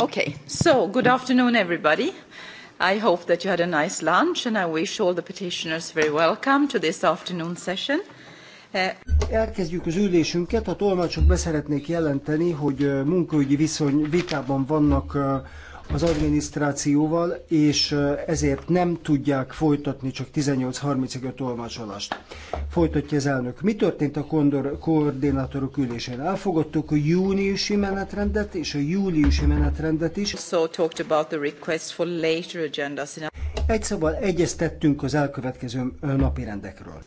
Okay, so good afternoon, everybody. I hope that you had a nice lunch, and I wish all the petitioners very welcome to this afternoon session. Uh, Elkezdjük az ülésünket. A tolmácsok beszeretnék jelenteni, hogy uh, munkaügyi viszony vitában vannak uh, az adminisztrációval, és ezért nem tudják folytatni csak 1835 ig a tolmácsolást. Folytatja az elnök. Mi történt a kondor, koordinátorok ülésén? Elfogadtuk a júniusi menetrendet és a júliusi menetrendet is. So talked about the request for later agendas. Egy szóval egyeztettünk az elkövetkező napi rendekről.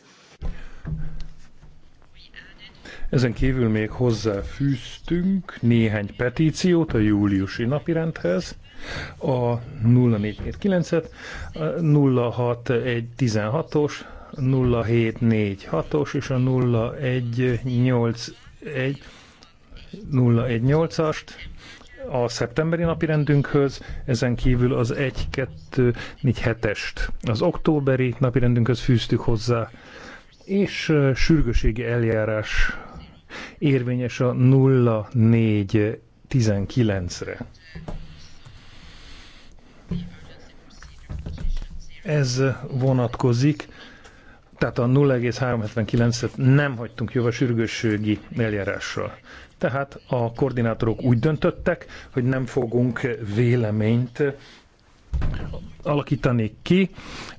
Ezen kívül még hozzáfűztünk néhány petíciót a júliusi napirendhez, a 0479-et, 06116-os, 0746-os és a 0181 018-ast a szeptemberi napirendünkhöz, ezen kívül az 1-2-4-7-est az októberi napirendünkhöz fűztük hozzá, és sürgőségi eljárás érvényes a 0419-re. Ez vonatkozik, tehát a 0,379-et nem hagytunk jóvá sürgősségi eljárással. Tehát a koordinátorok úgy döntöttek, hogy nem fogunk véleményt alakítani ki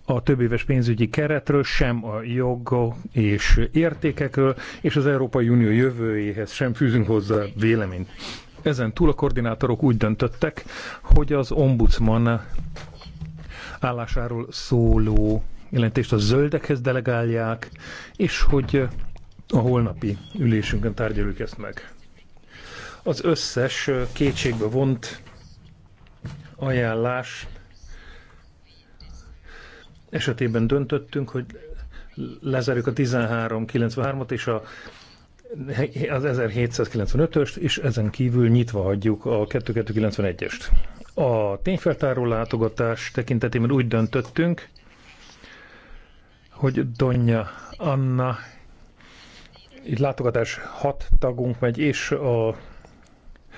a többéves pénzügyi keretről, sem a joga és értékekről, és az Európai Unió jövőjéhez sem fűzünk hozzá véleményt. Ezen túl a koordinátorok úgy döntöttek, hogy az ombudsman állásáról szóló jelentést a zöldekhez delegálják, és hogy a holnapi ülésünkön tárgyaljuk ezt meg. Az összes kétségbe vont ajánlás esetében döntöttünk, hogy lezárjuk a 1393-at és a az 1795-öst, és ezen kívül nyitva hagyjuk a 2291-est. A tényfeltáró látogatás tekintetében úgy döntöttünk, hogy Donja Anna, itt látogatás hat tagunk megy, és a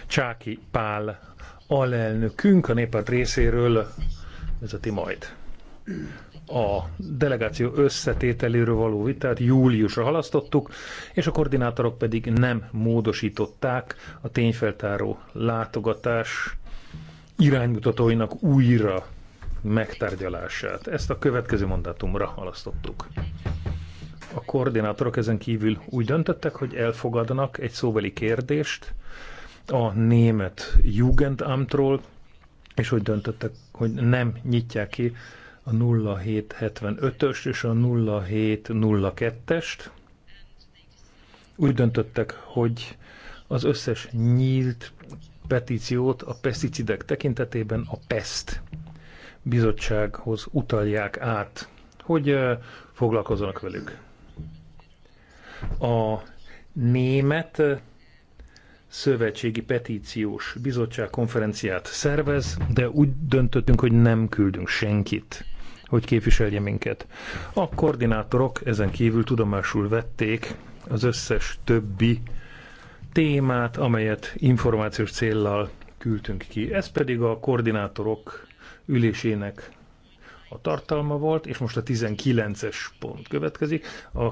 Csáki Pál alelnökünk a néppárt részéről vezeti majd a delegáció összetételéről való vitát júliusra halasztottuk, és a koordinátorok pedig nem módosították a tényfeltáró látogatás iránymutatóinak újra megtárgyalását. Ezt a következő mandátumra halasztottuk. A koordinátorok ezen kívül úgy döntöttek, hogy elfogadnak egy szóbeli kérdést a német Jugendamtról, és hogy döntöttek, hogy nem nyitják ki a 0775-ös és a 0702-est. Úgy döntöttek, hogy az összes nyílt petíciót a peszticidek tekintetében a PEST bizottsághoz utalják át, hogy eh, foglalkozzanak velük. A német eh, szövetségi petíciós bizottság konferenciát szervez, de úgy döntöttünk, hogy nem küldünk senkit hogy képviselje minket. A koordinátorok ezen kívül tudomásul vették az összes többi témát, amelyet információs céllal küldtünk ki. Ez pedig a koordinátorok ülésének a tartalma volt, és most a 19-es pont következik, a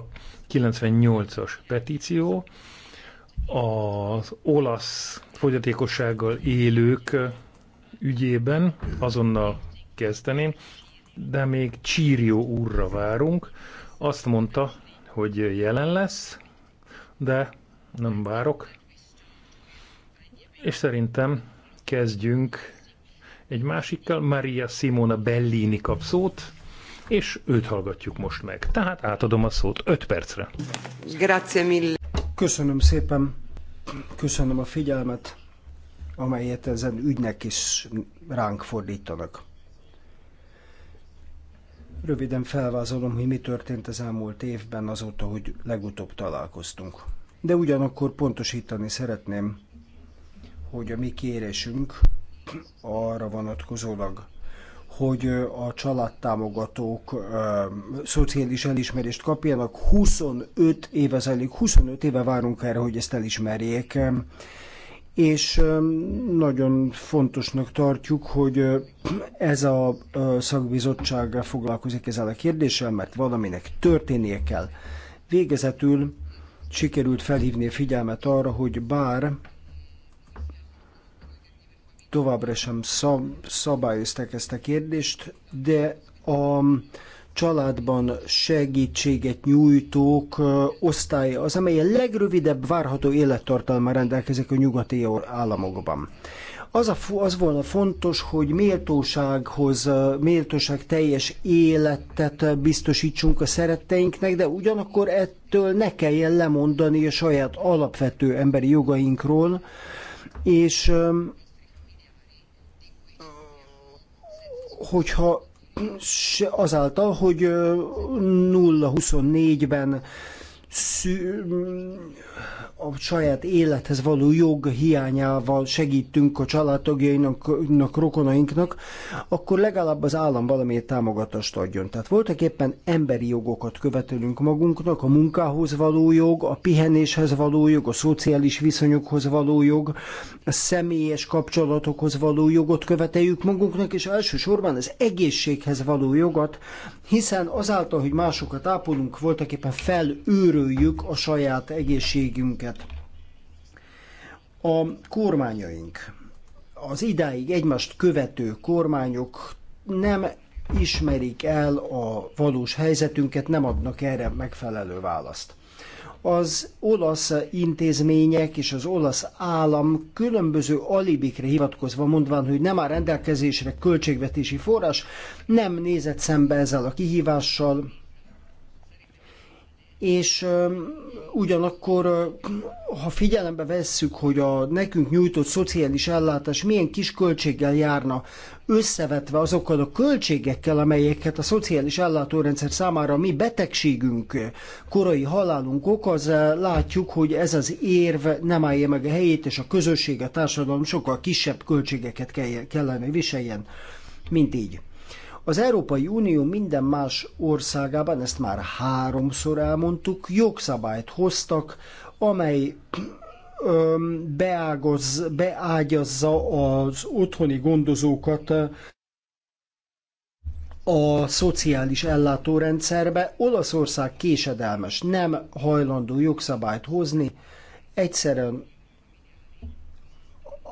98-as petíció, az olasz fogyatékossággal élők ügyében azonnal kezdeném de még Csírió úrra várunk. Azt mondta, hogy jelen lesz, de nem várok. És szerintem kezdjünk egy másikkal. Maria Simona Bellini kap szót, és őt hallgatjuk most meg. Tehát átadom a szót 5 percre. Grazie mille. Köszönöm szépen, köszönöm a figyelmet, amelyet ezen ügynek is ránk fordítanak. Röviden felvázolom, hogy mi történt az elmúlt évben azóta, hogy legutóbb találkoztunk. De ugyanakkor pontosítani szeretném, hogy a mi kérésünk arra vonatkozólag, hogy a családtámogatók ö, szociális elismerést kapjanak. 25 éve zajlik, 25 éve várunk erre, hogy ezt elismerjék és nagyon fontosnak tartjuk, hogy ez a szakbizottság foglalkozik ezzel a kérdéssel, mert valaminek történnie kell. Végezetül sikerült felhívni a figyelmet arra, hogy bár továbbra sem szab- szabályozták ezt a kérdést, de a családban segítséget nyújtók osztálya az, amely a legrövidebb várható élettartalma rendelkezik a nyugati államokban. Az, a, az volna fontos, hogy méltósághoz, méltóság teljes életet biztosítsunk a szeretteinknek, de ugyanakkor ettől ne kelljen lemondani a saját alapvető emberi jogainkról, és hogyha azáltal, hogy 0-24-ben Mm, a saját élethez való jog hiányával segítünk a családtagjainknak, rokonainknak, akkor legalább az állam valamilyen támogatást adjon. Tehát voltak éppen emberi jogokat követelünk magunknak, a munkához való jog, a pihenéshez való jog, a szociális viszonyokhoz való jog, a személyes kapcsolatokhoz való jogot követeljük magunknak, és elsősorban az egészséghez való jogot, hiszen azáltal, hogy másokat ápolunk, voltak éppen felőr töröljük a saját egészségünket. A kormányaink, az idáig egymást követő kormányok nem ismerik el a valós helyzetünket, nem adnak erre megfelelő választ az olasz intézmények és az olasz állam különböző alibikre hivatkozva mondván, hogy nem áll rendelkezésre költségvetési forrás, nem nézett szembe ezzel a kihívással, és ugyanakkor, ha figyelembe vesszük, hogy a nekünk nyújtott szociális ellátás milyen kis költséggel járna, összevetve azokkal a költségekkel, amelyeket a szociális ellátórendszer számára mi betegségünk, korai halálunk okoz, látjuk, hogy ez az érv nem állja meg a helyét, és a közösség, a társadalom sokkal kisebb költségeket kellene viseljen, mint így. Az Európai Unió minden más országában, ezt már háromszor elmondtuk, jogszabályt hoztak, amely beágaz, beágyazza az otthoni gondozókat a szociális ellátórendszerbe. Olaszország késedelmes, nem hajlandó jogszabályt hozni, egyszerűen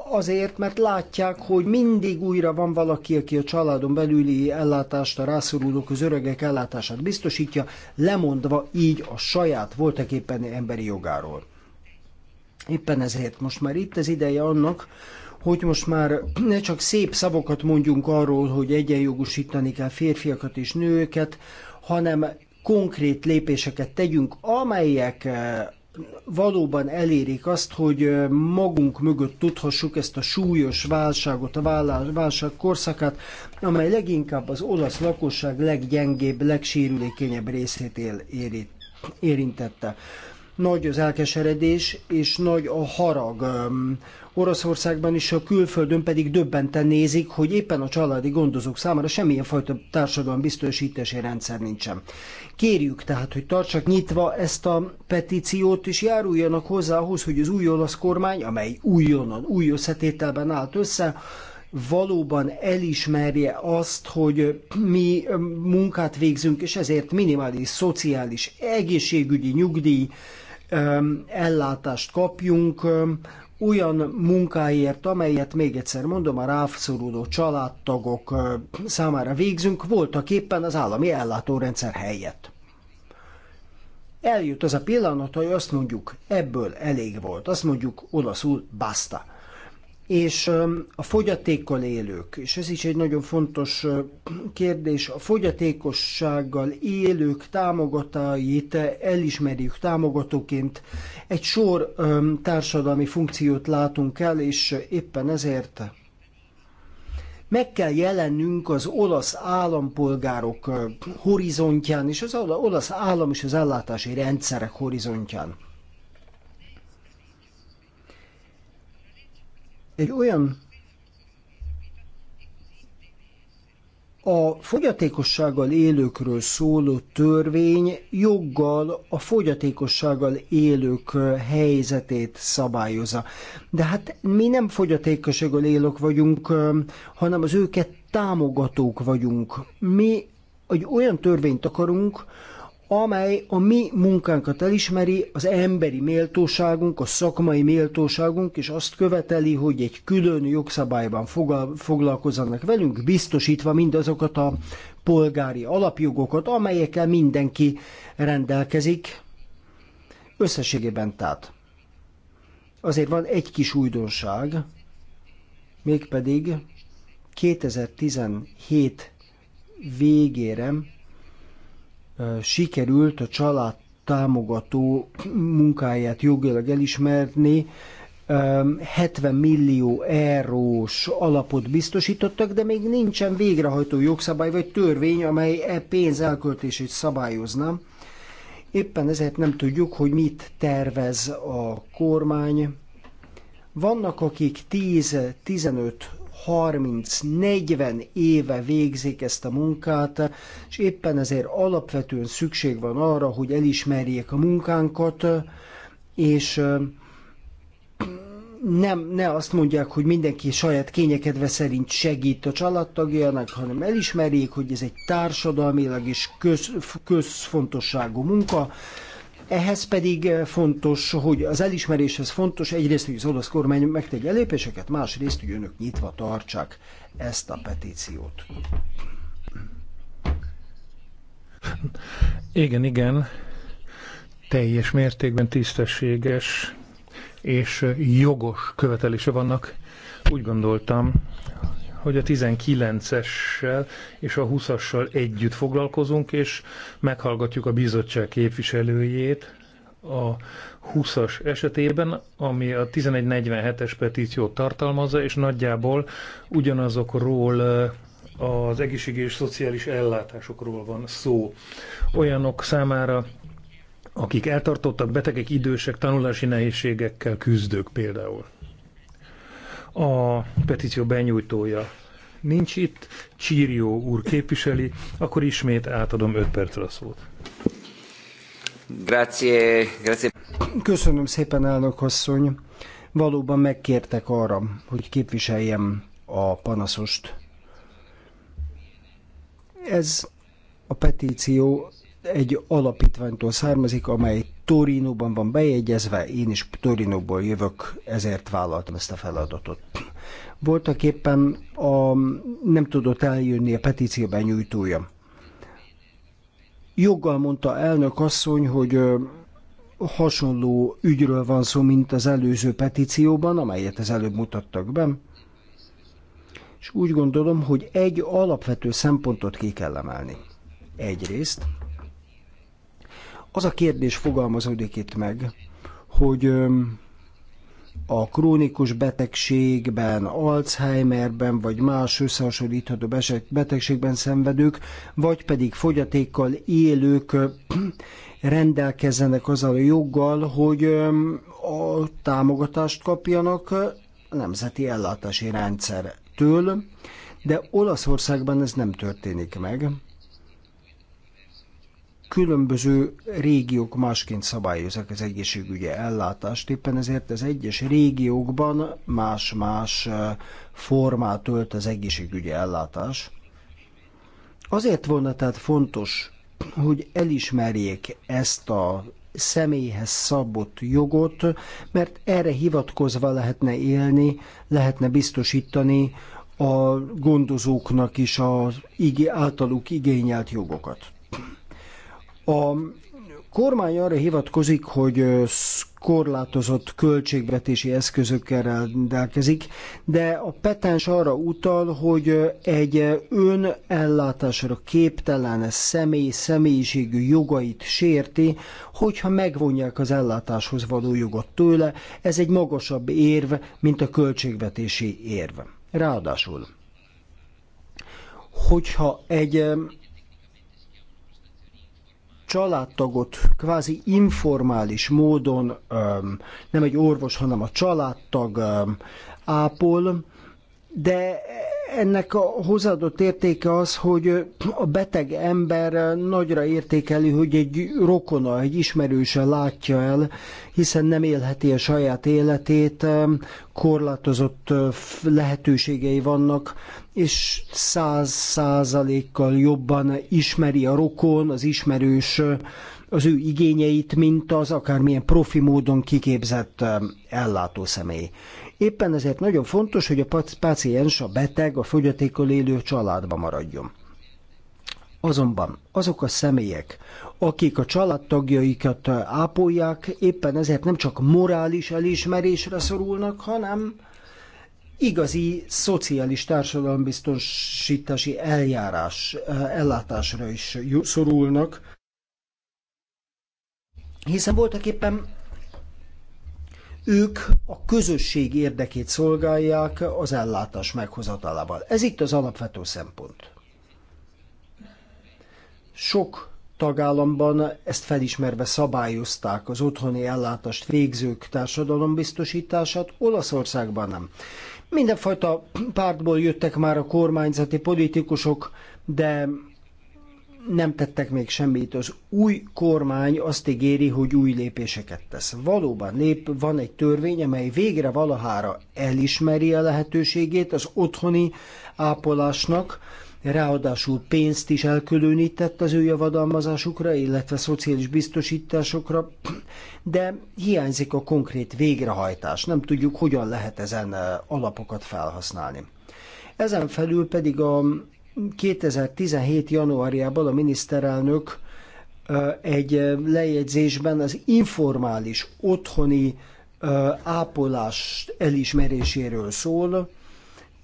azért, mert látják, hogy mindig újra van valaki, aki a családon belüli ellátást, a rászorulók, az öregek ellátását biztosítja, lemondva így a saját voltak éppen emberi jogáról. Éppen ezért most már itt az ideje annak, hogy most már ne csak szép szavakat mondjunk arról, hogy egyenjogosítani kell férfiakat és nőket, hanem konkrét lépéseket tegyünk, amelyek valóban elérik azt, hogy magunk mögött tudhassuk ezt a súlyos válságot, a válság korszakát, amely leginkább az olasz lakosság leggyengébb, legsérülékenyebb részét él, éri, érintette nagy az elkeseredés és nagy a harag. Oroszországban is, a külföldön pedig döbbenten nézik, hogy éppen a családi gondozók számára semmilyen fajta társadalom biztosítási rendszer nincsen. Kérjük tehát, hogy tartsak nyitva ezt a petíciót, és járuljanak hozzá ahhoz, hogy az új olasz kormány, amely újonnan, új összetételben állt össze, valóban elismerje azt, hogy mi munkát végzünk, és ezért minimális szociális, egészségügyi, nyugdíj, ellátást kapjunk olyan munkáért, amelyet még egyszer mondom, a rászoruló családtagok számára végzünk, voltak éppen az állami ellátórendszer helyett. Eljut az a pillanat, hogy azt mondjuk, ebből elég volt, azt mondjuk olaszul basta és a fogyatékkal élők, és ez is egy nagyon fontos kérdés, a fogyatékossággal élők támogatáit elismerjük támogatóként. Egy sor társadalmi funkciót látunk el, és éppen ezért meg kell jelennünk az olasz állampolgárok horizontján, és az olasz állam és az ellátási rendszerek horizontján. egy olyan a fogyatékossággal élőkről szóló törvény joggal a fogyatékossággal élők helyzetét szabályozza. De hát mi nem fogyatékossággal élők vagyunk, hanem az őket támogatók vagyunk. Mi egy olyan törvényt akarunk, amely a mi munkánkat elismeri, az emberi méltóságunk, a szakmai méltóságunk, és azt követeli, hogy egy külön jogszabályban foglalkozzanak velünk, biztosítva mindazokat a polgári alapjogokat, amelyekkel mindenki rendelkezik. Összességében tehát. Azért van egy kis újdonság, mégpedig 2017 végére sikerült a család támogató munkáját jogilag elismerni, 70 millió eurós alapot biztosítottak, de még nincsen végrehajtó jogszabály vagy törvény, amely e pénz elköltését szabályozna. Éppen ezért nem tudjuk, hogy mit tervez a kormány. Vannak, akik 10-15 30-40 éve végzik ezt a munkát, és éppen ezért alapvetően szükség van arra, hogy elismerjék a munkánkat, és nem, ne azt mondják, hogy mindenki saját kényekedve szerint segít a családtagjának, hanem elismerjék, hogy ez egy társadalmilag és köz, közfontosságú munka, ehhez pedig eh, fontos, hogy az elismeréshez fontos egyrészt, hogy az olasz kormány megtegye lépéseket, másrészt, hogy önök nyitva tartsák ezt a petíciót. Igen, igen. Teljes mértékben tisztességes és jogos követelése vannak. Úgy gondoltam, hogy a 19-essel és a 20-assal együtt foglalkozunk, és meghallgatjuk a bizottság képviselőjét a 20-as esetében, ami a 1147-es petíciót tartalmazza, és nagyjából ugyanazokról az egészségi és szociális ellátásokról van szó. Olyanok számára, akik eltartottak, betegek, idősek, tanulási nehézségekkel küzdők például a petíció benyújtója nincs itt, Csírió úr képviseli, akkor ismét átadom 5 percre a szót. Grazie, grazie. Köszönöm szépen, elnök asszony. Valóban megkértek arra, hogy képviseljem a panaszost. Ez a petíció egy alapítványtól származik, amely Torinóban van bejegyezve, én is Torinóból jövök, ezért vállaltam ezt a feladatot. Voltak éppen a, nem tudott eljönni a petícióban nyújtója. Joggal mondta elnök asszony, hogy hasonló ügyről van szó, mint az előző petícióban, amelyet az előbb mutattak be, és úgy gondolom, hogy egy alapvető szempontot ki kell emelni. Egyrészt az a kérdés fogalmazódik itt meg, hogy a krónikus betegségben, Alzheimerben vagy más összehasonlítható betegségben szenvedők, vagy pedig fogyatékkal élők rendelkezzenek azzal a joggal, hogy a támogatást kapjanak a nemzeti ellátási rendszertől, de Olaszországban ez nem történik meg különböző régiók másként szabályozzák az egészségügyi ellátást, éppen ezért az egyes régiókban más-más eh, formát ölt az egészségügyi ellátás. Azért volna tehát fontos, hogy elismerjék ezt a személyhez szabott jogot, mert erre hivatkozva lehetne élni, lehetne biztosítani a gondozóknak is az általuk igényelt jogokat. A kormány arra hivatkozik, hogy korlátozott költségvetési eszközökkel rendelkezik, de a petens arra utal, hogy egy önellátásra képtelen személy személyiségű jogait sérti, hogyha megvonják az ellátáshoz való jogot tőle, ez egy magasabb érv, mint a költségvetési érv. Ráadásul, hogyha egy családtagot kvázi informális módon nem egy orvos, hanem a családtag ápol, de ennek a hozzáadott értéke az, hogy a beteg ember nagyra értékeli, hogy egy rokona, egy ismerőse látja el, hiszen nem élheti a saját életét, korlátozott lehetőségei vannak, és száz százalékkal jobban ismeri a rokon, az ismerős az ő igényeit, mint az akármilyen profi módon kiképzett ellátó személy. Éppen ezért nagyon fontos, hogy a páciens, a beteg, a fogyatékkal élő családba maradjon. Azonban azok a személyek, akik a családtagjaikat ápolják, éppen ezért nem csak morális elismerésre szorulnak, hanem igazi szociális társadalombiztosítási eljárás, eh, ellátásra is szorulnak, hiszen voltak éppen ők a közösség érdekét szolgálják az ellátás meghozatalával. Ez itt az alapvető szempont. Sok tagállamban ezt felismerve szabályozták az otthoni ellátást végzők társadalombiztosítását, Olaszországban nem. Mindenfajta pártból jöttek már a kormányzati politikusok, de nem tettek még semmit. Az új kormány azt ígéri, hogy új lépéseket tesz. Valóban lép, van egy törvény, amely végre valahára elismeri a lehetőségét az otthoni ápolásnak, ráadásul pénzt is elkülönített az ő javadalmazásukra, illetve szociális biztosításokra, de hiányzik a konkrét végrehajtás. Nem tudjuk, hogyan lehet ezen alapokat felhasználni. Ezen felül pedig a 2017. januárjában a miniszterelnök egy lejegyzésben az informális otthoni ápolás elismeréséről szól,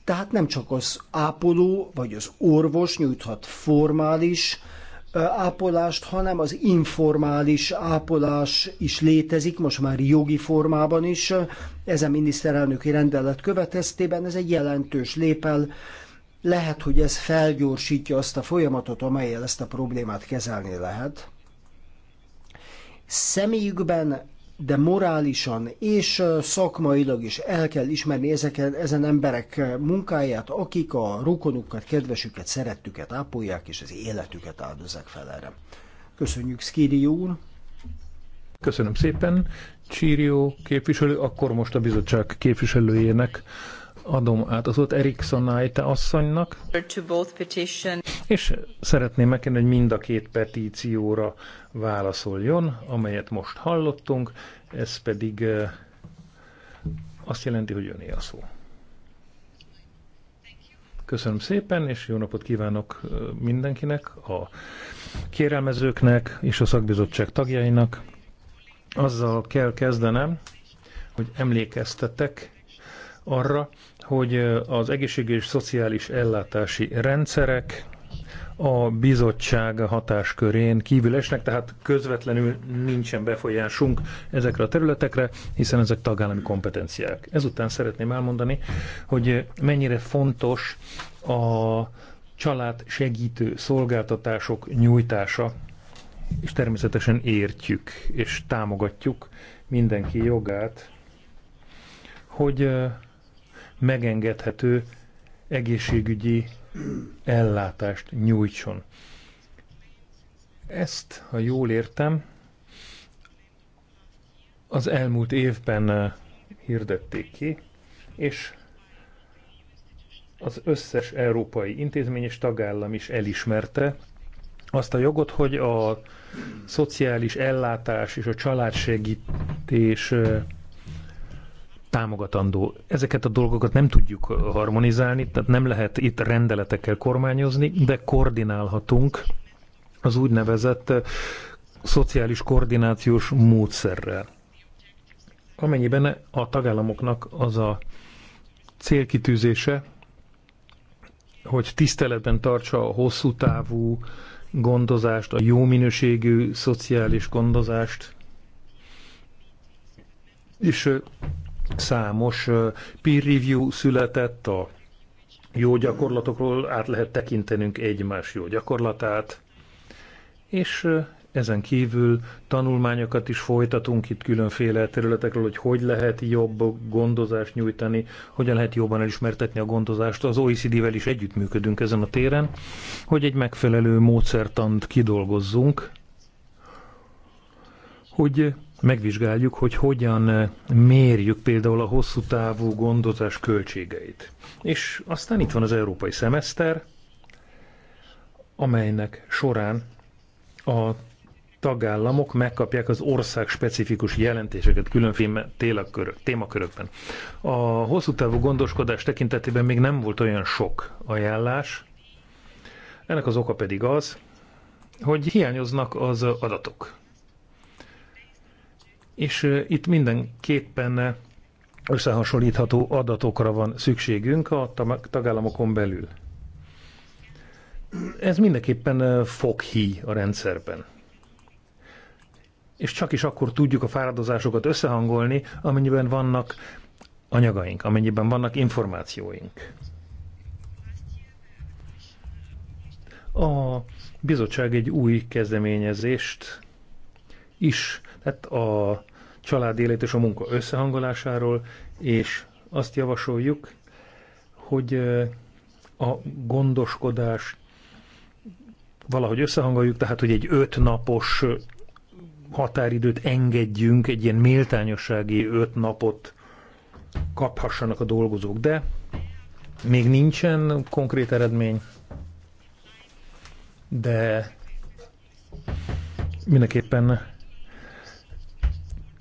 tehát nem csak az ápoló vagy az orvos nyújthat formális ápolást, hanem az informális ápolás is létezik, most már jogi formában is. Ez a miniszterelnöki rendelet következtében ez egy jelentős lépel, lehet, hogy ez felgyorsítja azt a folyamatot, amelyel ezt a problémát kezelni lehet. Személyükben, de morálisan és szakmailag is el kell ismerni ezeken, ezen emberek munkáját, akik a rokonukat, kedvesüket, szerettüket ápolják, és az életüket áldozzák fel erre. Köszönjük, Szkíri úr! Köszönöm szépen, Csírió képviselő, akkor most a bizottság képviselőjének adom át az ott Erikson Naita asszonynak, és szeretném megkérni, hogy mind a két petícióra válaszoljon, amelyet most hallottunk, ez pedig eh, azt jelenti, hogy öné a szó. Köszönöm szépen, és jó napot kívánok eh, mindenkinek, a kérelmezőknek és a szakbizottság tagjainak. Azzal kell kezdenem, hogy emlékeztetek arra, hogy az egészségügyi és szociális ellátási rendszerek a bizottság hatáskörén kívül esnek, tehát közvetlenül nincsen befolyásunk ezekre a területekre, hiszen ezek tagállami kompetenciák. Ezután szeretném elmondani, hogy mennyire fontos a család segítő szolgáltatások nyújtása, és természetesen értjük és támogatjuk mindenki jogát, hogy megengedhető egészségügyi ellátást nyújtson. Ezt, ha jól értem, az elmúlt évben eh, hirdették ki, és az összes európai intézmény és tagállam is elismerte azt a jogot, hogy a szociális ellátás és a családsegítés eh, támogatandó. Ezeket a dolgokat nem tudjuk harmonizálni, tehát nem lehet itt rendeletekkel kormányozni, de koordinálhatunk az úgynevezett eh, szociális koordinációs módszerrel. Amennyiben a tagállamoknak az a célkitűzése, hogy tiszteletben tartsa a hosszú távú gondozást, a jó minőségű szociális gondozást, és eh, Számos peer review született a jó gyakorlatokról, át lehet tekintenünk egymás jó gyakorlatát, és ezen kívül tanulmányokat is folytatunk itt különféle területekről, hogy hogy lehet jobb gondozást nyújtani, hogyan lehet jobban elismertetni a gondozást. Az OECD-vel is együttműködünk ezen a téren, hogy egy megfelelő módszertant kidolgozzunk, hogy megvizsgáljuk, hogy hogyan eh, mérjük például a hosszú távú gondozás költségeit. És aztán itt van az európai szemeszter, amelynek során a tagállamok megkapják az ország specifikus jelentéseket különféle témakörökben. A hosszú távú gondoskodás tekintetében még nem volt olyan sok ajánlás. Ennek az oka pedig az, hogy hiányoznak az adatok és itt mindenképpen összehasonlítható adatokra van szükségünk a tagállamokon belül. Ez mindenképpen foghi a rendszerben. És csak is akkor tudjuk a fáradozásokat összehangolni, amennyiben vannak anyagaink, amennyiben vannak információink. A bizottság egy új kezdeményezést is, tehát a Család élet és a munka összehangolásáról, és azt javasoljuk, hogy a gondoskodás valahogy összehangoljuk, tehát hogy egy öt napos határidőt engedjünk, egy ilyen méltányossági öt napot kaphassanak a dolgozók, de még nincsen konkrét eredmény, de mindenképpen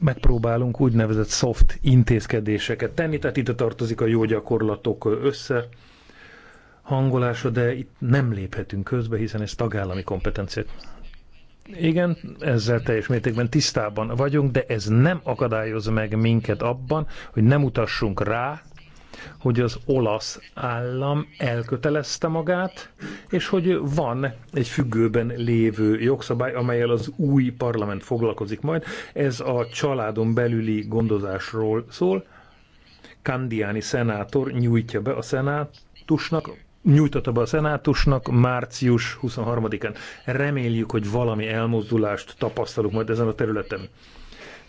megpróbálunk úgynevezett soft intézkedéseket tenni, tehát ide tartozik a jó gyakorlatok össze hangolása, de itt nem léphetünk közbe, hiszen ez tagállami kompetenciát. Igen, ezzel teljes mértékben tisztában vagyunk, de ez nem akadályoz meg minket abban, hogy nem utassunk rá hogy az olasz állam elkötelezte magát, és hogy van egy függőben lévő jogszabály, amelyel az új parlament foglalkozik majd. Ez a családon belüli gondozásról szól. Kandiáni szenátor nyújtja be a szenátusnak, nyújtotta be a szenátusnak március 23-án. Reméljük, hogy valami elmozdulást tapasztalunk majd ezen a területen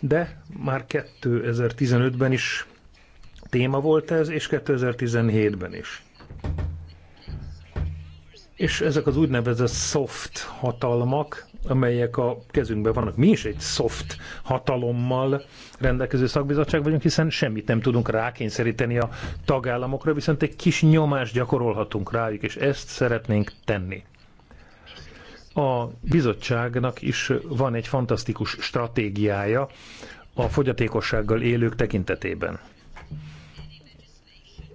de már 2015-ben is téma volt ez, és 2017-ben is. És ezek az úgynevezett soft hatalmak, amelyek a kezünkben vannak. Mi is egy soft hatalommal rendelkező szakbizottság vagyunk, hiszen semmit nem tudunk rákényszeríteni a tagállamokra, viszont egy kis nyomást gyakorolhatunk rájuk, és ezt szeretnénk tenni. A bizottságnak is van egy fantasztikus stratégiája a fogyatékossággal élők tekintetében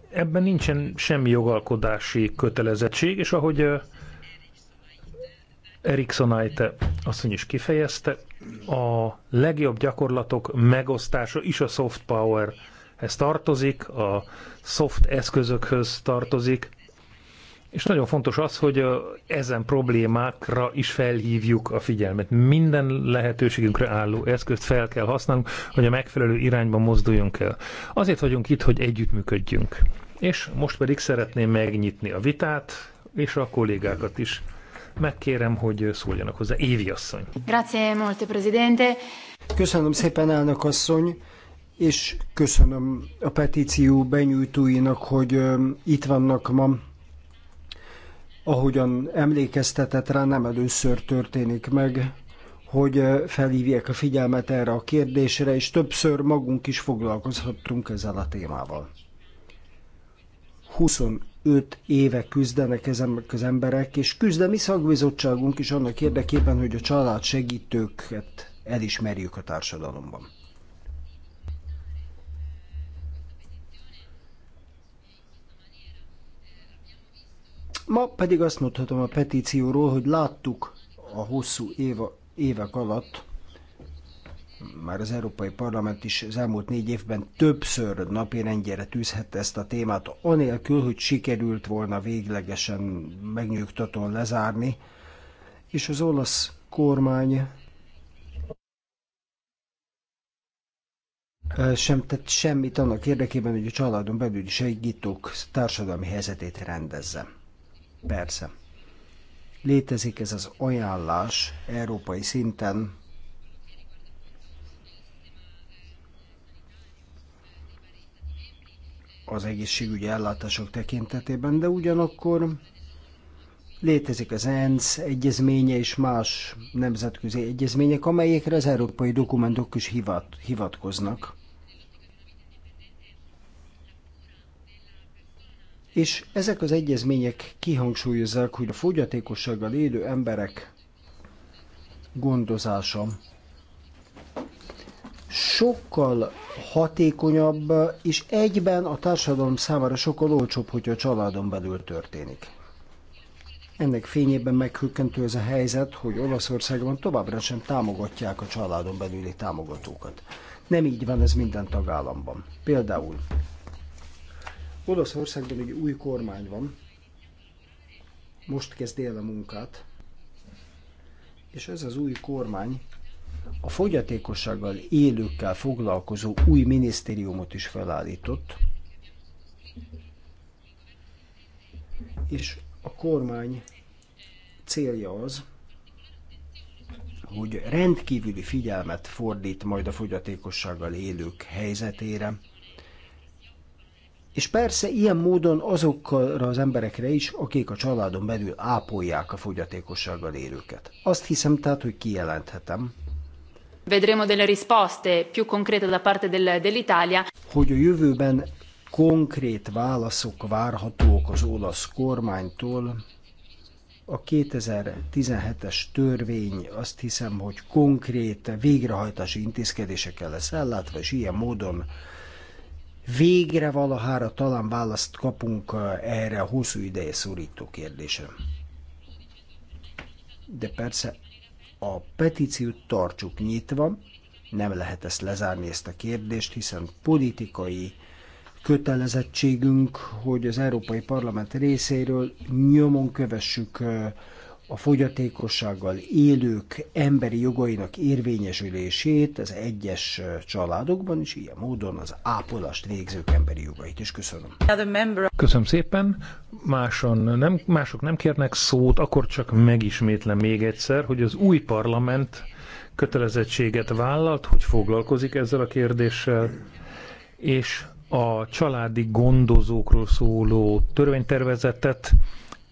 ebben nincsen semmi jogalkodási kötelezettség, és ahogy Aite asszony is kifejezte, a legjobb gyakorlatok megosztása is a soft power tartozik, a soft eszközökhöz tartozik, és nagyon fontos az, hogy ezen problémákra is felhívjuk a figyelmet. Minden lehetőségünkre álló eszközt fel kell használnunk, hogy a megfelelő irányba mozduljunk el. Azért vagyunk itt, hogy együttműködjünk. És most pedig szeretném megnyitni a vitát, és a kollégákat is. Megkérem, hogy szóljanak hozzá. Évi asszony. Grazie molto, presidente. Köszönöm szépen, elnök asszony és köszönöm a petíció benyújtóinak, hogy itt vannak ma ahogyan emlékeztetett rá, nem először történik meg, hogy eh, felhívják a figyelmet erre a kérdésre, és többször magunk is foglalkozhattunk ezzel a témával. 25 éve küzdenek ezek az emberek, és küzd a mi szakbizottságunk is annak érdekében, hogy a család segítőket elismerjük a társadalomban. Ma pedig azt mondhatom a petícióról, hogy láttuk a hosszú éva, évek alatt, már az Európai Parlament is az elmúlt négy évben többször napi rendjére tűzhette ezt a témát, anélkül, hogy sikerült volna véglegesen megnyugtatóan lezárni, és az olasz kormány sem tett semmit annak érdekében, hogy a családon belüli segítők társadalmi helyzetét rendezze. Persze. Létezik ez az ajánlás európai szinten, az egészségügyi ellátások tekintetében, de ugyanakkor létezik az ENSZ egyezménye és más nemzetközi egyezmények, amelyekre az európai dokumentok is hivat, hivatkoznak. és ezek az egyezmények kihangsúlyozzák, hogy a fogyatékossággal élő emberek gondozása sokkal hatékonyabb, és egyben a társadalom számára sokkal olcsóbb, hogy a családon belül történik. Ennek fényében meghökkentő ez a helyzet, hogy Olaszországban továbbra sem támogatják a családon belüli támogatókat. Nem így van ez minden tagállamban. Például Olaszországban egy új kormány van, most kezd el a munkát, és ez az új kormány a fogyatékossággal élőkkel foglalkozó új minisztériumot is felállított, és a kormány célja az, hogy rendkívüli figyelmet fordít majd a fogyatékossággal élők helyzetére, és persze ilyen módon azokra az emberekre is, akik a családon belül ápolják a fogyatékossággal élőket. Azt hiszem tehát, hogy kijelenthetem, Vedremo delle risposte più concrete da parte del, dell'Italia. Hogy a jövőben konkrét válaszok várhatók az olasz kormánytól, a 2017-es törvény azt hiszem, hogy konkrét végrehajtási intézkedésekkel lesz ellátva, és ilyen módon végre valahára talán választ kapunk eh, erre a hosszú ideje szorító kérdésre. De persze a petíciót tartsuk nyitva, nem lehet ezt lezárni, ezt a kérdést, hiszen politikai kötelezettségünk, hogy az Európai Parlament részéről nyomon kövessük eh, a fogyatékossággal élők emberi jogainak érvényesülését az egyes családokban, és ilyen módon az ápolást végzők emberi jogait is. Köszönöm. Köszönöm szépen. Máson nem, mások nem kérnek szót, akkor csak megismétlem még egyszer, hogy az új parlament kötelezettséget vállalt, hogy foglalkozik ezzel a kérdéssel, és a családi gondozókról szóló törvénytervezetet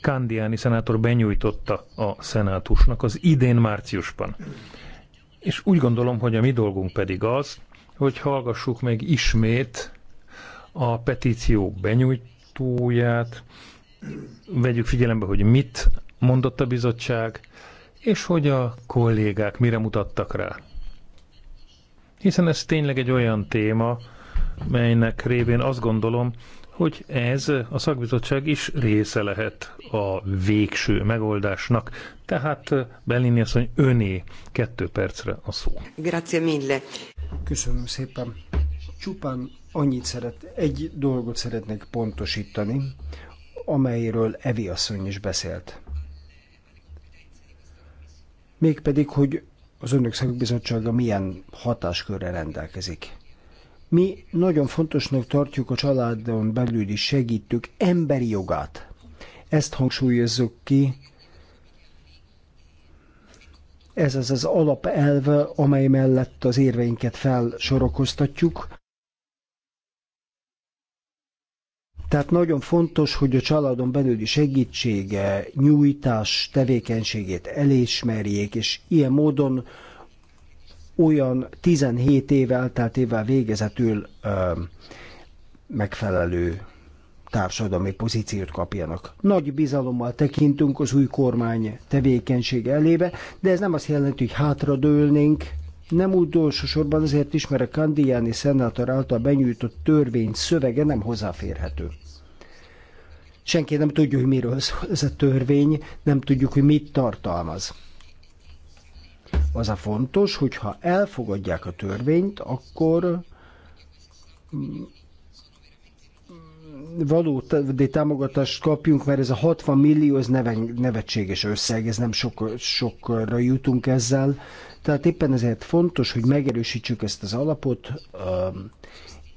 Kandiáni szenátor benyújtotta a szenátusnak az idén márciusban. És úgy gondolom, hogy a mi dolgunk pedig az, hogy hallgassuk meg ismét a petíció benyújtóját, vegyük figyelembe, hogy mit mondott a bizottság, és hogy a kollégák mire mutattak rá. Hiszen ez tényleg egy olyan téma, melynek révén azt gondolom, hogy ez a szakbizottság is része lehet a végső megoldásnak. Tehát Bellini mondja, öné kettő percre a szó. Grazie mille. Köszönöm szépen. Csupán annyit szeret, egy dolgot szeretnék pontosítani, amelyről Evi asszony is beszélt. Mégpedig, hogy az önök szakbizottsága milyen hatáskörre rendelkezik. Mi nagyon fontosnak tartjuk a családon belüli segítők emberi jogát. Ezt hangsúlyozzuk ki, ez az az alapelve, amely mellett az érveinket felsorokoztatjuk. Tehát nagyon fontos, hogy a családon belüli segítsége, nyújtás tevékenységét elismerjék, és ilyen módon olyan 17 év elteltével végezetül ö, megfelelő társadalmi pozíciót kapjanak. Nagy bizalommal tekintünk az új kormány tevékenysége elébe, de ez nem azt jelenti, hogy hátradőlnénk, nem utolsó sorban azért is, mert a Kandiáni szenátor által benyújtott törvény szövege nem hozzáférhető. Senki nem tudja, hogy miről szól ez a törvény, nem tudjuk, hogy mit tartalmaz. Az a fontos, hogyha elfogadják a törvényt, akkor mm, való támogatást kapjunk, mert ez a 60 millió, ez neve, nevetséges összeg, ez nem sok, sokra jutunk ezzel. Tehát éppen ezért fontos, hogy megerősítsük ezt az alapot,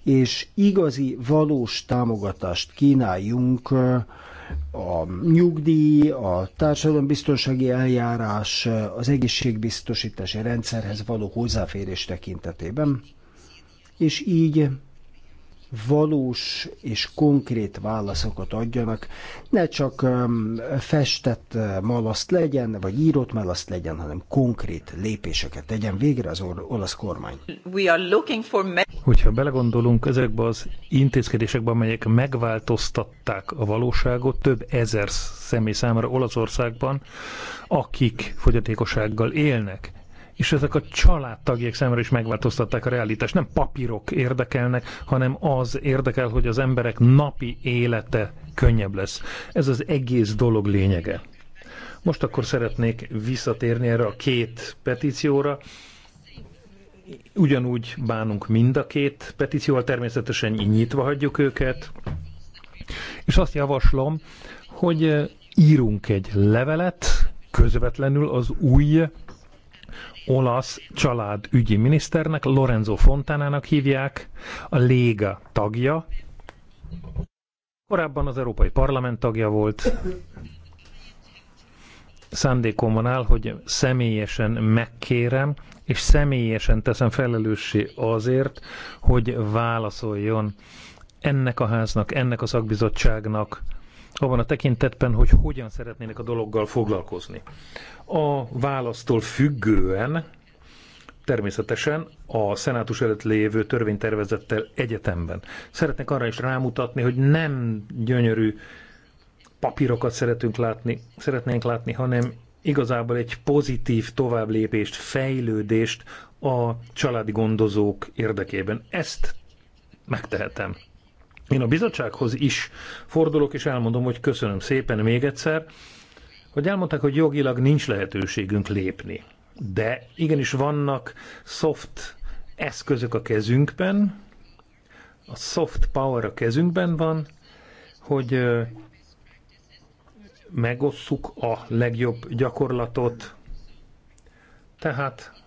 és igazi, valós támogatást kínáljunk a nyugdíj, a társadalombiztonsági eljárás, az egészségbiztosítási rendszerhez való hozzáférés tekintetében, és így valós és konkrét válaszokat adjanak, ne csak festett malaszt legyen, vagy írott malaszt legyen, hanem konkrét lépéseket tegyen végre az olasz kormány. We are for Hogyha belegondolunk ezekbe az intézkedésekbe, amelyek megváltoztatták a valóságot több ezer személy számára Olaszországban, akik fogyatékossággal élnek, és ezek a családtagjék számára is megváltoztatták a realitást. Nem papírok érdekelnek, hanem az érdekel, hogy az emberek napi élete könnyebb lesz. Ez az egész dolog lényege. Most akkor szeretnék visszatérni erre a két petícióra. Ugyanúgy bánunk mind a két petícióval, természetesen nyitva hagyjuk őket. És azt javaslom, hogy írunk egy levelet közvetlenül az új olasz családügyi miniszternek, Lorenzo Fontánának hívják, a Léga tagja. Korábban az Európai Parlament tagja volt. van áll, hogy személyesen megkérem, és személyesen teszem felelőssé azért, hogy válaszoljon ennek a háznak, ennek a szakbizottságnak, abban a tekintetben, hogy hogyan szeretnének a dologgal foglalkozni. A választól függően természetesen a szenátus előtt lévő törvénytervezettel egyetemben. Szeretnék arra is rámutatni, hogy nem gyönyörű papírokat szeretünk látni, szeretnénk látni, hanem igazából egy pozitív továbblépést, fejlődést a családi gondozók érdekében. Ezt megtehetem. Én a bizottsághoz is fordulok, és elmondom, hogy köszönöm szépen még egyszer, hogy elmondták, hogy jogilag nincs lehetőségünk lépni. De igenis vannak soft eszközök a kezünkben, a soft power a kezünkben van, hogy megosszuk a legjobb gyakorlatot. Tehát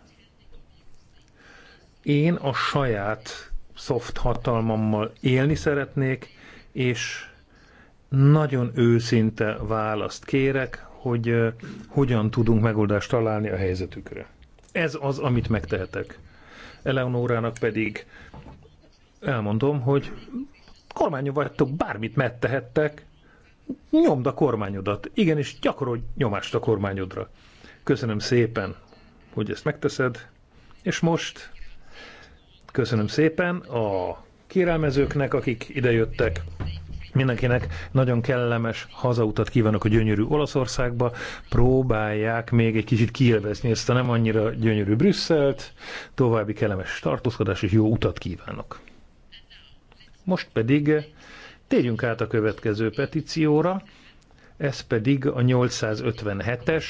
én a saját soft hatalmammal élni szeretnék, és nagyon őszinte választ kérek, hogy hogyan tudunk megoldást találni a helyzetükre. Ez az, amit megtehetek. Eleonórának pedig elmondom, hogy kormányon vagytok, bármit megtehettek, nyomd a kormányodat. Igen, és gyakorolj nyomást a kormányodra. Köszönöm szépen, hogy ezt megteszed, és most Köszönöm szépen a kérelmezőknek, akik idejöttek. Mindenkinek nagyon kellemes hazautat kívánok a gyönyörű Olaszországba. Próbálják még egy kicsit kielvezni ezt a nem annyira gyönyörű Brüsszelt. További kellemes tartózkodás és jó utat kívánok. Most pedig térjünk át a következő petícióra. Ez pedig a 857-es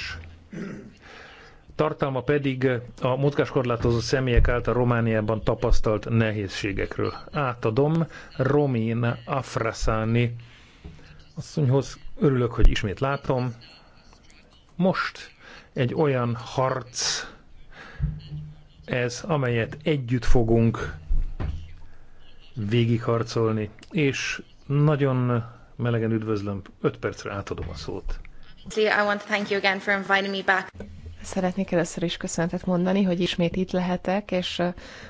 tartalma pedig a mozgáskorlátozó személyek által Romániában tapasztalt nehézségekről. Átadom Romina Afrasáni asszonyhoz. Örülök, hogy ismét látom. Most egy olyan harc ez, amelyet együtt fogunk végigharcolni, és nagyon melegen üdvözlöm, 5 percre átadom a szót. Szeretnék először is köszöntet mondani, hogy ismét itt lehetek, és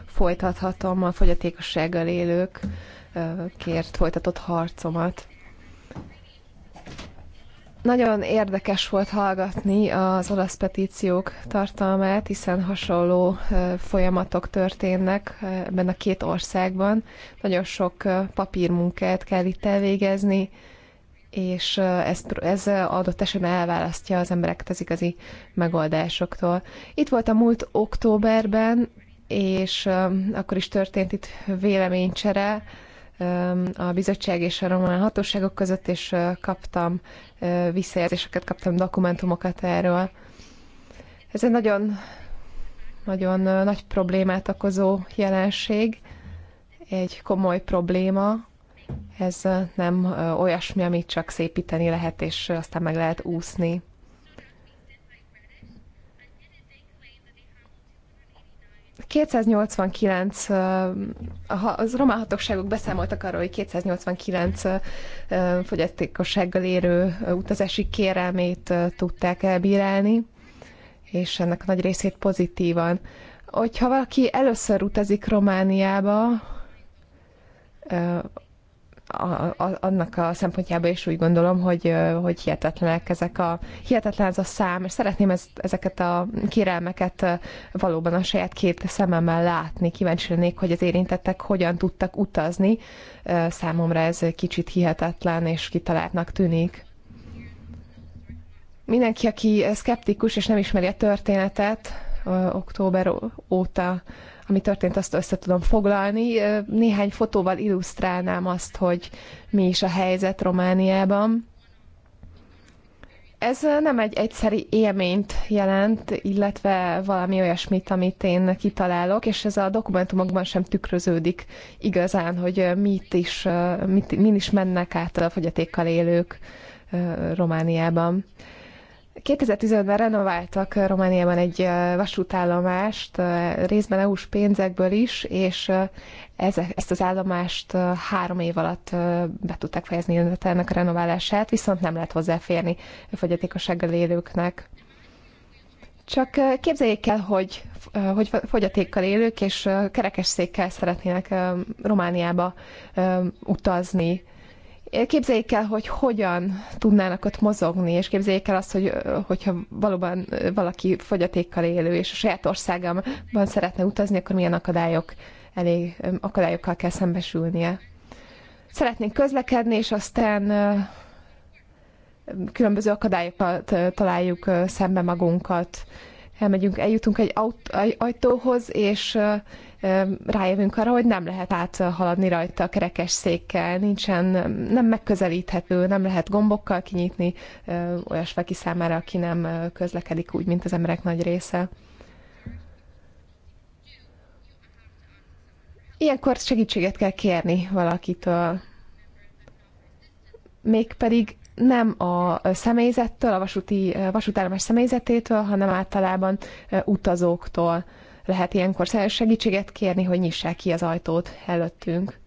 folytathatom a fogyatékossággal élők kért folytatott harcomat. Nagyon érdekes volt hallgatni az olasz petíciók tartalmát, hiszen hasonló folyamatok történnek ebben a két országban. Nagyon sok papírmunkát kell itt elvégezni, és ez, ez adott esetben elválasztja az embereket az igazi megoldásoktól. Itt volt a múlt októberben, és akkor is történt itt véleménycsere a bizottság és a román hatóságok között, és kaptam visszajelzéseket, kaptam dokumentumokat erről. Ez egy nagyon, nagyon nagy problémát okozó jelenség, egy komoly probléma, ez nem olyasmi, amit csak szépíteni lehet, és aztán meg lehet úszni. ...289, az román hatóságok beszámoltak arról, hogy 289 fogyatékossággal érő utazási kérelmét tudták elbírálni, és ennek a nagy részét pozitívan. Hogyha valaki először utazik Romániába, a, a, annak a szempontjából is úgy gondolom, hogy, hogy hihetetlenek ezek a, hihetetlen ez a szám, és szeretném ez, ezeket a kérelmeket valóban a saját két szememmel látni. Kíváncsi lennék, hogy az érintettek hogyan tudtak utazni. Számomra ez kicsit hihetetlen és kitaláltnak tűnik. Mindenki, aki szkeptikus és nem ismeri a történetet, október óta ami történt, azt össze tudom foglalni. Néhány fotóval illusztrálnám azt, hogy mi is a helyzet Romániában. Ez nem egy egyszeri élményt jelent, illetve valami olyasmit, amit én kitalálok, és ez a dokumentumokban sem tükröződik igazán, hogy mit is, mit, min is mennek át a fogyatékkal élők Romániában. 2015-ben renováltak Romániában egy vasútállomást, részben EU-s pénzekből is, és ezt az állomást három év alatt be tudták fejezni ennek a renoválását, viszont nem lehet hozzáférni a fogyatékossággal élőknek. Csak képzeljék el, hogy, hogy fogyatékkal élők és kerekesszékkel szeretnének Romániába utazni. Képzeljék el, hogy hogyan tudnának ott mozogni, és képzeljék el azt, hogy, hogyha valóban valaki fogyatékkal élő, és a saját országában szeretne utazni, akkor milyen akadályok elég akadályokkal kell szembesülnie. Szeretnénk közlekedni, és aztán különböző akadályokat találjuk szembe magunkat. Elmegyünk, eljutunk egy ajtóhoz, és rájövünk arra, hogy nem lehet áthaladni rajta a kerekes székkel, nincsen, nem megközelíthető, nem lehet gombokkal kinyitni olyas valaki számára, aki nem közlekedik úgy, mint az emberek nagy része. Ilyenkor segítséget kell kérni valakitől. Mégpedig nem a személyzettől, a vasúti, vasútállomás személyzetétől, hanem általában utazóktól lehet ilyenkor segítséget kérni, hogy nyissák ki az ajtót előttünk.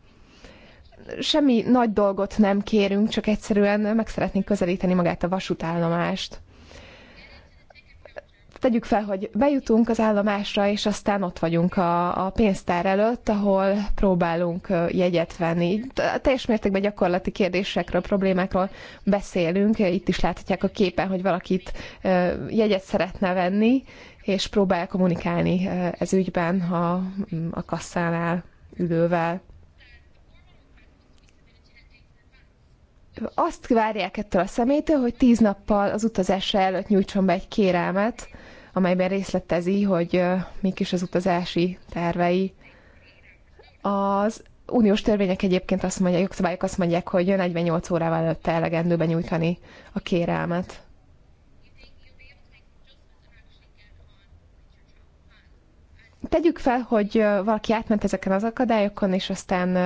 Semmi nagy dolgot nem kérünk, csak egyszerűen meg szeretnénk közelíteni magát a vasútállomást. Tegyük fel, hogy bejutunk az állomásra, és aztán ott vagyunk a, a pénztár előtt, ahol próbálunk jegyet venni. Teljes mértékben gyakorlati kérdésekről, problémákról beszélünk. Itt is láthatják a képen, hogy valakit jegyet szeretne venni, és próbál kommunikálni ez ügyben a, a kasszánál ülővel. Azt várják ettől a szemétől, hogy tíz nappal az utazása előtt nyújtson be egy kérelmet, amelyben részletezi, hogy mik is az utazási tervei. Az uniós törvények egyébként azt mondják, jogszabályok azt mondják, hogy 48 órával előtte elegendő benyújtani a kérelmet. tegyük fel, hogy valaki átment ezeken az akadályokon, és aztán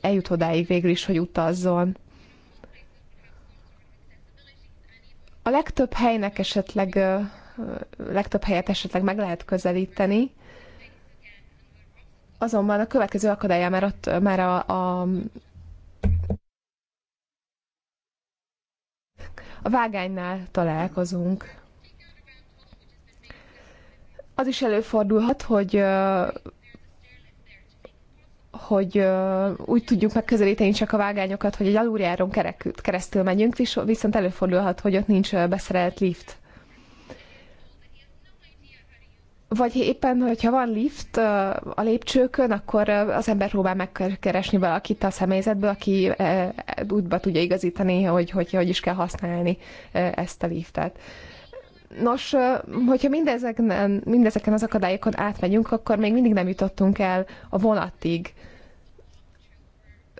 eljut odáig végül is, hogy utazzon. A legtöbb helynek esetleg, legtöbb helyet esetleg meg lehet közelíteni, azonban a következő akadálya már ott, már a, a a vágánynál találkozunk. Az is előfordulhat, hogy hogy úgy tudjuk megközelíteni csak a vágányokat, hogy egy aluljáron keresztül megyünk, viszont előfordulhat, hogy ott nincs beszerelt lift. Vagy éppen, hogyha van lift a lépcsőkön, akkor az ember próbál megkeresni valakit a személyzetből, aki útba tudja igazítani, hogy hogy, hogy is kell használni ezt a liftet. Nos, hogyha mindezeken, mindezeken az akadályokon átmegyünk, akkor még mindig nem jutottunk el a vonatig.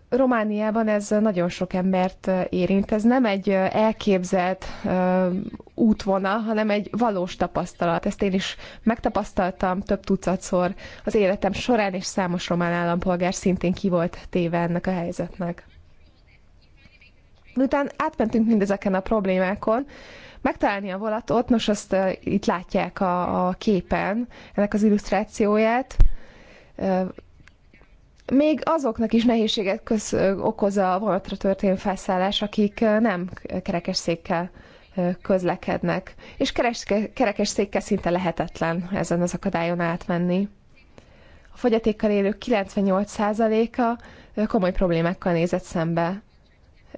Romániában ez nagyon sok embert érint. Ez nem egy elképzelt útvona, hanem egy valós tapasztalat. Ezt én is megtapasztaltam több tucatszor az életem során, és számos román állampolgár szintén ki volt téve ennek a helyzetnek. Miután átmentünk mindezeken a problémákon, megtalálni a vonatot, nos azt itt látják a, a képen, ennek az illusztrációját, még azoknak is nehézséget köz, okoz a vonatra történő felszállás, akik nem kerekesszékkel közlekednek. És kerekesszékkel szinte lehetetlen ezen az akadályon átmenni. A fogyatékkal élők 98%-a komoly problémákkal nézett szembe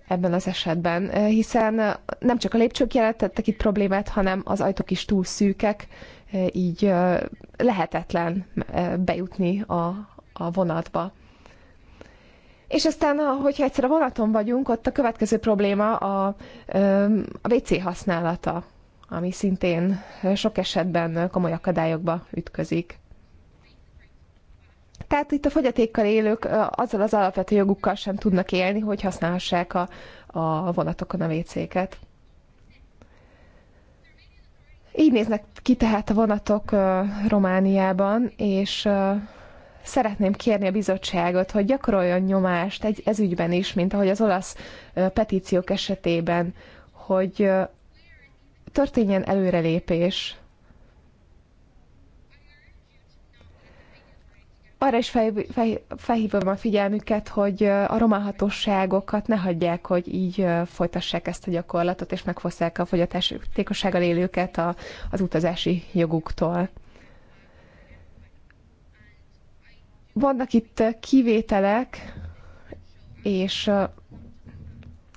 ebben az esetben, eh, hiszen eh, nem csak a lépcsők jelentettek itt problémát, hanem az ajtók is túl szűkek, eh, így lehetetlen bejutni a, a vonatba. És aztán, hogyha egyszer a vonaton vagyunk, ott a következő probléma a, a WC használata, ami szintén sok esetben komoly akadályokba ütközik. Tehát itt a fogyatékkal élők azzal az alapvető jogukkal sem tudnak élni, hogy használhassák a, a vonatokon a vécéket. Így néznek ki tehát a vonatok Romániában, és szeretném kérni a bizottságot, hogy gyakoroljon nyomást egy, ez ügyben is, mint ahogy az olasz petíciók esetében, hogy történjen előrelépés arra is fel, fel, felhívom a figyelmüket, hogy a román hatóságokat ne hagyják, hogy így folytassák ezt a gyakorlatot, és megfosszák a fogyatékossággal élőket a, az utazási joguktól. Vannak itt kivételek, és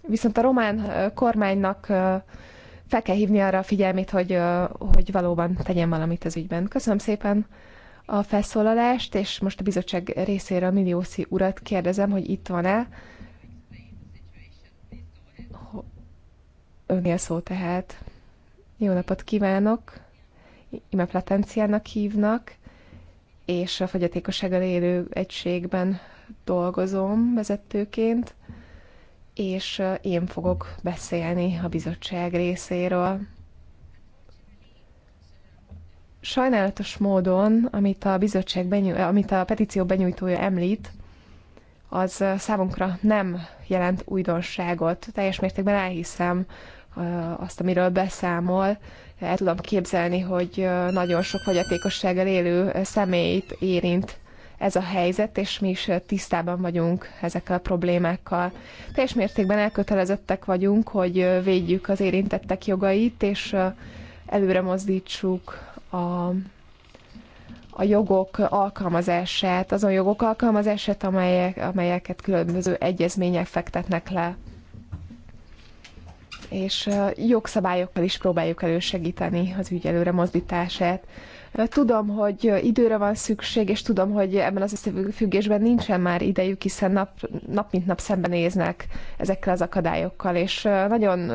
viszont a román kormánynak fel kell hívni arra a figyelmét, hogy, hogy valóban tegyen valamit az ügyben. Köszönöm szépen! a felszólalást, és most a bizottság részéről Milliószi urat kérdezem, hogy itt van-e. Önnél szó tehát. Jó napot kívánok! Ime Platenciának hívnak, és a fogyatékossággal élő egységben dolgozom vezetőként, és én fogok beszélni a bizottság részéről sajnálatos módon, amit a bizottság benyú, amit a petíció benyújtója említ, az számunkra nem jelent újdonságot. Teljes mértékben elhiszem azt, amiről beszámol. El tudom képzelni, hogy nagyon sok fogyatékossággal élő személyt érint ez a helyzet, és mi is tisztában vagyunk ezekkel a problémákkal. Teljes mértékben elkötelezettek vagyunk, hogy védjük az érintettek jogait, és előre mozdítsuk a, a jogok alkalmazását, azon jogok alkalmazását, amelyek, amelyeket különböző egyezmények fektetnek le. És jogszabályokkal is próbáljuk elősegíteni az ügy előre mozdítását. Tudom, hogy időre van szükség, és tudom, hogy ebben az összefüggésben nincsen már idejük, hiszen nap, nap mint nap szembenéznek ezekkel az akadályokkal, és nagyon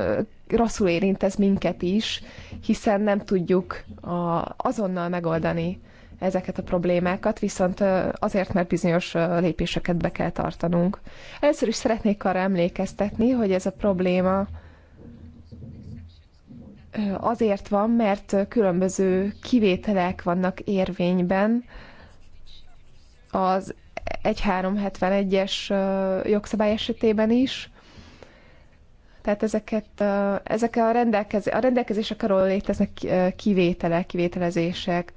rosszul érint ez minket is, hiszen nem tudjuk a, azonnal megoldani ezeket a problémákat, viszont azért, mert bizonyos lépéseket be kell tartanunk. Először is szeretnék arra emlékeztetni, hogy ez a probléma azért van, mert különböző kivételek vannak érvényben az 1371-es jogszabály esetében is. Tehát ezeket, ezek a, rendelkezé, a rendelkezések arról léteznek kivételek, kivételezések.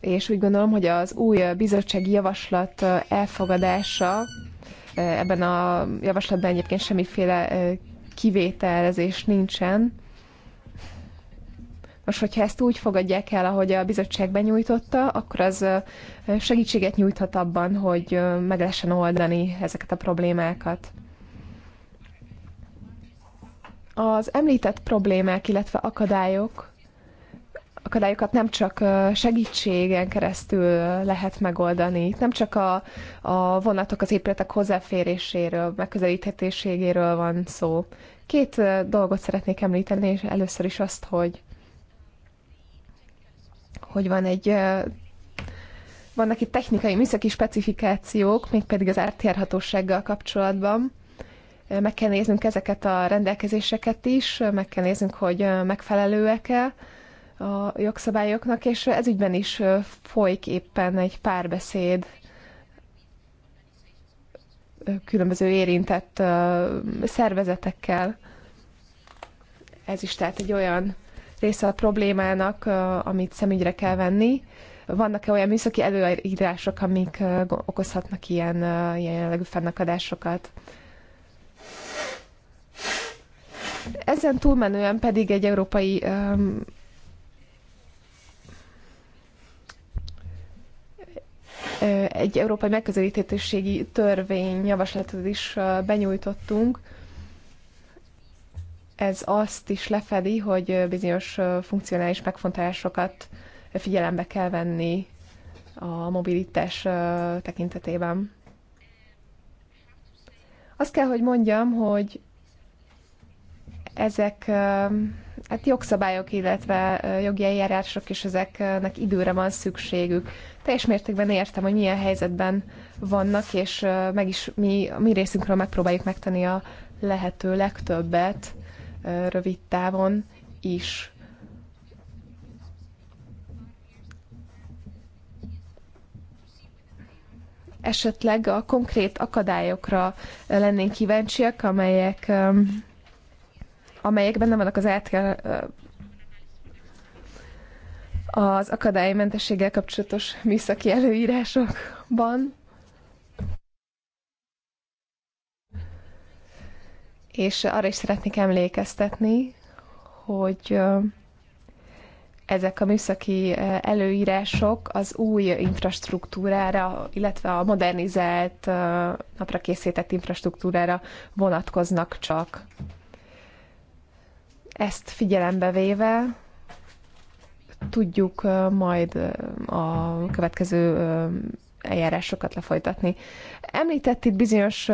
És úgy gondolom, hogy az új bizottsági javaslat elfogadása, ebben a javaslatban egyébként semmiféle kivételezés nincsen, most, hogyha ezt úgy fogadják el, ahogy a bizottság benyújtotta, akkor az segítséget nyújthat abban, hogy meg lehessen oldani ezeket a problémákat. Az említett problémák, illetve akadályok akadályokat nem csak segítségen keresztül lehet megoldani, nem csak a, a vonatok az épületek hozzáféréséről, megközelíthetőségéről van szó. Két dolgot szeretnék említeni, és először is azt, hogy hogy van egy vannak itt technikai műszaki specifikációk, mégpedig az ártérhatósággal kapcsolatban. Meg kell néznünk ezeket a rendelkezéseket is, meg kell néznünk, hogy megfelelőek-e a jogszabályoknak, és ez ügyben is folyik éppen egy párbeszéd különböző érintett szervezetekkel. Ez is tehát egy olyan része a problémának, amit szemügyre kell venni. Vannak-e olyan műszaki előírások, amik okozhatnak ilyen, ilyen jellegű fennakadásokat? Ezen túlmenően pedig egy európai um, egy európai megközelítésségi törvény javaslatot is benyújtottunk, ez azt is lefedi, hogy bizonyos funkcionális megfontolásokat figyelembe kell venni a mobilitás tekintetében. Azt kell, hogy mondjam, hogy ezek hát jogszabályok, illetve jogi eljárások is ezeknek időre van szükségük. Teljes mértékben értem, hogy milyen helyzetben vannak, és meg is mi, mi részünkről megpróbáljuk megtenni a lehető legtöbbet rövid távon is. Esetleg a konkrét akadályokra lennénk kíváncsiak, amelyek, um, amelyek benne vannak az átkel, az akadálymentességgel kapcsolatos műszaki előírásokban. és arra is szeretnék emlékeztetni, hogy ezek a műszaki előírások az új infrastruktúrára, illetve a modernizált, napra készített infrastruktúrára vonatkoznak csak. Ezt figyelembe véve tudjuk majd a következő eljárásokat lefolytatni. Említett itt bizonyos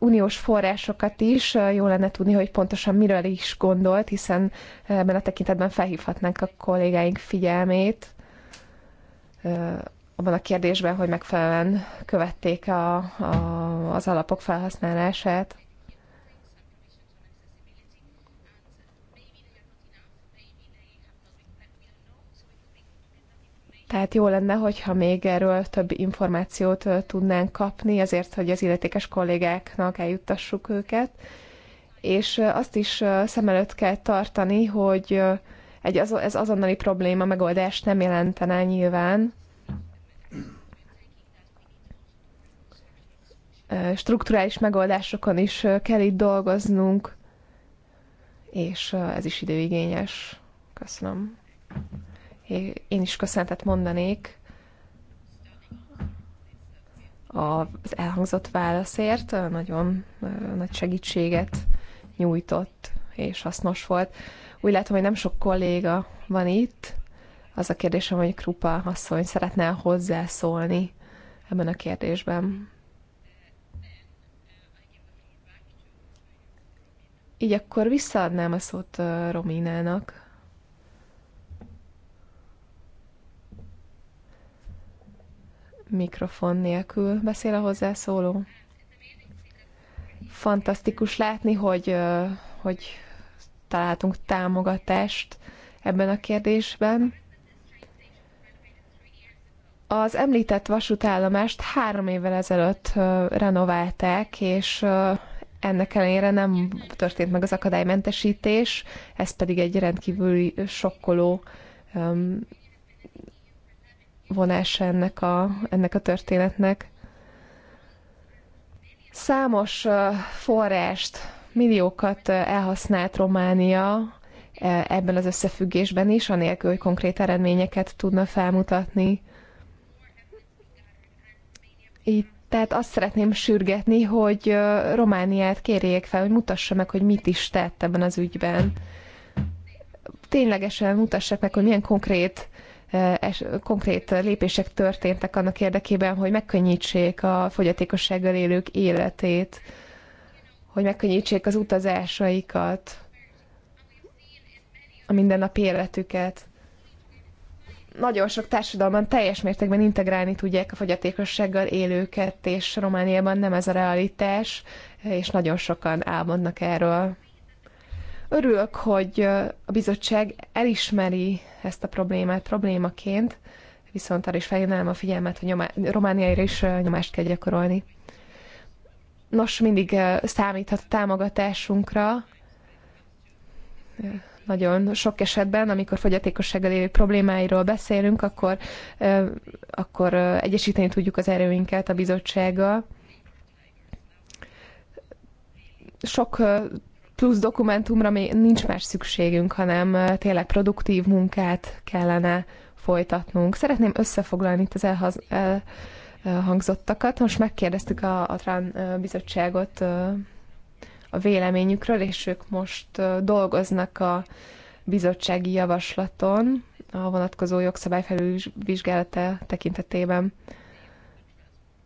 uniós forrásokat is jó lenne tudni, hogy pontosan miről is gondolt, hiszen ebben a tekintetben felhívhatnánk a kollégáink figyelmét abban a kérdésben, hogy megfelelően követték a, a, az alapok felhasználását. Tehát jó lenne, hogyha még erről több információt tudnánk kapni, azért, hogy az illetékes kollégáknak eljuttassuk őket. És azt is szem előtt kell tartani, hogy egy az, ez azonnali probléma megoldást nem jelentene nyilván. Strukturális megoldásokon is kell itt dolgoznunk, és ez is időigényes. Köszönöm. Én is köszöntet mondanék az elhangzott válaszért, nagyon nagy segítséget nyújtott és hasznos volt. Úgy látom, hogy nem sok kolléga van itt. Az a kérdésem, hogy Krupa asszony szeretne hozzászólni ebben a kérdésben. Így akkor visszaadnám a szót Rominának. Mikrofon nélkül beszél a hozzászóló. Fantasztikus látni, hogy, hogy találtunk támogatást ebben a kérdésben. Az említett vasútállomást három évvel ezelőtt renoválták, és ennek ellenére nem történt meg az akadálymentesítés, ez pedig egy rendkívül sokkoló vonása ennek a, ennek a történetnek. Számos forrást, milliókat elhasznált Románia e, ebben az összefüggésben is, anélkül, hogy konkrét eredményeket tudna felmutatni. Így tehát azt szeretném sürgetni, hogy Romániát kérjék fel, hogy mutassa meg, hogy mit is tett ebben az ügyben. Ténylegesen mutassák meg, hogy milyen konkrét konkrét lépések történtek annak érdekében, hogy megkönnyítsék a fogyatékossággal élők életét, hogy megkönnyítsék az utazásaikat, a mindennapi életüket. Nagyon sok társadalman teljes mértékben integrálni tudják a fogyatékossággal élőket, és Romániában nem ez a realitás, és nagyon sokan álmodnak erről. Örülök, hogy a bizottság elismeri ezt a problémát problémaként, viszont arra is felhívnám a figyelmet, hogy nyomá- Romániára is nyomást kell gyakorolni. Nos, mindig számíthat a támogatásunkra. Nagyon sok esetben, amikor fogyatékossággal élő problémáiról beszélünk, akkor, akkor egyesíteni tudjuk az erőinket a bizottsággal. Sok plusz dokumentumra még nincs más szükségünk, hanem tényleg produktív munkát kellene folytatnunk. Szeretném összefoglalni itt az elhaz, elhangzottakat. Most megkérdeztük a, a Trán bizottságot a véleményükről, és ők most dolgoznak a bizottsági javaslaton a vonatkozó jogszabály felülvizsgálata tekintetében.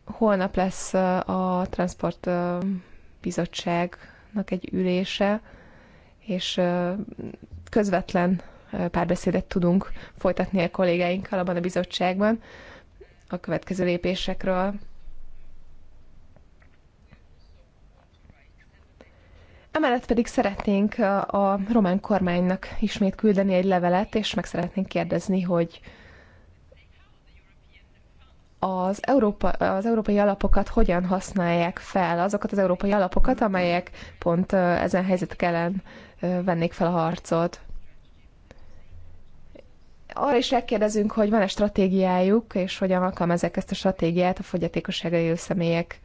Holnap lesz a Transport Bizottság nak egy ülése, és közvetlen párbeszédet tudunk folytatni a kollégáinkkal abban a bizottságban a következő lépésekről. Emellett pedig szeretnénk a román kormánynak ismét küldeni egy levelet, és meg szeretnénk kérdezni, hogy az, Európa, az európai alapokat hogyan használják fel, azokat az európai alapokat, amelyek pont ezen helyzet ellen vennék fel a harcot. Arra is megkérdezünk, hogy van-e stratégiájuk, és hogyan alkalmazzák ezt a stratégiát a fogyatékossággal élő személyek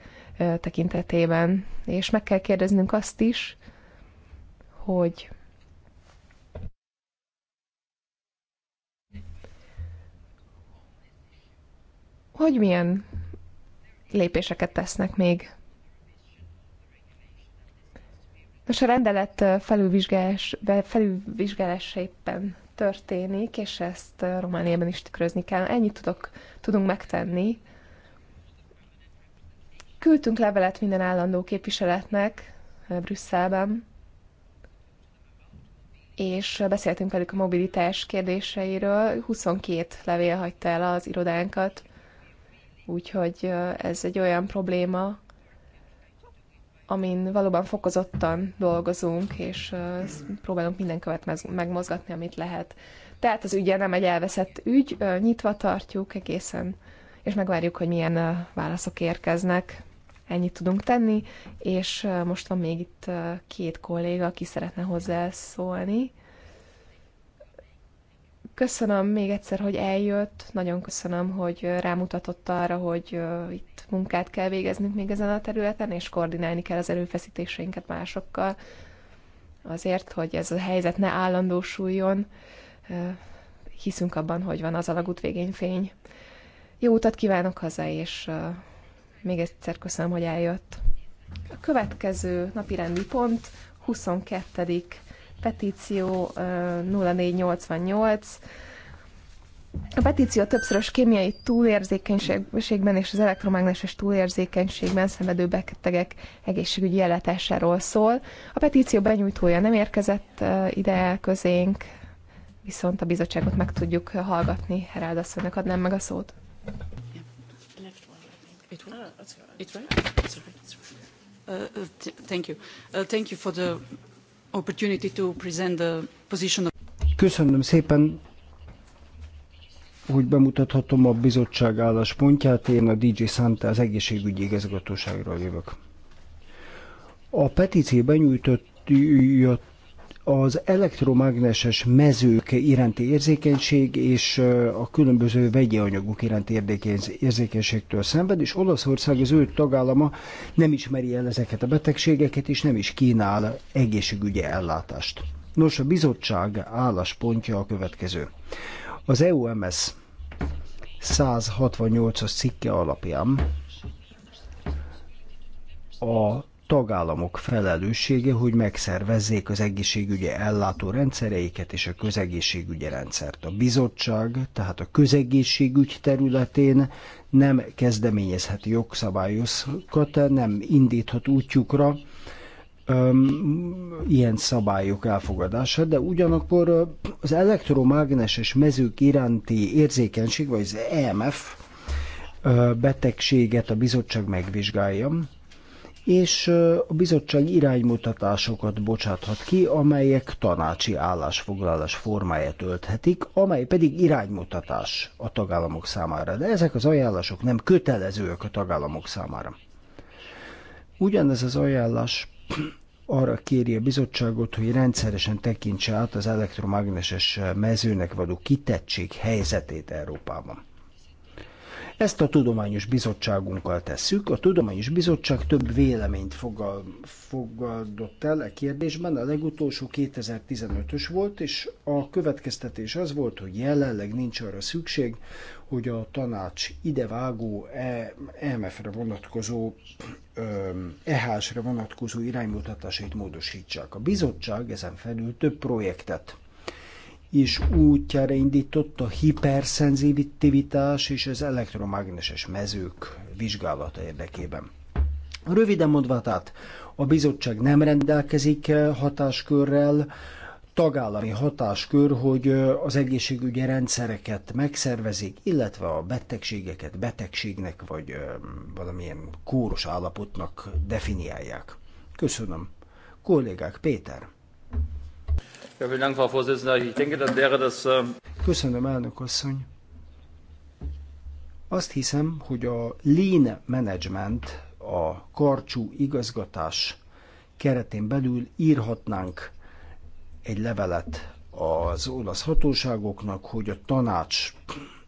tekintetében. És meg kell kérdeznünk azt is, hogy hogy milyen lépéseket tesznek még. Most a rendelet felülvizsgálás, felülvizsgálás éppen történik, és ezt eh, Romániában is tükrözni kell. Ennyit tudok, tudunk megtenni. Küldtünk levelet minden állandó képviseletnek eh, Brüsszelben, és beszéltünk velük a mobilitás kérdéseiről. 22 levél hagyta el az irodánkat. Úgyhogy ez egy olyan probléma, amin valóban fokozottan dolgozunk, és próbálunk minden követ megmozgatni, amit lehet. Tehát az ügye nem egy elveszett ügy, nyitva tartjuk egészen, és megvárjuk, hogy milyen válaszok érkeznek. Ennyit tudunk tenni, és most van még itt két kolléga, aki szeretne hozzászólni. Köszönöm még egyszer, hogy eljött, nagyon köszönöm, hogy rámutatott arra, hogy itt munkát kell végeznünk még ezen a területen, és koordinálni kell az erőfeszítéseinket másokkal, azért, hogy ez a helyzet ne állandósuljon. Hiszünk abban, hogy van az alagút végén fény. Jó utat kívánok haza, és még egyszer köszönöm, hogy eljött. A következő napirendi pont 22 petíció 0488. A petíció többszörös kémiai túlérzékenységben és az elektromágneses túlérzékenységben szenvedő betegek egészségügyi ellátásáról szól. A petíció benyújtója nem érkezett ide el közénk, viszont a bizottságot meg tudjuk hallgatni. Heráld asszonynak adnám meg a szót. Thank you. thank you for the opportunity to present the position of... Köszönöm szépen, hogy bemutathatom a bizottság álláspontját. Én a DJ Santa az egészségügyi igazgatóságról jövök. A petíció benyújtott jött az elektromágneses mezők iránti érzékenység és a különböző vegyi anyagok iránti érzékenységtől szenved, és Olaszország az ő tagállama nem ismeri el ezeket a betegségeket, és nem is kínál egészségügyi ellátást. Nos, a bizottság álláspontja a következő. Az EUMS 168-as cikke alapján a tagállamok felelőssége, hogy megszervezzék az egészségügyi ellátó rendszereiket és a közegészségügyi rendszert. A bizottság, tehát a közegészségügy területén nem kezdeményezhet jogszabályokat, nem indíthat útjukra öm, ilyen szabályok elfogadása, de ugyanakkor az elektromágneses mezők iránti érzékenység, vagy az EMF betegséget a bizottság megvizsgálja, és a bizottság iránymutatásokat bocsáthat ki, amelyek tanácsi állásfoglalás formáját ölthetik, amely pedig iránymutatás a tagállamok számára. De ezek az ajánlások nem kötelezőek a tagállamok számára. Ugyanez az ajánlás arra kéri a bizottságot, hogy rendszeresen tekintse át az elektromágneses mezőnek való kitettség helyzetét Európában. Ezt a tudományos bizottságunkkal tesszük. A tudományos bizottság több véleményt fogal, fogadott el a e kérdésben, a legutolsó 2015-ös volt, és a következtetés az volt, hogy jelenleg nincs arra szükség, hogy a tanács idevágó EMF-re e vonatkozó, EHS-re vonatkozó iránymutatásait módosítsák. A bizottság ezen felül több projektet és útjára indított a hiperszenzitivitás és az elektromágneses mezők vizsgálata érdekében. Röviden mondva, tehát a bizottság nem rendelkezik hatáskörrel, tagállami hatáskör, hogy az egészségügyi rendszereket megszervezik, illetve a betegségeket betegségnek vagy valamilyen kóros állapotnak definiálják. Köszönöm. Kollégák, Péter. Ähm, Köszönöm, elnök asszony. Azt hiszem, hogy a lean management, a karcsú igazgatás keretén belül írhatnánk egy levelet az olasz hatóságoknak, hogy a tanács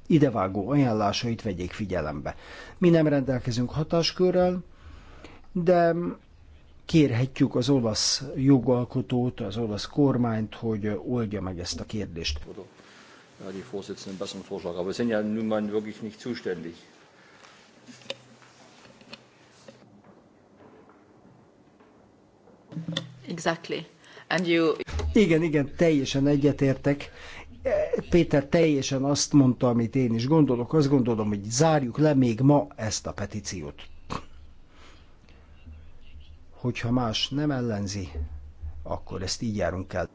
idevágó ajánlásait vegyék figyelembe. Mi nem rendelkezünk hatáskörrel, de kérhetjük az olasz jogalkotót, az olasz kormányt, hogy oldja meg ezt a kérdést. Exactly. And you... Igen, igen, teljesen egyetértek. Péter teljesen azt mondta, amit én is gondolok. Azt gondolom, hogy zárjuk le még ma ezt a petíciót. Hogyha más nem ellenzi, akkor ezt így járunk el.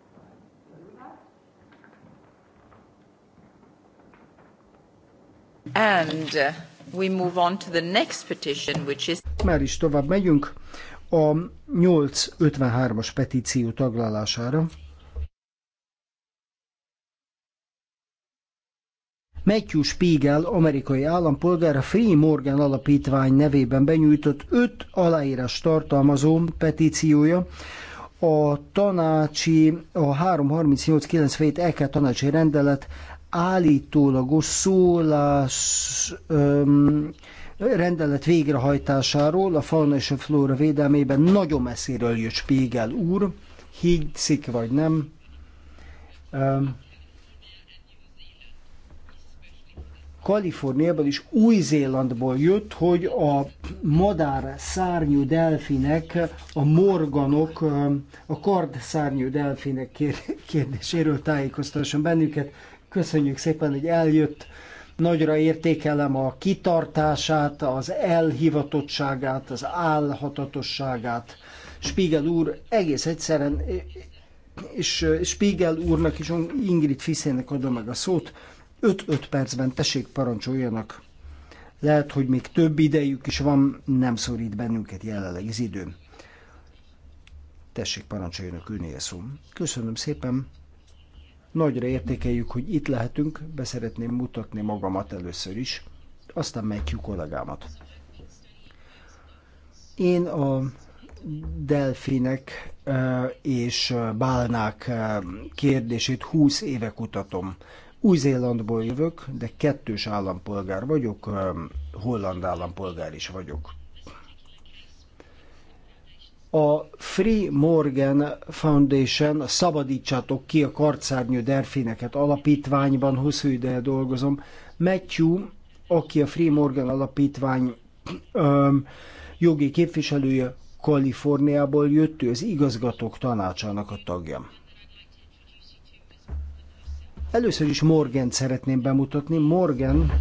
And uh, we move on to the next petition, which is... Már is tovább megyünk a 853-as petíció taglalására. Matthew Spiegel, amerikai állampolgár, a Free Morgan alapítvány nevében benyújtott öt aláírás tartalmazó petíciója, a tanácsi, a 33897 EK tanácsi rendelet állítólagos szólás öm, rendelet végrehajtásáról a fauna és a flóra védelmében nagyon messziről jött Spiegel úr, higgyszik vagy nem. Öm, Kaliforniából és Új-Zélandból jött, hogy a madár szárnyú delfinek, a morganok, a kard szárnyú delfinek kérdéséről tájékoztasson bennünket. Köszönjük szépen, hogy eljött. Nagyra értékelem a kitartását, az elhivatottságát, az álhatatosságát. Spiegel úr egész egyszerűen, és Spiegel úrnak is Ingrid Fiszének adom meg a szót, 5-5 percben tessék parancsoljanak. Lehet, hogy még több idejük is van, nem szorít bennünket jelenleg az idő. Tessék parancsoljanak ülnél szó. Köszönöm szépen. Nagyra értékeljük, hogy itt lehetünk, beszeretném mutatni magamat először is, aztán Matthew kollégámat. Én a delfinek eh, és eh, bálnák eh, kérdését 20 éve kutatom. Új-Zélandból jövök, de kettős állampolgár vagyok, holland állampolgár is vagyok. A Free Morgan Foundation, a Szabadítsátok ki a karcárnyő derfineket alapítványban hosszú ideje dolgozom. Matthew, aki a Free Morgan alapítvány öm, jogi képviselője, Kaliforniából jött, ő az igazgatók tanácsának a tagja. Először is Morgent szeretném bemutatni. Morgan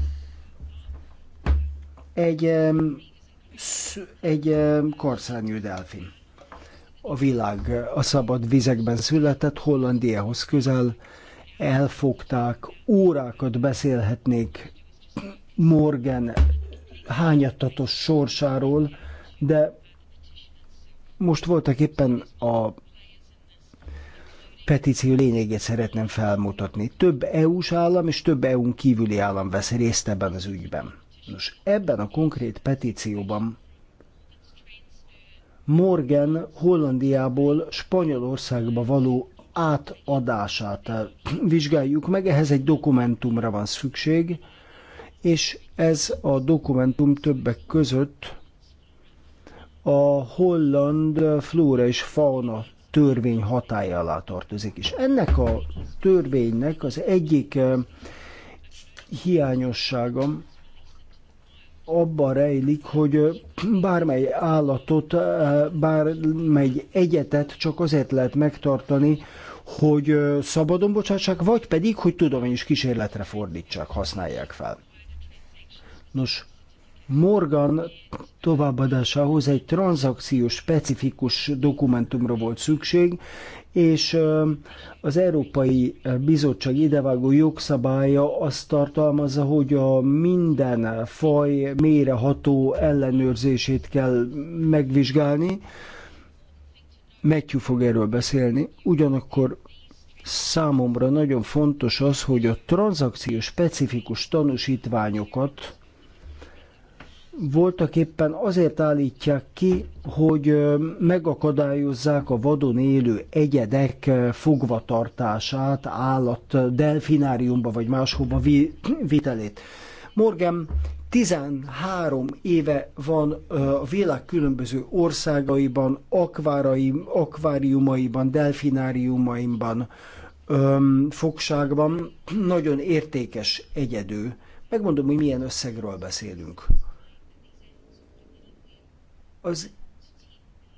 egy, egy korszárnyű delfin. A világ a szabad vizekben született, Hollandiához közel elfogták, órákat beszélhetnék Morgan hányattatos sorsáról, de most voltak éppen a petíció lényegét szeretném felmutatni. Több EU-s állam és több EU-n kívüli állam vesz részt ebben az ügyben. Nos, ebben a konkrét petícióban Morgan Hollandiából Spanyolországba való átadását eh, vizsgáljuk meg, ehhez egy dokumentumra van szükség, és ez a dokumentum többek között a holland flóra és fauna törvény hatája alá tartozik. És ennek a törvénynek az egyik eh, hiányossága abban rejlik, hogy eh, bármely állatot, eh, bármely egyetet csak azért lehet megtartani, hogy szabadon bocsássák, vagy pedig, hogy tudományos kísérletre fordítsák, használják fel. Nos, Morgan továbbadásához egy tranzakciós specifikus dokumentumra volt szükség, és az Európai Bizottság idevágó jogszabálya azt tartalmazza, hogy a minden faj méreható ellenőrzését kell megvizsgálni. Matthew fog erről beszélni. Ugyanakkor számomra nagyon fontos az, hogy a tranzakciós specifikus tanúsítványokat voltak éppen azért állítják ki, hogy megakadályozzák a vadon élő egyedek fogvatartását, állat delfináriumba vagy máshova vitelét. Morgan 13 éve van a világ különböző országaiban, akvárai, akváriumaiban, delfináriumaiban, fogságban. Nagyon értékes egyedő. Megmondom, hogy milyen összegről beszélünk. Az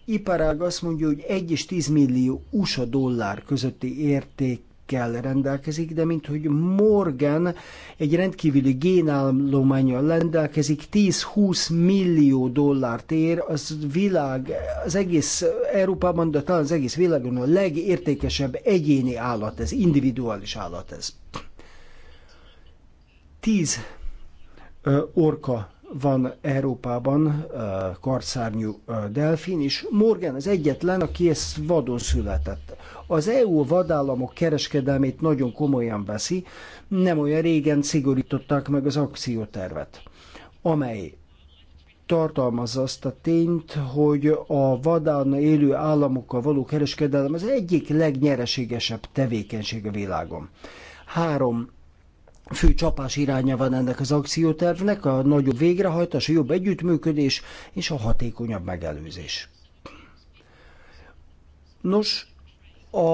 iparág azt mondja, hogy 1 és 10 millió USA dollár közötti érték kell rendelkezik, de mint hogy Morgan egy rendkívüli génállományjal rendelkezik, 10-20 millió dollárt ér, az világ, az egész Európában, de talán az egész világon a legértékesebb egyéni állat ez, individuális állat ez. 10 orka van Európában karszárnyú delfin, és Morgan az egyetlen, aki ezt vadon született. Az EU vadállamok kereskedelmét nagyon komolyan veszi, nem olyan régen szigorították meg az akciótervet, amely tartalmazza azt a tényt, hogy a vadán élő államokkal való kereskedelem az egyik legnyereségesebb tevékenység a világon. Három fő csapás iránya van ennek az akciótervnek, a nagyobb végrehajtás, a jobb együttműködés és a hatékonyabb megelőzés. Nos, a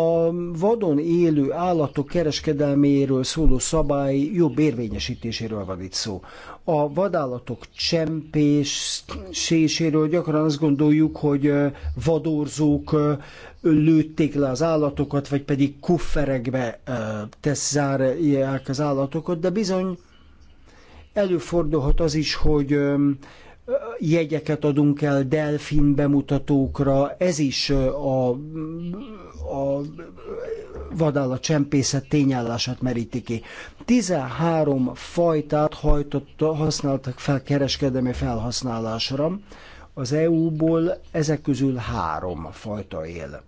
vadon élő állatok kereskedelméről szóló szabály jobb érvényesítéséről van itt szó. A vadállatok csempéséséről gyakran azt gondoljuk, hogy vadorzók lőtték le az állatokat, vagy pedig kufferekbe tesszárják az állatokat, de bizony előfordulhat az is, hogy jegyeket adunk el delfin bemutatókra, ez is a, a csempészet tényállását meríti ki. 13 fajtát hajtott, használtak fel kereskedelmi felhasználásra, az EU-ból ezek közül három fajta él.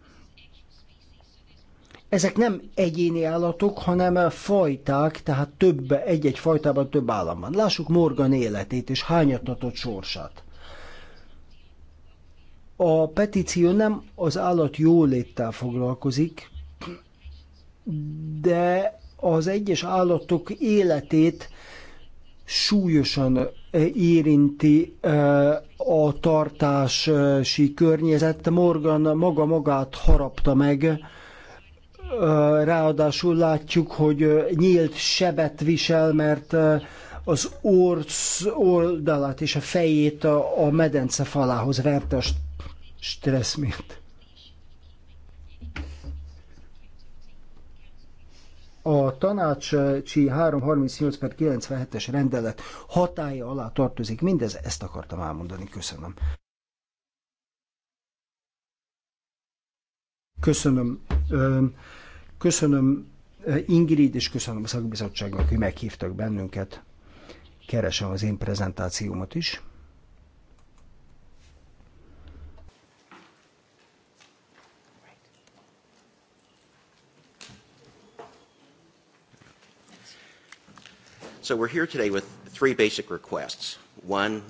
Ezek nem egyéni állatok, hanem fajták, tehát több, egy-egy fajtában több állam van. Lássuk Morgan életét és hányatatott sorsát. A petíció nem az állat jóléttel foglalkozik, de az egyes állatok életét súlyosan eh, érinti eh, a tartási környezet. Morgan maga magát harapta meg, eh, ráadásul látjuk, hogy nyílt sebet visel, mert az orc oldalát és a fejét a medence falához verte a stressz miatt. a tanácsi 338 per 97-es rendelet hatája alá tartozik. Mindez ezt akartam elmondani. Köszönöm. Köszönöm. Köszönöm Ingrid, és köszönöm a szakbizottságnak, hogy meghívtak bennünket. Keresem az én prezentációmat is. So we're here today with three basic requests. One,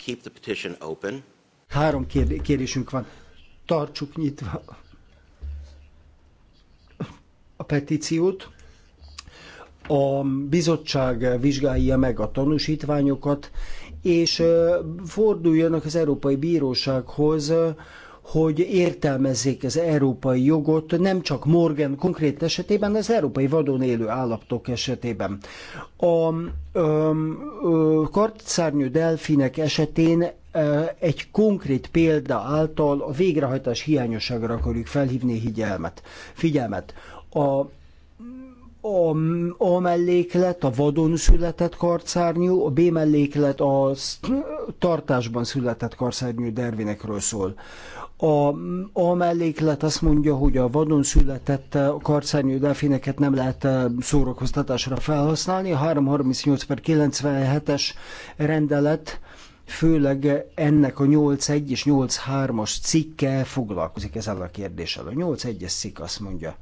keep the petition open. Három kérdésünk van. Tartsuk nyitva a petíciót. A bizottság vizsgálja meg a tanúsítványokat, és forduljanak az Európai Bírósághoz, hogy értelmezzék az európai jogot, nem csak Morgan konkrét esetében, az európai vadon élő állatok esetében. A kartszárnyú delfinek esetén egy konkrét példa által a végrehajtás hiányosságra akarjuk felhívni figyelmet. figyelmet. A, a, a melléklet a vadon született karcárnyú, a B melléklet az tartásban született korszárnyű dervinekről szól. A, a melléklet azt mondja, hogy a vadon született karcárnyú delfineket nem lehet eh, szórakoztatásra felhasználni. A 338 per 97-es rendelet főleg ennek a 8.1 és 8.3-as cikke foglalkozik ezzel a kérdéssel. A 8.1-es cikk azt mondja,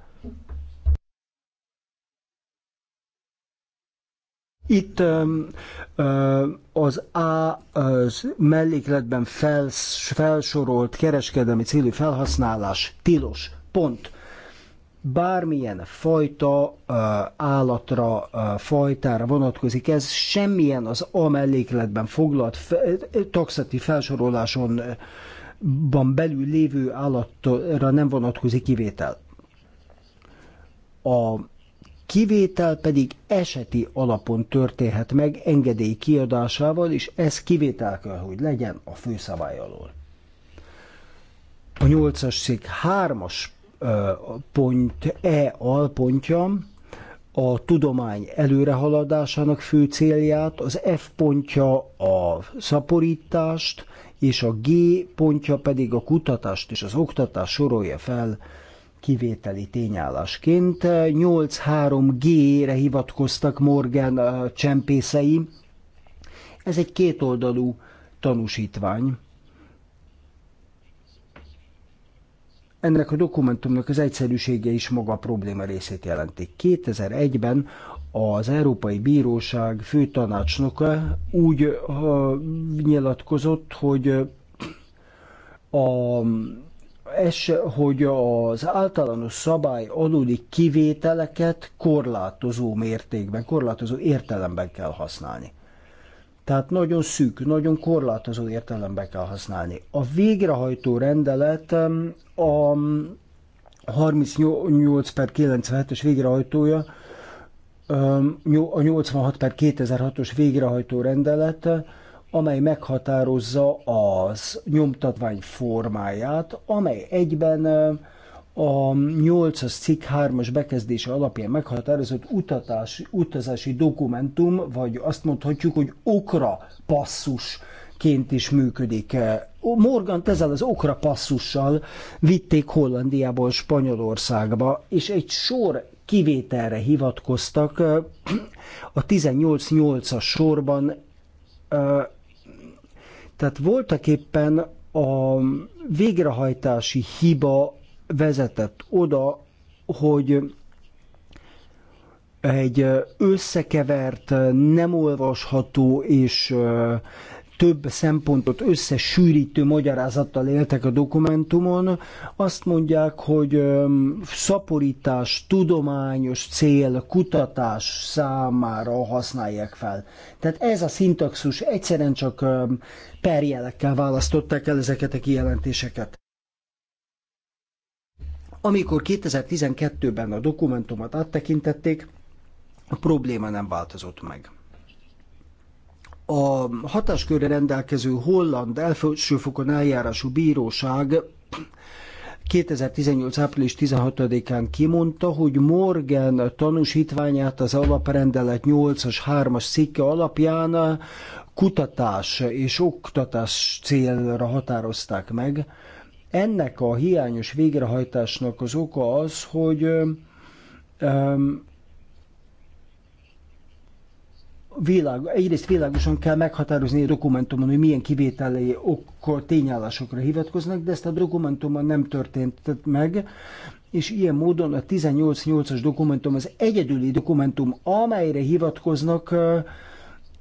Itt az A az mellékletben fels, felsorolt kereskedelmi célú felhasználás tilos. Pont. Bármilyen fajta állatra, fajtára vonatkozik ez, semmilyen az A mellékletben foglalt taxati felsoroláson van belül lévő állatra nem vonatkozik kivétel. A kivétel pedig eseti alapon történhet meg engedély kiadásával, és ez kivétel kell, hogy legyen a főszabály alól. A nyolcas szék hármas pont E alpontja a tudomány előrehaladásának fő célját, az F pontja a szaporítást, és a G pontja pedig a kutatást és az oktatást sorolja fel kivételi tényállásként. 8.3G-re hivatkoztak Morgan csempészei. Ez egy kétoldalú tanúsítvány. Ennek a dokumentumnak az egyszerűsége is maga a probléma részét jelenti. 2001-ben az Európai Bíróság főtanácsnoka úgy ha, nyilatkozott, hogy a es, hogy az általános szabály aluli kivételeket korlátozó mértékben, korlátozó értelemben kell használni. Tehát nagyon szűk, nagyon korlátozó értelemben kell használni. A végrehajtó rendelet a 38 per 97-es végrehajtója, a 86 per 2006-os végrehajtó rendelet amely meghatározza az nyomtatvány formáját, amely egyben a 8-as cikk 3-as bekezdése alapján meghatározott utatási, utazási dokumentum, vagy azt mondhatjuk, hogy okra passzusként ként is működik. Morgan ezzel az okra passzussal vitték Hollandiából Spanyolországba, és egy sor kivételre hivatkoztak. A 18-8-as sorban tehát voltak éppen a végrehajtási hiba vezetett oda, hogy egy összekevert, nem olvasható és több szempontot összesűrítő magyarázattal éltek a dokumentumon. Azt mondják, hogy szaporítás, tudományos cél, kutatás számára használják fel. Tehát ez a szintaxus egyszerűen csak perjelekkel választották el ezeket a kijelentéseket. Amikor 2012-ben a dokumentumot áttekintették, a probléma nem változott meg a hatáskörre rendelkező holland elsőfokon eljárású bíróság 2018. április 16-án kimondta, hogy Morgan tanúsítványát az alaprendelet 8-as 3-as szikke alapján kutatás és oktatás célra határozták meg. Ennek a hiányos végrehajtásnak az oka az, hogy világ, egyrészt világosan kell meghatározni a dokumentumon, hogy milyen kivételei okkor tényállásokra hivatkoznak, de ezt a dokumentumon nem történt meg, és ilyen módon a 8 as dokumentum az egyedüli dokumentum, amelyre hivatkoznak,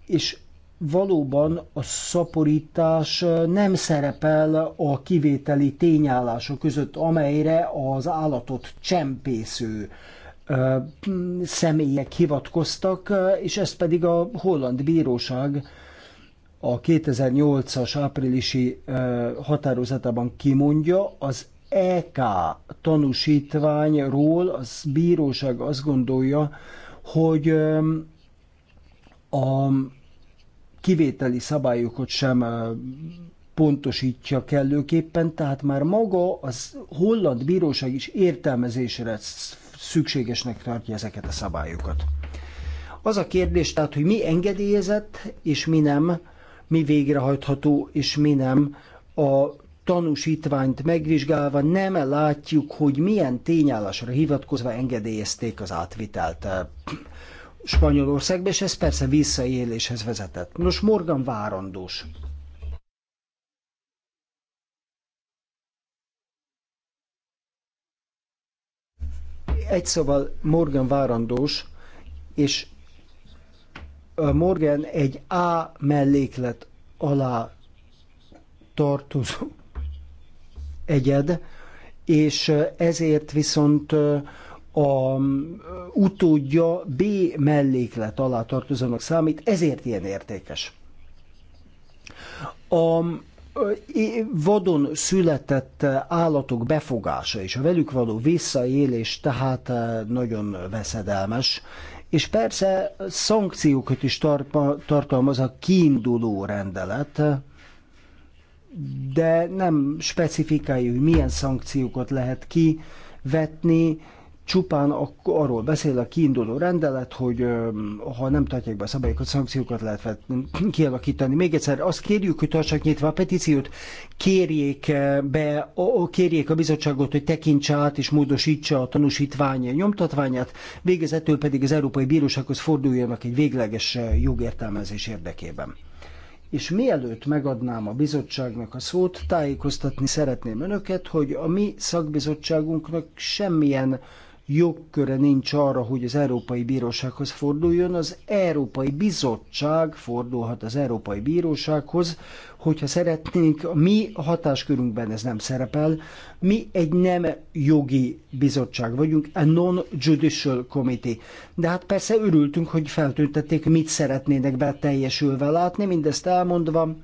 és valóban a szaporítás nem szerepel a kivételi tényállások között, amelyre az állatot csempésző személyek hivatkoztak, és ezt pedig a holland bíróság a 2008-as áprilisi határozatában kimondja, az EK tanúsítványról az bíróság azt gondolja, hogy a kivételi szabályokat sem pontosítja kellőképpen, tehát már maga az holland bíróság is értelmezésre szükségesnek tartja ezeket a szabályokat. Az a kérdés tehát, hogy mi engedélyezett, és mi nem, mi végrehajtható, és mi nem. A tanúsítványt megvizsgálva nem látjuk, hogy milyen tényállásra hivatkozva engedélyezték az átvitelt eh, Spanyolországba, és ez persze visszaéléshez vezetett. Nos, Morgan várandós. Egy szóval Morgan várandós, és Morgan egy A melléklet alá tartozó egyed, és ezért viszont a utódja B melléklet alá tartozónak számít, ezért ilyen értékes. A vadon született állatok befogása és a velük való visszaélés tehát nagyon veszedelmes, és persze szankciókat is tartalmaz a kiinduló rendelet, de nem specifikálja, hogy milyen szankciókat lehet kivetni, Csupán arról beszél a kiinduló rendelet, hogy ha nem tartják be a szabályokat, szankciókat lehet kialakítani. Még egyszer azt kérjük, hogy tartsák nyitva a petíciót, kérjék be, kérjék a bizottságot, hogy tekintse át és módosítsa a tanúsítvány nyomtatványát, végezetül pedig az Európai Bírósághoz forduljanak egy végleges jogértelmezés érdekében és mielőtt megadnám a bizottságnak a szót, tájékoztatni szeretném önöket, hogy a mi szakbizottságunknak semmilyen jogköre nincs arra, hogy az Európai Bírósághoz forduljon, az Európai Bizottság fordulhat az Európai Bírósághoz, hogyha szeretnénk, a mi hatáskörünkben ez nem szerepel, mi egy nem jogi bizottság vagyunk, a non-judicial committee. De hát persze örültünk, hogy feltüntették, mit szeretnének teljesülve látni, mindezt elmondva,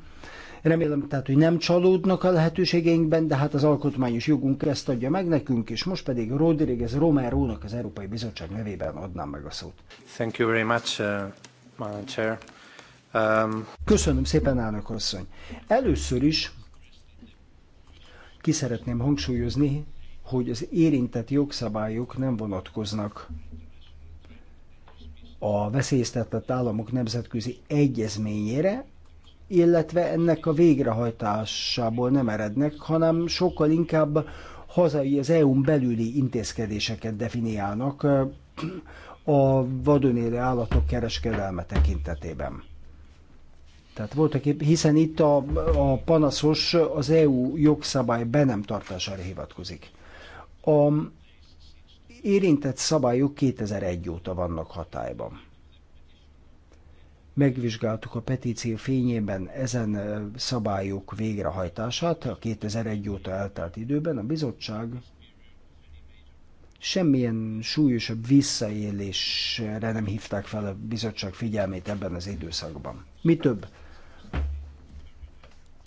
Remélem tehát, hogy nem csalódnak a lehetőségeinkben, de hát az alkotmányos jogunk ezt adja meg nekünk, és most pedig Rodríguez Romero-nak az Európai Bizottság nevében adnám meg a szót. Thank you very much, uh, Madam Chair. Um... Köszönöm szépen, elnök asszony. Először is ki szeretném hangsúlyozni, hogy az érintett jogszabályok nem vonatkoznak a veszélyeztetett államok nemzetközi egyezményére, illetve ennek a végrehajtásából nem erednek, hanem sokkal inkább hazai, az EU-n belüli intézkedéseket definiálnak a vadon élő állatok kereskedelme tekintetében. Tehát voltak, hiszen itt a, a panaszos az EU jogszabály be nem tartására hivatkozik. A érintett szabályok 2001 óta vannak hatályban megvizsgáltuk a petíció fényében ezen szabályok végrehajtását a 2001 óta eltelt időben, a bizottság semmilyen súlyosabb visszaélésre nem hívták fel a bizottság figyelmét ebben az időszakban. Mi több,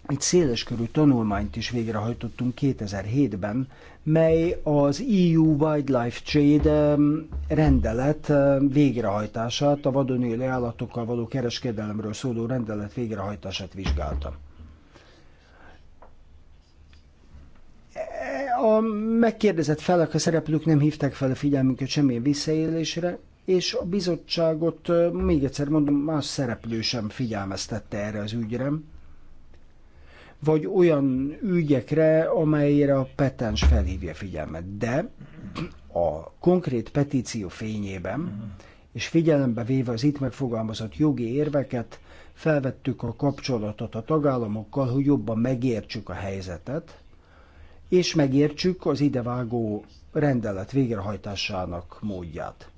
egy széleskörű tanulmányt is végrehajtottunk 2007-ben, mely az EU Wildlife Trade rendelet végrehajtását, a vadon élő állatokkal való kereskedelemről szóló rendelet végrehajtását vizsgálta. A megkérdezett felek, a szereplők nem hívták fel a figyelmünket semmilyen visszaélésre, és a bizottságot, még egyszer mondom, más szereplő sem figyelmeztette erre az ügyre vagy olyan ügyekre, amelyre a petens felhívja figyelmet. De a konkrét petíció fényében, és figyelembe véve az itt megfogalmazott jogi érveket, felvettük a kapcsolatot a tagállamokkal, hogy jobban megértsük a helyzetet, és megértsük az idevágó rendelet végrehajtásának módját.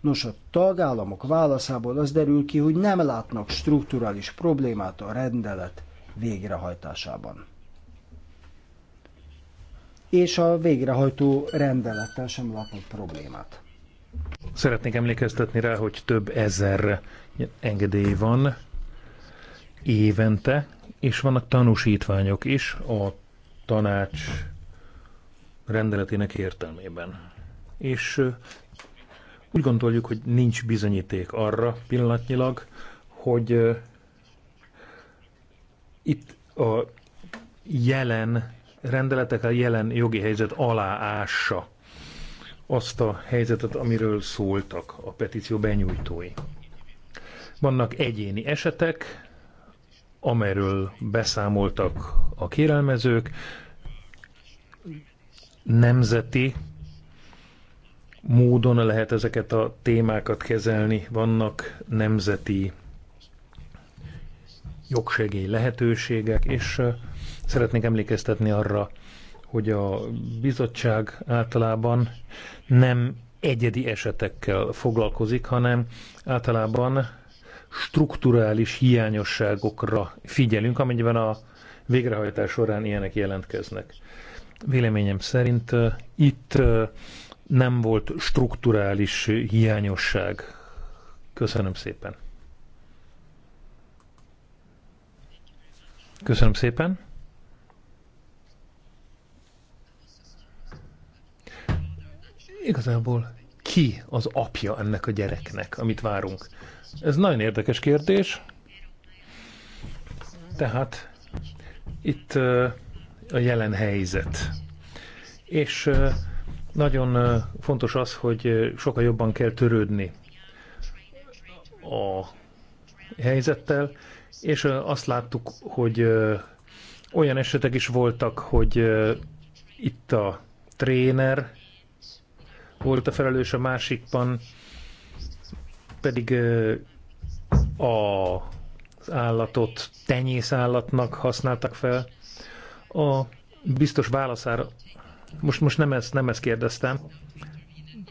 Nos, a tagállamok válaszából az derül ki, hogy nem látnak strukturális problémát a rendelet végrehajtásában. És a végrehajtó rendelettel sem látott problémát. Szeretnék emlékeztetni rá, hogy több ezer engedély van évente, és vannak tanúsítványok is a tanács rendeletének értelmében. És úgy gondoljuk, hogy nincs bizonyíték arra pillanatnyilag, hogy itt a jelen rendeletek, a jelen jogi helyzet aláássa azt a helyzetet, amiről szóltak a petíció benyújtói. Vannak egyéni esetek, amelyről beszámoltak a kérelmezők, nemzeti módon lehet ezeket a témákat kezelni, vannak nemzeti jogsegély lehetőségek, és szeretnék emlékeztetni arra, hogy a bizottság általában nem egyedi esetekkel foglalkozik, hanem általában strukturális hiányosságokra figyelünk, amennyiben a végrehajtás során ilyenek jelentkeznek. Véleményem szerint itt nem volt strukturális hiányosság. Köszönöm szépen. Köszönöm szépen. Igazából ki az apja ennek a gyereknek, amit várunk? Ez nagyon érdekes kérdés. Tehát itt a jelen helyzet. És nagyon fontos az, hogy sokkal jobban kell törődni a helyzettel, és azt láttuk, hogy olyan esetek is voltak, hogy itt a tréner volt a felelős, a másikban pedig a, az állatot tenyészállatnak használtak fel. A biztos válaszára, most, most nem, ezt, nem ezt kérdeztem,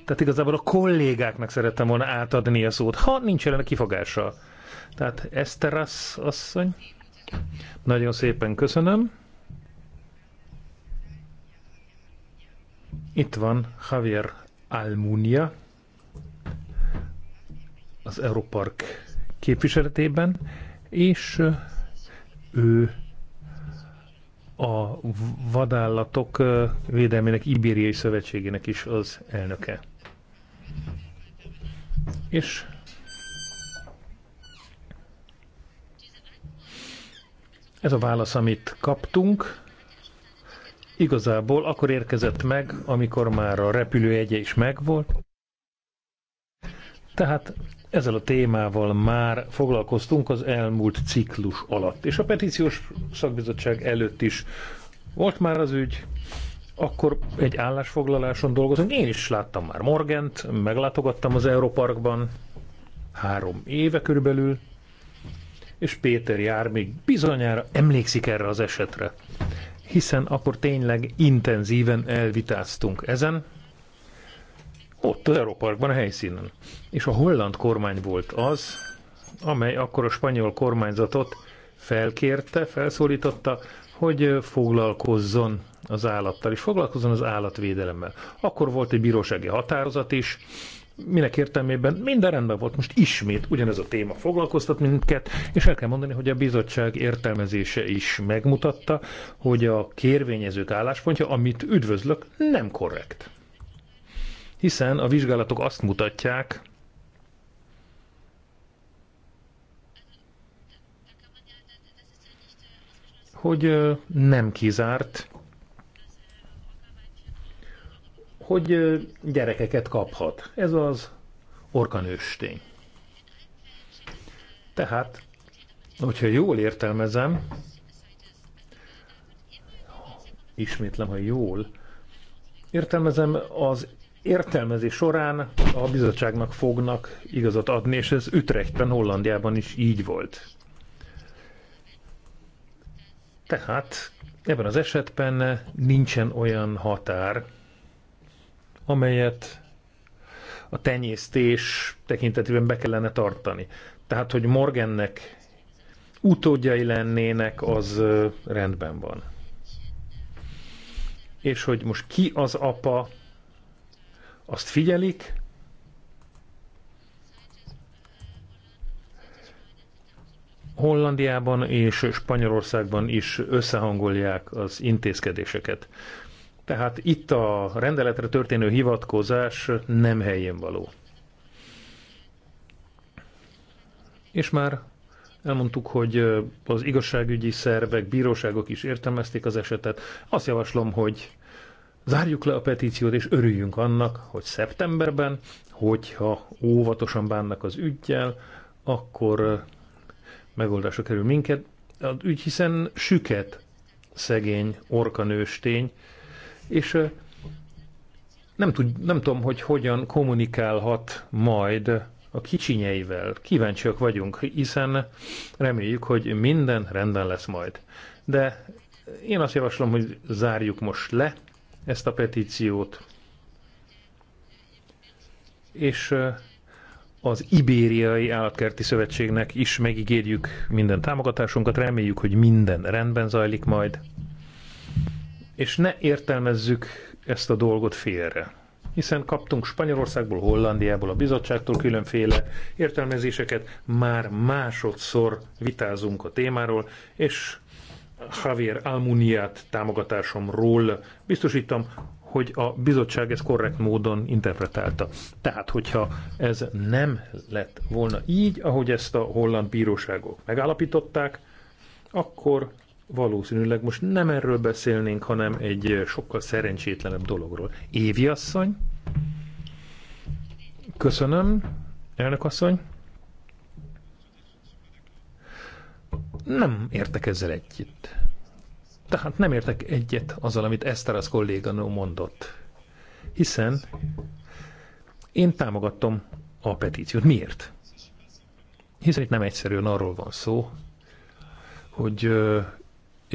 tehát igazából a kollégáknak szerettem volna átadni a szót, ha nincs a kifogással. Tehát Eszterasz asszony, nagyon szépen köszönöm. Itt van Javier Almunia az Europark képviseletében, és ő a vadállatok védelmének Ibériai Szövetségének is az elnöke. És Ez a válasz, amit kaptunk, igazából akkor érkezett meg, amikor már a repülőjegye is megvolt. Tehát ezzel a témával már foglalkoztunk az elmúlt ciklus alatt. És a petíciós szakbizottság előtt is volt már az ügy, akkor egy állásfoglaláson dolgozunk. Én is láttam már Morgent, meglátogattam az Európarkban három éve körülbelül, és Péter jár még bizonyára emlékszik erre az esetre. Hiszen akkor tényleg intenzíven elvitáztunk ezen, ott az Európarkban a helyszínen. És a holland kormány volt az, amely akkor a spanyol kormányzatot felkérte, felszólította, hogy foglalkozzon az állattal, és foglalkozzon az állatvédelemmel. Akkor volt egy bírósági határozat is, minek értelmében minden rendben volt. Most ismét ugyanez a téma foglalkoztat minket, és el kell mondani, hogy a bizottság értelmezése is megmutatta, hogy a kérvényezők álláspontja, amit üdvözlök, nem korrekt. Hiszen a vizsgálatok azt mutatják, hogy nem kizárt, hogy gyerekeket kaphat. Ez az orkanőstény. Tehát, hogyha jól értelmezem, ismétlem, ha jól értelmezem, az értelmezés során a bizottságnak fognak igazat adni, és ez Ütrechtben, Hollandiában is így volt. Tehát ebben az esetben nincsen olyan határ, amelyet a tenyésztés tekintetében be kellene tartani. Tehát, hogy Morgannek utódjai lennének, az rendben van. És hogy most ki az apa, azt figyelik, Hollandiában és Spanyolországban is összehangolják az intézkedéseket. Tehát itt a rendeletre történő hivatkozás nem helyén való. És már elmondtuk, hogy az igazságügyi szervek, bíróságok is értelmezték az esetet. Azt javaslom, hogy zárjuk le a petíciót, és örüljünk annak, hogy szeptemberben, hogyha óvatosan bánnak az ügyjel, akkor megoldásra kerül minket. Az ügy hiszen süket szegény orkanőstény, és nem, tud, nem tudom, hogy hogyan kommunikálhat majd a kicsinyeivel. Kíváncsiak vagyunk, hiszen reméljük, hogy minden rendben lesz majd. De én azt javaslom, hogy zárjuk most le ezt a petíciót, és az Ibériai Állatkerti Szövetségnek is megígérjük minden támogatásunkat, reméljük, hogy minden rendben zajlik majd. És ne értelmezzük ezt a dolgot félre. Hiszen kaptunk Spanyolországból, Hollandiából, a bizottságtól különféle értelmezéseket, már másodszor vitázunk a témáról, és Javier Almuniát támogatásomról biztosítom, hogy a bizottság ezt korrekt módon interpretálta. Tehát, hogyha ez nem lett volna így, ahogy ezt a holland bíróságok megállapították, akkor valószínűleg most nem erről beszélnénk, hanem egy sokkal szerencsétlenebb dologról. Évi asszony? Köszönöm, elnök asszony. Nem értek ezzel egyet. Tehát nem értek egyet azzal, amit az kolléganó mondott. Hiszen én támogattam a petíciót. Miért? Hiszen itt nem egyszerűen arról van szó, hogy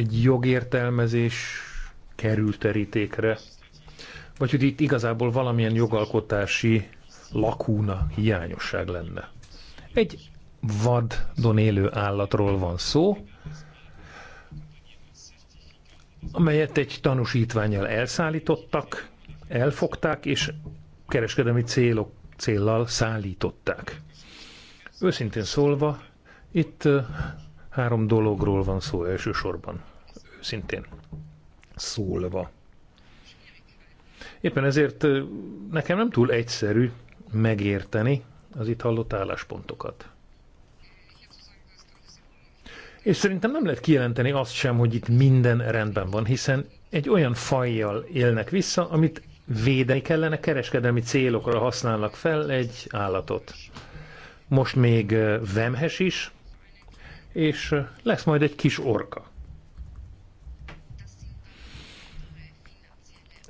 egy jogértelmezés kerül terítékre, vagy hogy itt igazából valamilyen jogalkotási lakúna, hiányosság lenne. Egy vaddon élő állatról van szó, amelyet egy tanúsítványjal elszállítottak, elfogták, és kereskedelmi célok, céllal szállították. Őszintén szólva, itt három dologról van szó elsősorban őszintén szólva. Éppen ezért nekem nem túl egyszerű megérteni az itt hallott álláspontokat. És szerintem nem lehet kijelenteni azt sem, hogy itt minden rendben van, hiszen egy olyan fajjal élnek vissza, amit védeni kellene, kereskedelmi célokra használnak fel egy állatot. Most még vemhes is, és lesz majd egy kis orka.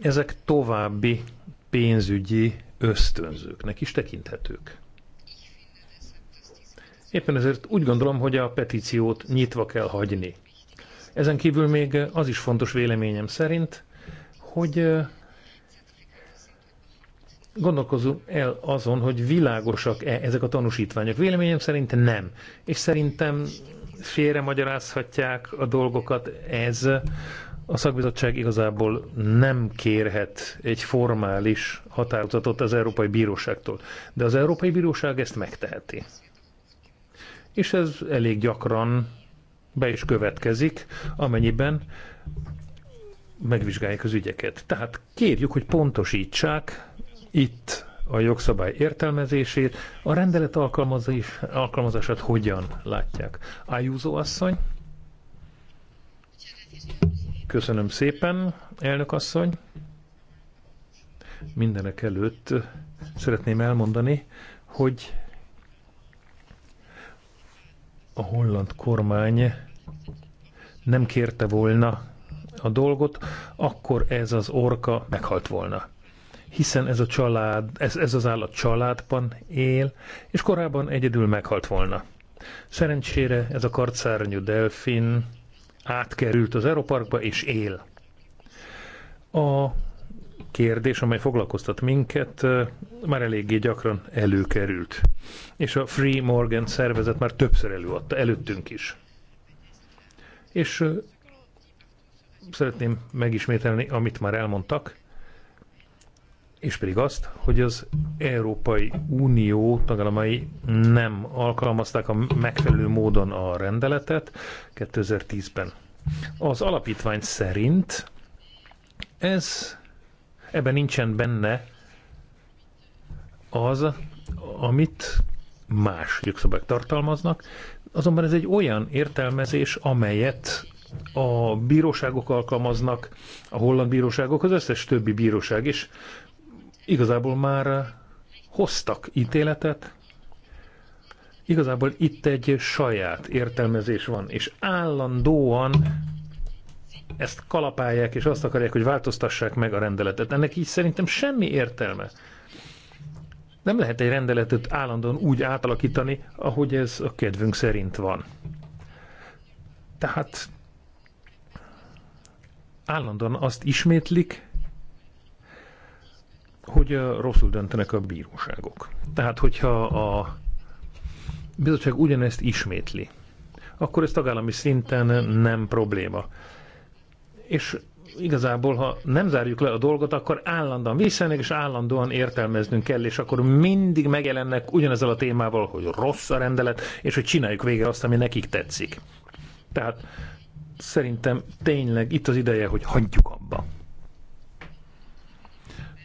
ezek további pénzügyi ösztönzőknek is tekinthetők. Éppen ezért úgy gondolom, hogy a petíciót nyitva kell hagyni. Ezen kívül még az is fontos véleményem szerint, hogy gondolkozunk el azon, hogy világosak-e ezek a tanúsítványok. Véleményem szerint nem. És szerintem félre magyarázhatják a dolgokat ez a szakbizottság igazából nem kérhet egy formális határozatot az Európai Bíróságtól, de az Európai Bíróság ezt megteheti. És ez elég gyakran be is következik, amennyiben megvizsgálják az ügyeket. Tehát kérjük, hogy pontosítsák itt a jogszabály értelmezését, a rendelet alkalmazás, alkalmazását hogyan látják. Ájúzó asszony? Köszönöm szépen, elnök asszony. Mindenek előtt szeretném elmondani, hogy a holland kormány nem kérte volna a dolgot, akkor ez az orka meghalt volna. Hiszen ez a család, ez, ez az állat családban él, és korábban egyedül meghalt volna. Szerencsére ez a karcárnyú delfin átkerült az Európarkba és él. A kérdés, amely foglalkoztat minket, már eléggé gyakran előkerült. És a Free Morgan szervezet már többször előadta, előttünk is. És szeretném megismételni, amit már elmondtak, és pedig azt, hogy az Európai Unió tagállamai nem alkalmazták a megfelelő módon a rendeletet 2010-ben. Az alapítvány szerint ez, ebben nincsen benne az, amit más jogszabályok tartalmaznak, azonban ez egy olyan értelmezés, amelyet a bíróságok alkalmaznak, a holland bíróságok, az összes többi bíróság is, igazából már hoztak ítéletet, igazából itt egy saját értelmezés van, és állandóan ezt kalapálják, és azt akarják, hogy változtassák meg a rendeletet. Ennek így szerintem semmi értelme. Nem lehet egy rendeletet állandóan úgy átalakítani, ahogy ez a kedvünk szerint van. Tehát állandóan azt ismétlik, hogy rosszul döntenek a bíróságok. Tehát, hogyha a bizottság ugyanezt ismétli, akkor ez tagállami szinten nem probléma. És igazából, ha nem zárjuk le a dolgot, akkor állandóan visszajönnek, és állandóan értelmeznünk kell, és akkor mindig megjelennek ugyanezzel a témával, hogy rossz a rendelet, és hogy csináljuk végre azt, ami nekik tetszik. Tehát szerintem tényleg itt az ideje, hogy hagyjuk abba.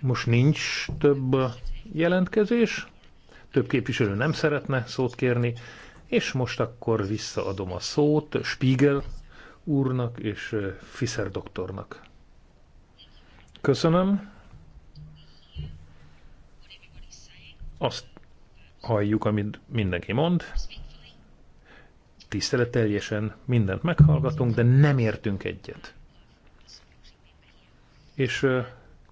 Most nincs több jelentkezés, több képviselő nem szeretne szót kérni, és most akkor visszaadom a szót Spiegel úrnak és Fischer doktornak. Köszönöm. Azt halljuk, amit mindenki mond. Tiszteleteljesen mindent meghallgatunk, de nem értünk egyet. És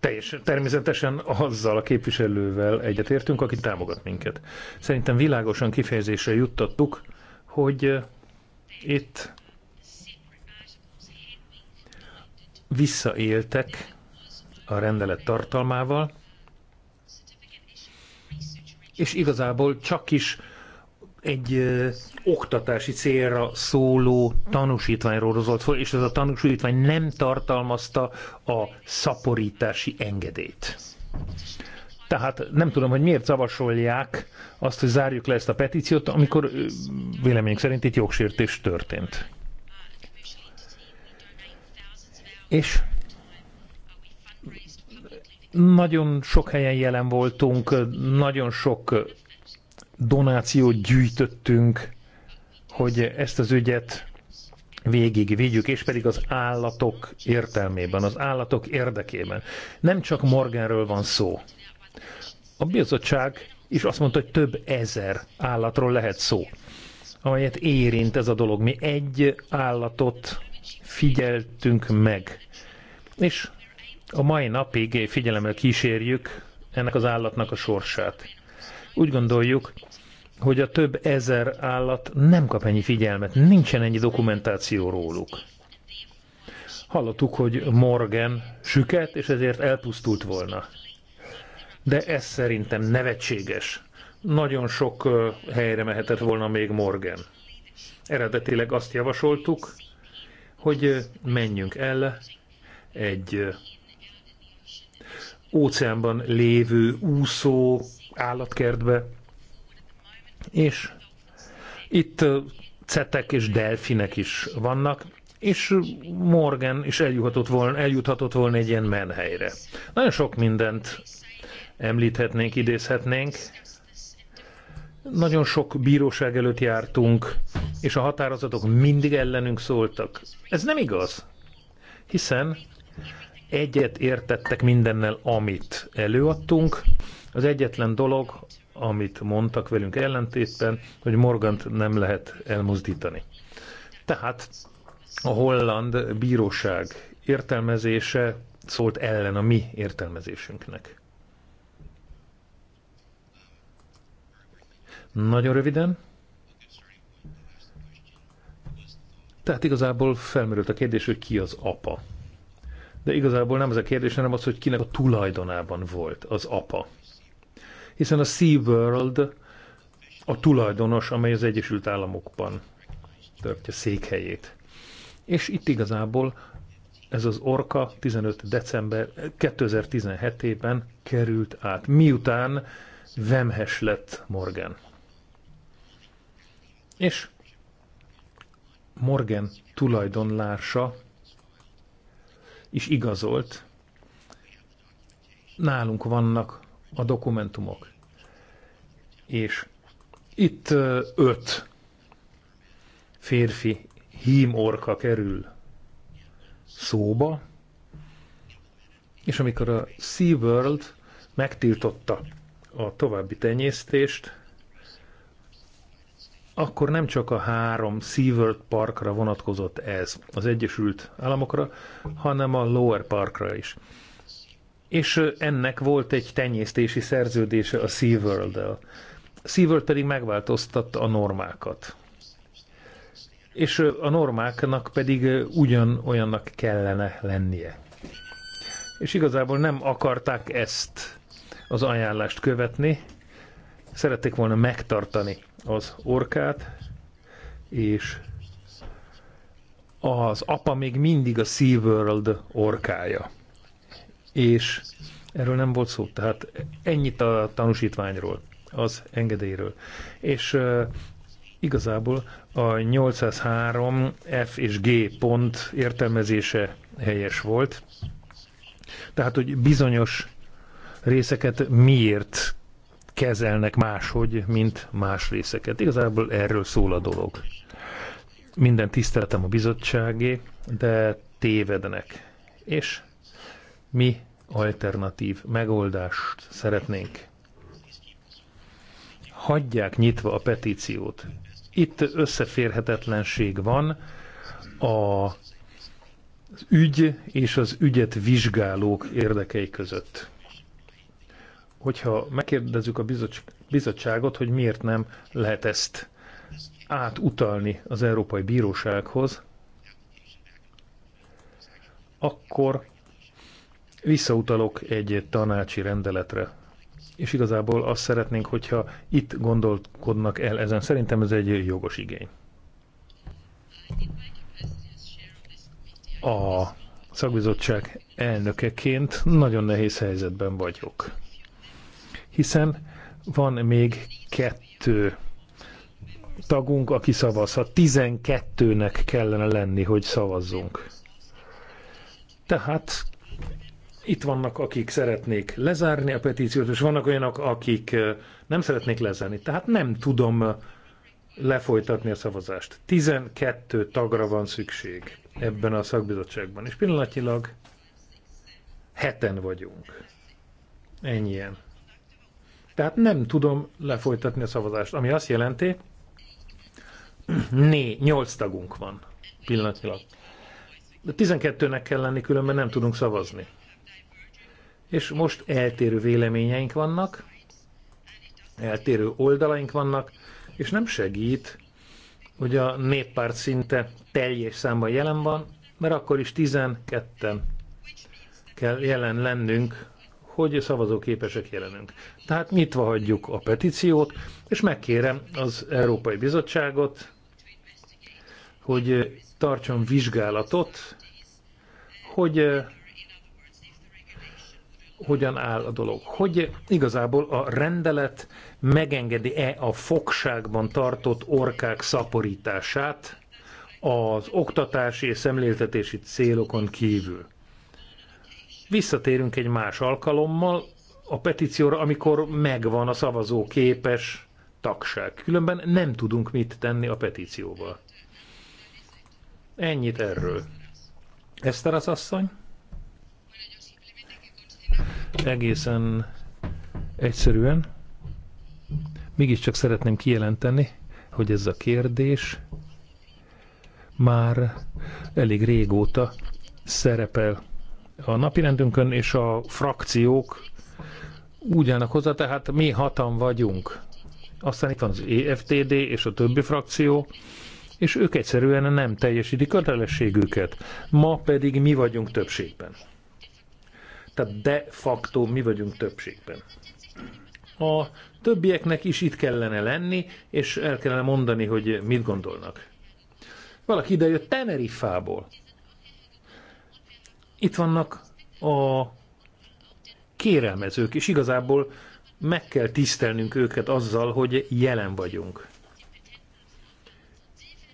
teljes, természetesen azzal a képviselővel egyetértünk, aki támogat minket. Szerintem világosan kifejezésre juttattuk, hogy eh, itt visszaéltek a rendelet tartalmával, és igazából csak is egy ö, oktatási célra szóló tanúsítványról rozolt fel, és ez a tanúsítvány nem tartalmazta a szaporítási engedélyt. Tehát nem tudom, hogy miért zavasolják azt, hogy zárjuk le ezt a petíciót, amikor véleményünk szerint itt jogsértés történt. És nagyon sok helyen jelen voltunk, nagyon sok donációt gyűjtöttünk, hogy ezt az ügyet végig vigyük, és pedig az állatok értelmében, az állatok érdekében. Nem csak Morganről van szó. A bizottság is azt mondta, hogy több ezer állatról lehet szó, amelyet érint ez a dolog. Mi egy állatot figyeltünk meg, és a mai napig figyelemmel kísérjük ennek az állatnak a sorsát. Úgy gondoljuk, hogy a több ezer állat nem kap ennyi figyelmet, nincsen ennyi dokumentáció róluk. Hallottuk, hogy Morgan süket, és ezért elpusztult volna. De ez szerintem nevetséges. Nagyon sok helyre mehetett volna még Morgan. Eredetileg azt javasoltuk, hogy menjünk el egy óceánban lévő úszó állatkertbe, és itt cetek és delfinek is vannak, és Morgan is eljuthatott volna, eljuthatott volna egy ilyen menhelyre. Nagyon sok mindent említhetnénk, idézhetnénk. Nagyon sok bíróság előtt jártunk, és a határozatok mindig ellenünk szóltak. Ez nem igaz, hiszen egyet értettek mindennel, amit előadtunk, az egyetlen dolog, amit mondtak velünk ellentétben, hogy Morgant nem lehet elmozdítani. Tehát a holland bíróság értelmezése szólt ellen a mi értelmezésünknek. Nagyon röviden. Tehát igazából felmerült a kérdés, hogy ki az apa. De igazából nem ez a kérdés, hanem az, hogy kinek a tulajdonában volt az apa hiszen a SeaWorld a tulajdonos, amely az Egyesült Államokban tartja székhelyét. És itt igazából ez az Orka 15. december 2017-ben került át, miután vemhes lett Morgan. És Morgan tulajdonlása is igazolt. Nálunk vannak a dokumentumok. És itt öt férfi hímorka kerül szóba, és amikor a SeaWorld megtiltotta a további tenyésztést, akkor nem csak a három SeaWorld parkra vonatkozott ez, az Egyesült Államokra, hanem a Lower Parkra is és ennek volt egy tenyésztési szerződése a SeaWorld-del. SeaWorld pedig megváltoztatta a normákat. És a normáknak pedig ugyanolyannak kellene lennie. És igazából nem akarták ezt az ajánlást követni, szerették volna megtartani az orkát, és az apa még mindig a SeaWorld orkája és erről nem volt szó, tehát ennyit a tanúsítványról, az engedélyről. És igazából a 803 F és G pont értelmezése helyes volt. Tehát, hogy bizonyos részeket miért kezelnek máshogy, mint más részeket. Igazából erről szól a dolog. Minden tiszteletem a bizottságé, de tévednek. És mi alternatív megoldást szeretnénk. Hagyják nyitva a petíciót. Itt összeférhetetlenség van a az ügy és az ügyet vizsgálók érdekei között. Hogyha megkérdezzük a bizottságot, hogy miért nem lehet ezt átutalni az Európai Bírósághoz, akkor Visszautalok egy tanácsi rendeletre, és igazából azt szeretnénk, hogyha itt gondolkodnak el ezen. Szerintem ez egy jogos igény. A szakbizottság elnökeként nagyon nehéz helyzetben vagyok. Hiszen van még kettő tagunk, aki szavazhat. 12-nek kellene lenni, hogy szavazzunk. Tehát itt vannak, akik szeretnék lezárni a petíciót, és vannak olyanok, akik nem szeretnék lezárni. Tehát nem tudom lefolytatni a szavazást. 12 tagra van szükség ebben a szakbizottságban, és pillanatilag heten vagyunk. Ennyien. Tehát nem tudom lefolytatni a szavazást, ami azt jelenti, né, 8 tagunk van pillanatilag. De 12-nek kell lenni, különben nem tudunk szavazni és most eltérő véleményeink vannak, eltérő oldalaink vannak, és nem segít, hogy a néppárt szinte teljes számban jelen van, mert akkor is 12-en kell jelen lennünk, hogy szavazóképesek jelenünk. Tehát nyitva hagyjuk a petíciót, és megkérem az Európai Bizottságot, hogy tartson vizsgálatot, hogy hogyan áll a dolog. Hogy igazából a rendelet megengedi-e a fogságban tartott orkák szaporítását az oktatási és szemléltetési célokon kívül. Visszatérünk egy más alkalommal a petícióra, amikor megvan a szavazó képes tagság. Különben nem tudunk mit tenni a petícióval. Ennyit erről. Eszter az asszony? egészen egyszerűen. Mégiscsak szeretném kijelenteni, hogy ez a kérdés már elég régóta szerepel a napirendünkön, és a frakciók úgy állnak hozzá, tehát mi hatan vagyunk. Aztán itt van az EFTD és a többi frakció, és ők egyszerűen nem teljesítik kötelességüket. Ma pedig mi vagyunk többségben. Tehát de facto mi vagyunk többségben. A többieknek is itt kellene lenni, és el kellene mondani, hogy mit gondolnak. Valaki idejött Tenerifából. Itt vannak a kérelmezők, és igazából meg kell tisztelnünk őket azzal, hogy jelen vagyunk.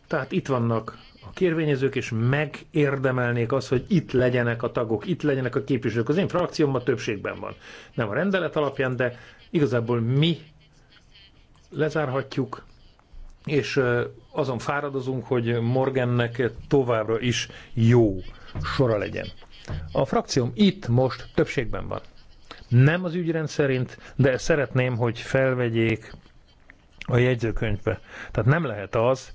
Tehát itt vannak a kérvényezők, és megérdemelnék azt, hogy itt legyenek a tagok, itt legyenek a képviselők. Az én frakciómban többségben van. Nem a rendelet alapján, de igazából mi lezárhatjuk, és azon fáradozunk, hogy Morgannek továbbra is jó sora legyen. A frakcióm itt most többségben van. Nem az ügyrend szerint, de szeretném, hogy felvegyék a jegyzőkönyvbe. Tehát nem lehet az,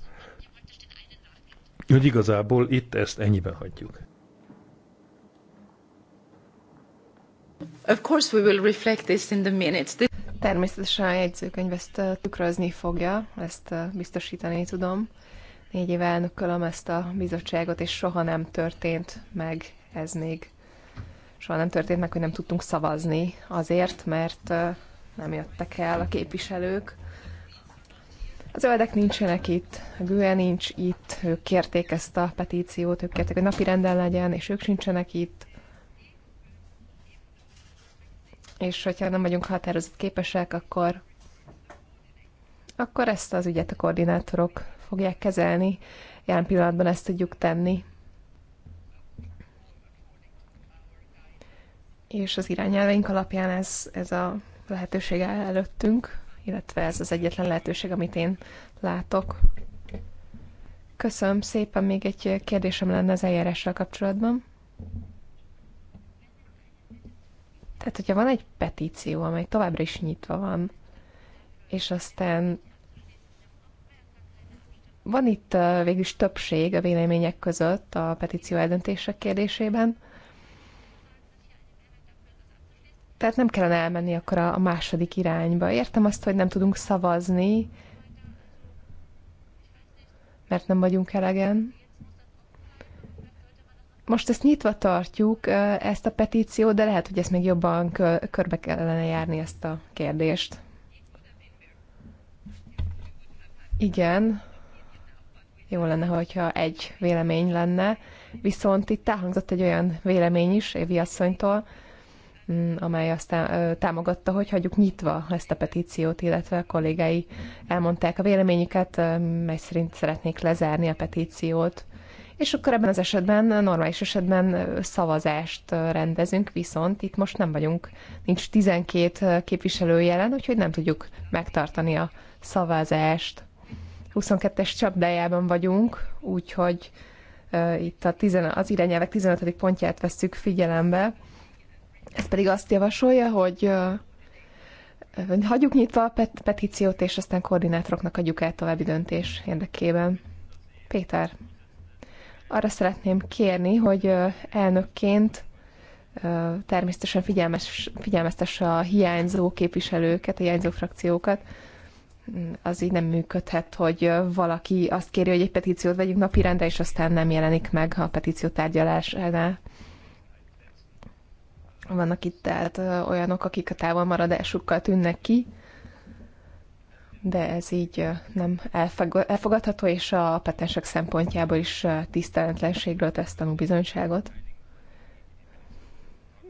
úgy igazából itt ezt ennyiben hagyjuk. Of course we will reflect this in the minutes. This... Természetesen a jegyzőkönyv ezt uh, tükrözni fogja, ezt uh, biztosítani tudom. Négy év elnökölöm ezt a bizottságot, és soha nem történt meg ez még. Soha nem történt meg, hogy nem tudtunk szavazni azért, mert uh, nem jöttek el a képviselők. A zöldek nincsenek itt, a GUE nincs itt, ők kérték ezt a petíciót, ők kérték, hogy napi renden legyen, és ők sincsenek itt. És hogyha nem vagyunk határozott képesek, akkor, akkor ezt az ügyet a koordinátorok fogják kezelni. Jelen pillanatban ezt tudjuk tenni. És az irányelveink alapján ez, ez a lehetőség áll előttünk illetve ez az egyetlen lehetőség, amit én látok. Köszönöm szépen, még egy kérdésem lenne az eljárással kapcsolatban. Tehát, hogyha van egy petíció, amely továbbra is nyitva van, és aztán van itt végülis többség a vélemények között a petíció eldöntése kérdésében, Tehát nem kellene elmenni akkor a, a második irányba. Értem azt, hogy nem tudunk szavazni, mert nem vagyunk elegen. Most ezt nyitva tartjuk, ezt a petíciót, de lehet, hogy ezt még jobban körbe kellene járni ezt a kérdést. Igen, jó lenne, hogyha egy vélemény lenne, viszont itt elhangzott egy olyan vélemény is Évi asszonytól, Mm, amely azt támogatta, hogy hagyjuk nyitva ezt a petíciót, illetve a kollégái elmondták a véleményüket, mely szerint szeretnék lezárni a petíciót. És akkor ebben az esetben, normális esetben szavazást rendezünk, viszont itt most nem vagyunk, nincs 12 képviselő jelen, úgyhogy nem tudjuk megtartani a szavazást. 22-es csapdájában vagyunk, úgyhogy uh, itt a tizen- az irányelvek 15. pontját veszük figyelembe, ez pedig azt javasolja, hogy hagyjuk nyitva a pet- petíciót, és aztán koordinátoroknak adjuk el további döntés érdekében. Péter, arra szeretném kérni, hogy elnökként természetesen figyelmes, figyelmeztesse a hiányzó képviselőket, a hiányzó frakciókat. Az így nem működhet, hogy valaki azt kéri, hogy egy petíciót vegyünk napirendre, és aztán nem jelenik meg a petíció tárgyalásánál. Vannak itt tehát olyanok, akik a távolmaradásukkal tűnnek ki, de ez így nem elfogadható, és a petensek szempontjából is tiszteletlenségről tesz bizonyságot.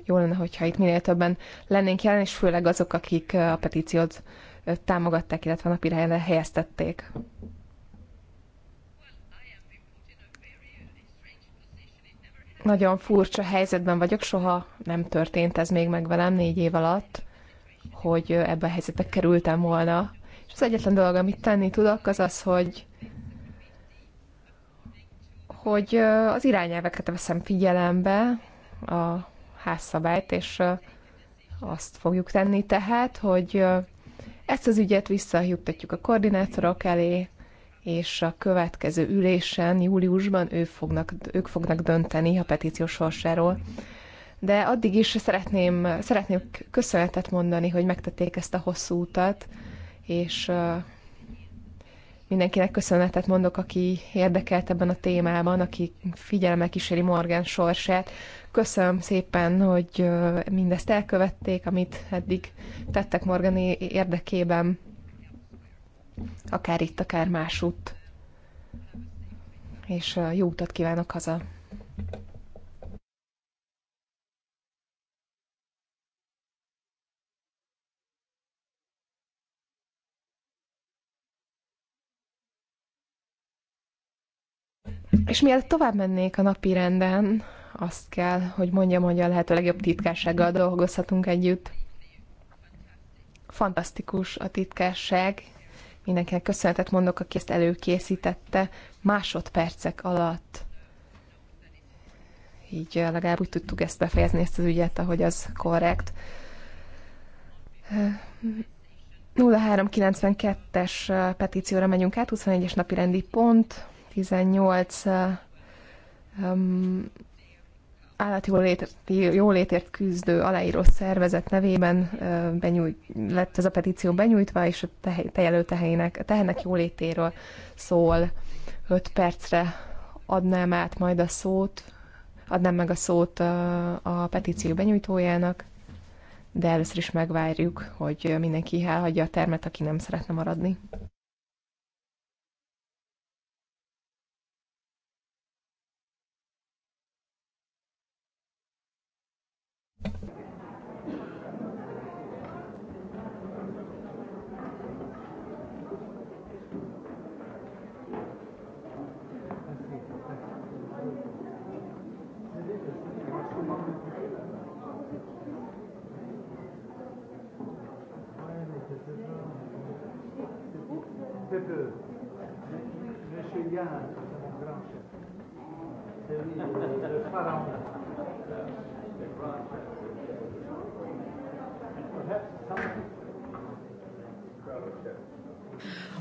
Jó lenne, hogyha itt minél többen lennénk jelen, és főleg azok, akik a petíciót támogatták, illetve napirányra helyeztették. nagyon furcsa helyzetben vagyok, soha nem történt ez még meg velem négy év alatt, hogy ebbe a helyzetbe kerültem volna. És az egyetlen dolog, amit tenni tudok, az az, hogy hogy az irányelveket veszem figyelembe, a házszabályt, és azt fogjuk tenni tehát, hogy ezt az ügyet visszajuttatjuk a koordinátorok elé, és a következő ülésen, júliusban ők fognak, ők fognak dönteni a petíció sorsáról. De addig is szeretném, szeretném köszönetet mondani, hogy megtették ezt a hosszú utat, és mindenkinek köszönetet mondok, aki érdekelt ebben a témában, aki figyelemmel kíséri Morgan sorsát. Köszönöm szépen, hogy mindezt elkövették, amit eddig tettek Morgan érdekében akár itt, akár másutt. És jó utat kívánok haza! És mielőtt tovább mennék a napi renden, azt kell, hogy mondjam, hogy a lehető legjobb titkársággal dolgozhatunk együtt. Fantasztikus a titkárság, Mindenkinek köszönetet mondok, aki ezt előkészítette másodpercek alatt. Így eh, legalább úgy tudtuk ezt befejezni, ezt az ügyet, ahogy az korrekt. 0392-es eh, eh, petícióra megyünk át, 21-es napi rendi pont, 18 um, állati jólétért küzdő aláíró szervezet nevében benyújt, lett ez a petíció benyújtva, és a tejelő tehének a tehenek jólétéről szól. 5 percre adnám át majd a szót, adnám meg a szót a petíció benyújtójának, de először is megvárjuk, hogy mindenki elhagyja a termet, aki nem szeretne maradni.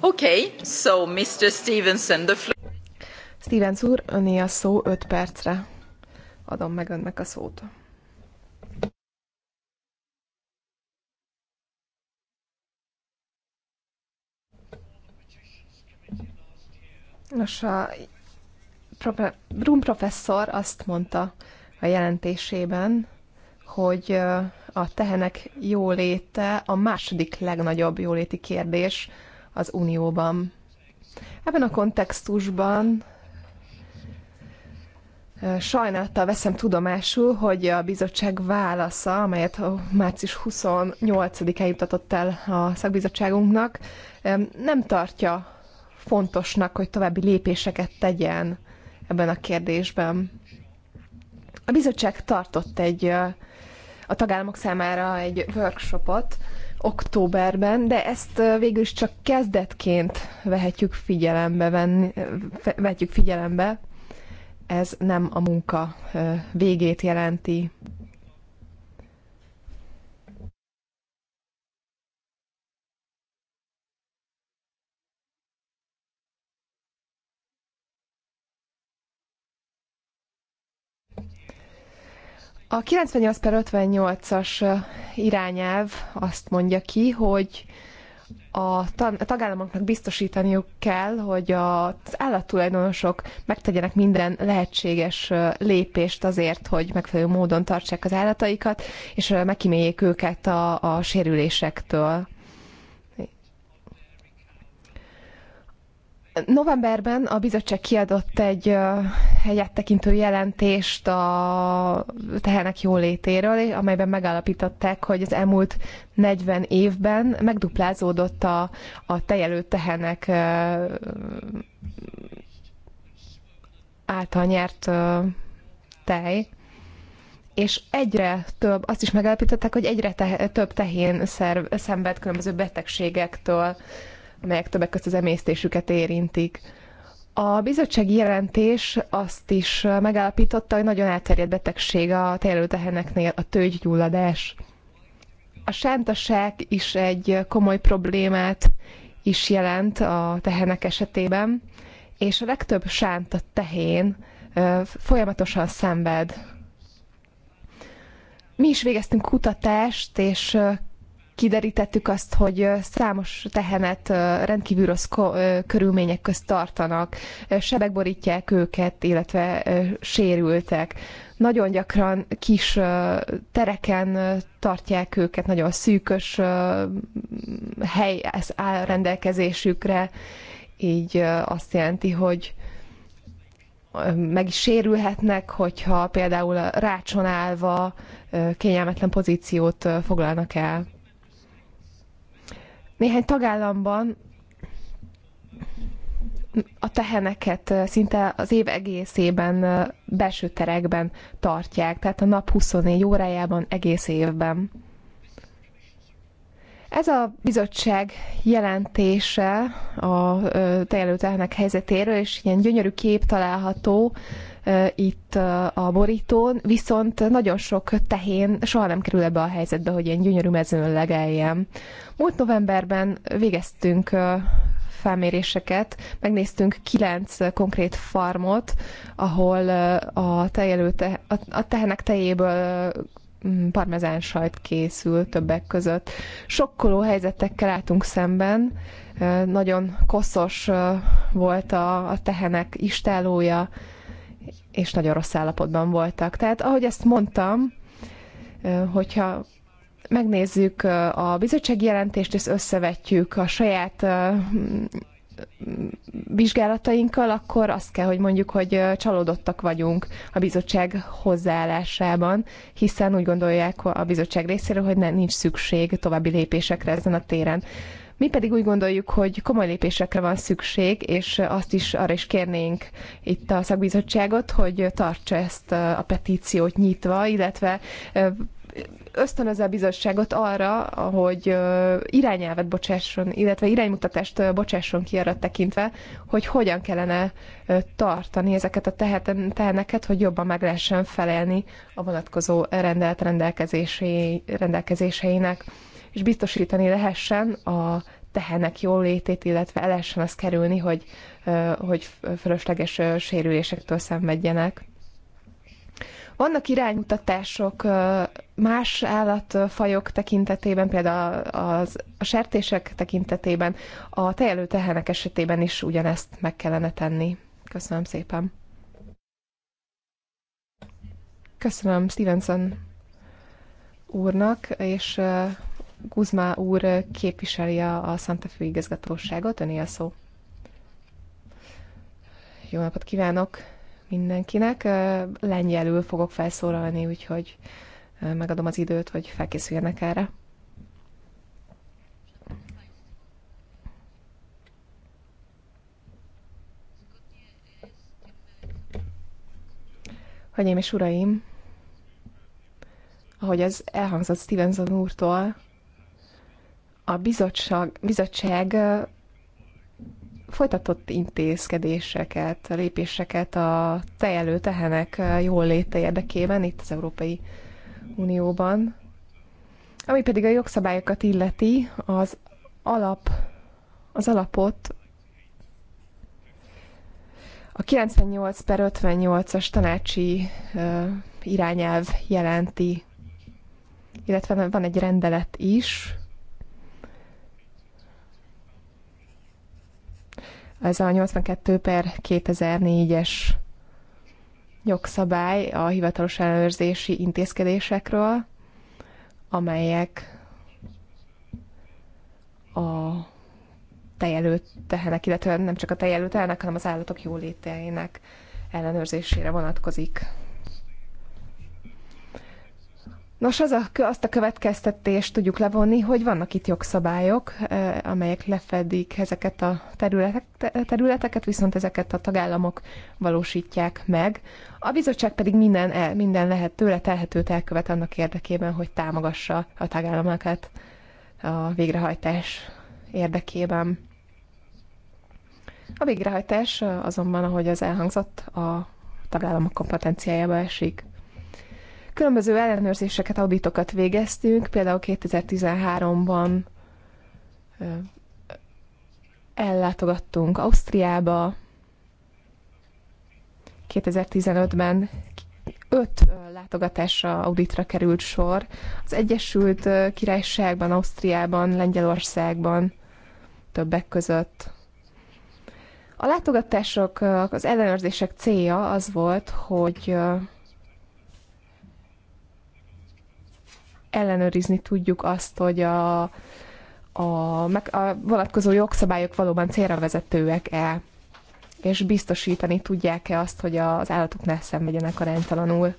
Okay, so Mr. Stevenson, the floor... Stevens úr, öné a szó 5 percre. Adom meg önnek a szót. Nos, a Brum professzor azt mondta a jelentésében, hogy a tehenek jóléte a második legnagyobb jóléti kérdés az Unióban. Ebben a kontextusban sajnálattal veszem tudomásul, hogy a bizottság válasza, amelyet a március 28-án jutatott el a szakbizottságunknak, nem tartja fontosnak, hogy további lépéseket tegyen ebben a kérdésben. A bizottság tartott egy a tagállamok számára egy workshopot októberben, de ezt végül is csak kezdetként vehetjük figyelembe, venni, vehetjük figyelembe. Ez nem a munka végét jelenti. A 98 per 58-as irányelv azt mondja ki, hogy a tagállamoknak biztosítaniuk kell, hogy az állattulajdonosok megtegyenek minden lehetséges lépést azért, hogy megfelelő módon tartsák az állataikat, és megkíméljék őket a, a sérülésektől. Novemberben a bizottság kiadott egy, egy jelentést a tehenek jólétéről, amelyben megállapították, hogy az elmúlt 40 évben megduplázódott a, a tejelő tehenek által nyert tej, és egyre több, azt is megállapították, hogy egyre te, több tehén szenved különböző betegségektől amelyek többek között az emésztésüket érintik. A bizottsági jelentés azt is megállapította, hogy nagyon elterjedt betegség a tejelőteheneknél a tőgygyulladás. A sántaság is egy komoly problémát is jelent a tehenek esetében, és a legtöbb sánta tehén folyamatosan szenved. Mi is végeztünk kutatást, és kiderítettük azt, hogy számos tehenet rendkívül rossz körülmények közt tartanak, sebek borítják őket, illetve sérültek. Nagyon gyakran kis tereken tartják őket, nagyon szűkös hely áll rendelkezésükre, így azt jelenti, hogy meg is sérülhetnek, hogyha például rácson állva kényelmetlen pozíciót foglalnak el. Néhány tagállamban a teheneket szinte az év egészében belső terekben tartják, tehát a nap 24 órájában egész évben. Ez a bizottság jelentése a teljelő tehenek helyzetéről, és ilyen gyönyörű kép található itt a borítón, viszont nagyon sok tehén soha nem kerül ebbe a helyzetbe, hogy ilyen gyönyörű mezőn legeljem. Múlt novemberben végeztünk felméréseket, megnéztünk kilenc konkrét farmot, ahol a, tejelő te, a, a tehenek tejéből parmezán sajt készül többek között. Sokkoló helyzetekkel álltunk szemben, nagyon koszos volt a, a tehenek istálója, és nagyon rossz állapotban voltak. Tehát ahogy ezt mondtam, hogyha megnézzük a bizottsági jelentést, és összevetjük a saját vizsgálatainkkal, akkor azt kell, hogy mondjuk, hogy csalódottak vagyunk a bizottság hozzáállásában, hiszen úgy gondolják a bizottság részéről, hogy nincs szükség további lépésekre ezen a téren. Mi pedig úgy gondoljuk, hogy komoly lépésekre van szükség, és azt is arra is kérnénk itt a szakbizottságot, hogy tartsa ezt a petíciót nyitva, illetve ösztönözze a bizottságot arra, hogy irányelvet bocsásson, illetve iránymutatást bocsásson ki arra tekintve, hogy hogyan kellene tartani ezeket a teheneket, hogy jobban meg lehessen felelni a vonatkozó rendelet rendelkezéseinek és biztosítani lehessen a tehenek létét, illetve el lehessen azt kerülni, hogy, hogy fölösleges sérülésektől szenvedjenek. Vannak iránymutatások más állatfajok tekintetében, például az, a sertések tekintetében, a tejelő tehenek esetében is ugyanezt meg kellene tenni. Köszönöm szépen. Köszönöm Stevenson úrnak, és Guzmá úr képviseli a, a Santa Fe igazgatóságot, öné a szó. Jó napot kívánok mindenkinek. Lengyelül fogok felszólalni, úgyhogy megadom az időt, hogy felkészüljenek erre. Hölgyeim és uraim, ahogy ez elhangzott Stevenson úrtól, a bizottság, bizottság folytatott intézkedéseket, lépéseket a tejelő tehenek jól léte érdekében itt az Európai Unióban. Ami pedig a jogszabályokat illeti, az alap, az alapot a 98 per 58-as tanácsi uh, irányelv jelenti, illetve van egy rendelet is, Ez a 82 per 2004-es jogszabály a hivatalos ellenőrzési intézkedésekről, amelyek a tejelőt tehenek, illetve nem csak a tejelőt tehenek, hanem az állatok jólétének ellenőrzésére vonatkozik. Nos, az a, azt a következtetést tudjuk levonni, hogy vannak itt jogszabályok, eh, amelyek lefedik ezeket a területek, területeket, viszont ezeket a tagállamok valósítják meg. A bizottság pedig minden, el, minden lehet tőle telhetőt elkövet annak érdekében, hogy támogassa a tagállamokat a végrehajtás érdekében. A végrehajtás eh, azonban, ahogy az elhangzott, a tagállamok kompetenciájába esik. Különböző ellenőrzéseket, auditokat végeztünk, például 2013-ban ellátogattunk Ausztriába, 2015-ben öt látogatásra, auditra került sor. Az Egyesült Királyságban, Ausztriában, Lengyelországban többek között. A látogatások, az ellenőrzések célja az volt, hogy ellenőrizni tudjuk azt, hogy a, a, a vonatkozó jogszabályok valóban célra vezetőek-e, és biztosítani tudják-e azt, hogy az állatok ne szenvedjenek aránytalanul.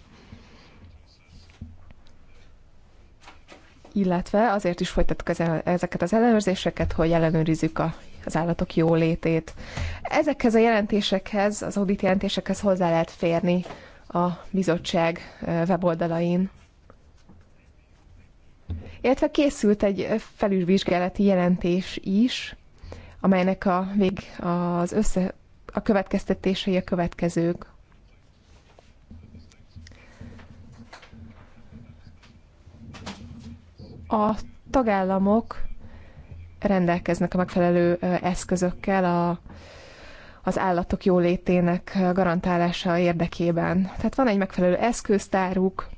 Illetve azért is folytattuk ezeket az ellenőrzéseket, hogy ellenőrizzük a az állatok jólétét. Ezekhez a jelentésekhez, az audit jelentésekhez hozzá lehet férni a bizottság weboldalain illetve készült egy felülvizsgálati jelentés is, amelynek a vég az össze, a következtetései a következők. A tagállamok rendelkeznek a megfelelő eszközökkel a, az állatok jólétének garantálása érdekében. Tehát van egy megfelelő eszköztáruk,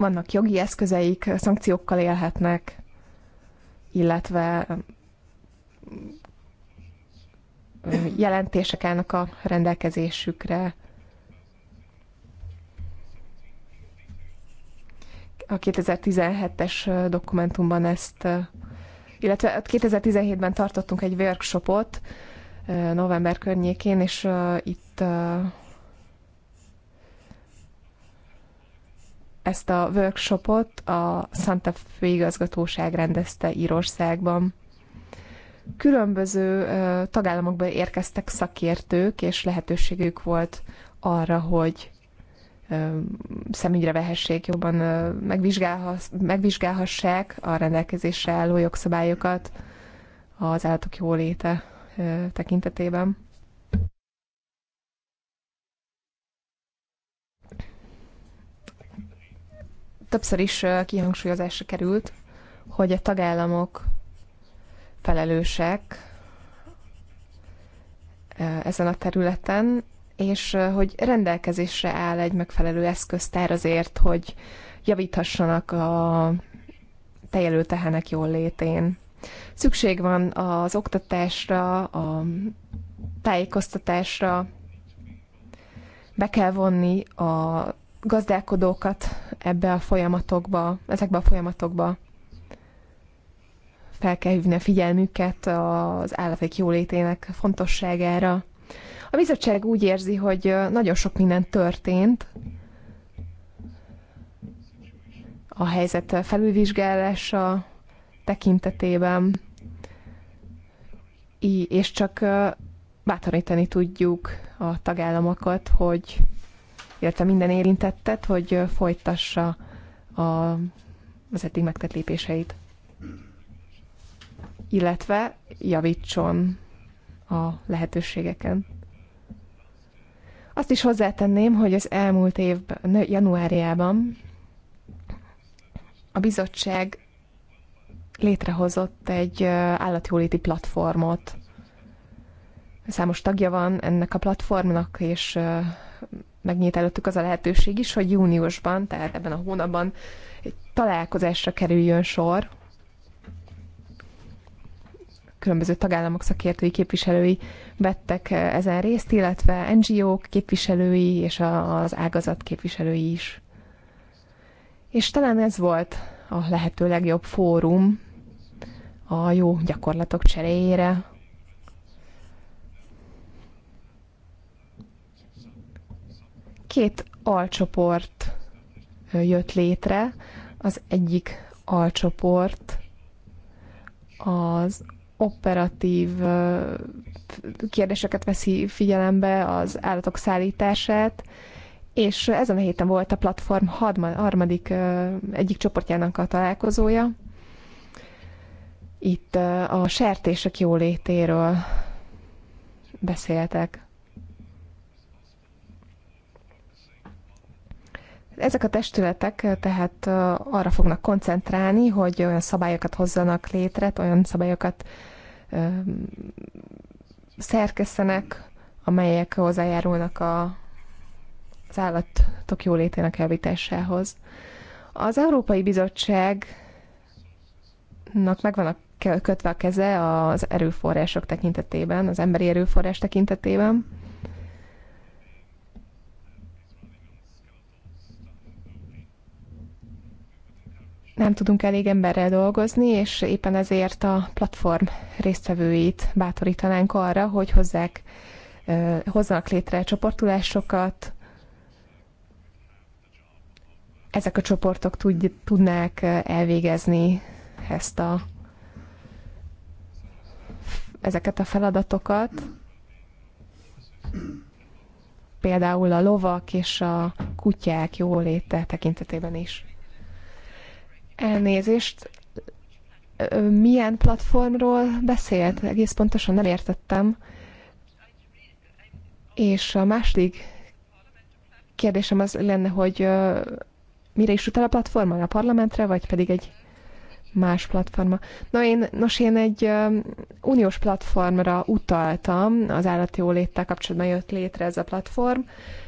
vannak jogi eszközeik, szankciókkal élhetnek, illetve jelentések állnak a rendelkezésükre. A 2017-es dokumentumban ezt, illetve 2017-ben tartottunk egy workshopot november környékén, és itt Ezt a workshopot a Santa Fe igazgatóság rendezte Írországban. Különböző tagállamokból érkeztek szakértők, és lehetőségük volt arra, hogy szemügyre vehessék, jobban megvizsgálhassák a rendelkezésre álló jogszabályokat az állatok jóléte tekintetében. többször is kihangsúlyozásra került, hogy a tagállamok felelősek ezen a területen, és hogy rendelkezésre áll egy megfelelő eszköztár azért, hogy javíthassanak a tejelő tehenek jól létén. Szükség van az oktatásra, a tájékoztatásra, be kell vonni a gazdálkodókat ebbe a folyamatokba, ezekbe a folyamatokba fel kell hívni a figyelmüket az állatok jólétének fontosságára. A bizottság úgy érzi, hogy nagyon sok minden történt a helyzet felülvizsgálása tekintetében, és csak bátorítani tudjuk a tagállamokat, hogy illetve minden érintettet, hogy folytassa a, az eddig megtett lépéseit. Illetve javítson a lehetőségeken. Azt is hozzátenném, hogy az elmúlt év januárjában a bizottság létrehozott egy állatjóléti platformot. Számos tagja van ennek a platformnak, és megnyílt előttük az a lehetőség is, hogy júniusban, tehát ebben a hónapban egy találkozásra kerüljön sor különböző tagállamok szakértői képviselői vettek eh, ezen részt, illetve NGO-k képviselői és az ágazat képviselői is. És talán ez volt a lehető legjobb fórum a jó gyakorlatok cseréjére, Két alcsoport jött létre. Az egyik alcsoport az operatív kérdéseket veszi figyelembe, az állatok szállítását, és ezen a héten volt a platform harmadik egyik csoportjának a találkozója. Itt a sertések jólétéről beszéltek. Ezek a testületek eh, tehát eh, arra fognak koncentrálni, hogy olyan szabályokat hozzanak létre, olyan szabályokat eh, szerkesztenek, amelyek hozzájárulnak a, az állatok jólétének elvitásához. Az Európai Bizottságnak megvan a kötve a keze az erőforrások tekintetében, az emberi erőforrás tekintetében. nem tudunk elég emberrel dolgozni, és éppen ezért a platform résztvevőit bátorítanánk arra, hogy hozzák, hozzanak létre csoportulásokat, ezek a csoportok tudj, tudnák elvégezni ezt a ezeket a feladatokat. Például a lovak és a kutyák jóléte tekintetében is. Elnézést, milyen platformról beszélt? Egész pontosan nem értettem. És a második kérdésem az lenne, hogy mire is utal a platforma? A parlamentre, vagy pedig egy más platforma. Na én, nos, én egy um, uniós platformra utaltam, az jóléttel kapcsolatban jött létre ez a platform,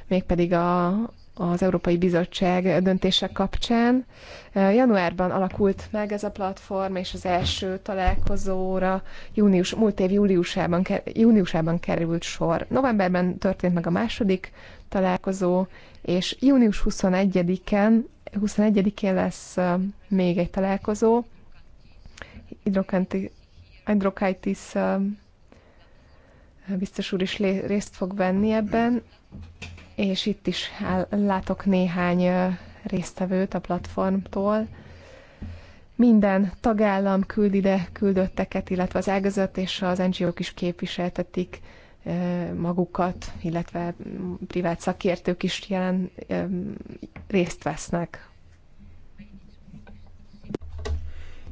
mégpedig a, az Európai Bizottság döntése kapcsán. Eh, januárban alakult meg ez a platform, és az első találkozóra június, múlt év júliusában, júniusában került sor. Novemberben történt meg a második találkozó, és június 21-en 21-én lesz eh, még egy találkozó. Hidrokaitis eh, biztos úr is részt fog venni ebben és itt is látok néhány résztvevőt a platformtól. Minden tagállam küld ide küldötteket, illetve az ágazat és az NGO-k is képviseltetik magukat, illetve privát szakértők is jelen részt vesznek.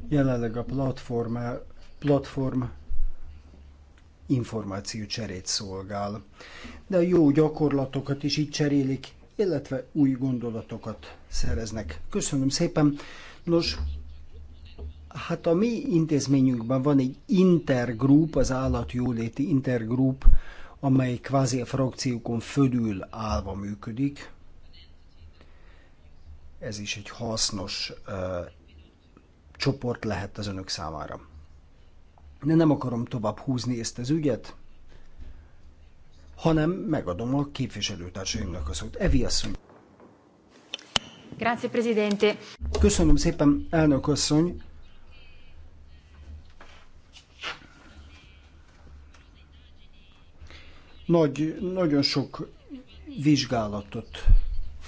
Jelenleg a platform, platform információcserét szolgál. De a jó gyakorlatokat is így cserélik, illetve új gondolatokat szereznek. Köszönöm szépen! Nos, hát a mi intézményünkben van egy intergroup, az állatjóléti intergroup, amely kvázi a frakciókon fölül állva működik. Ez is egy hasznos uh, csoport lehet az önök számára de nem akarom tovább húzni ezt az ügyet, hanem megadom a képviselőtársaimnak a szót. Evi asszony. Grazie, Presidente. Köszönöm szépen, elnök asszony. Nagy, nagyon sok vizsgálatot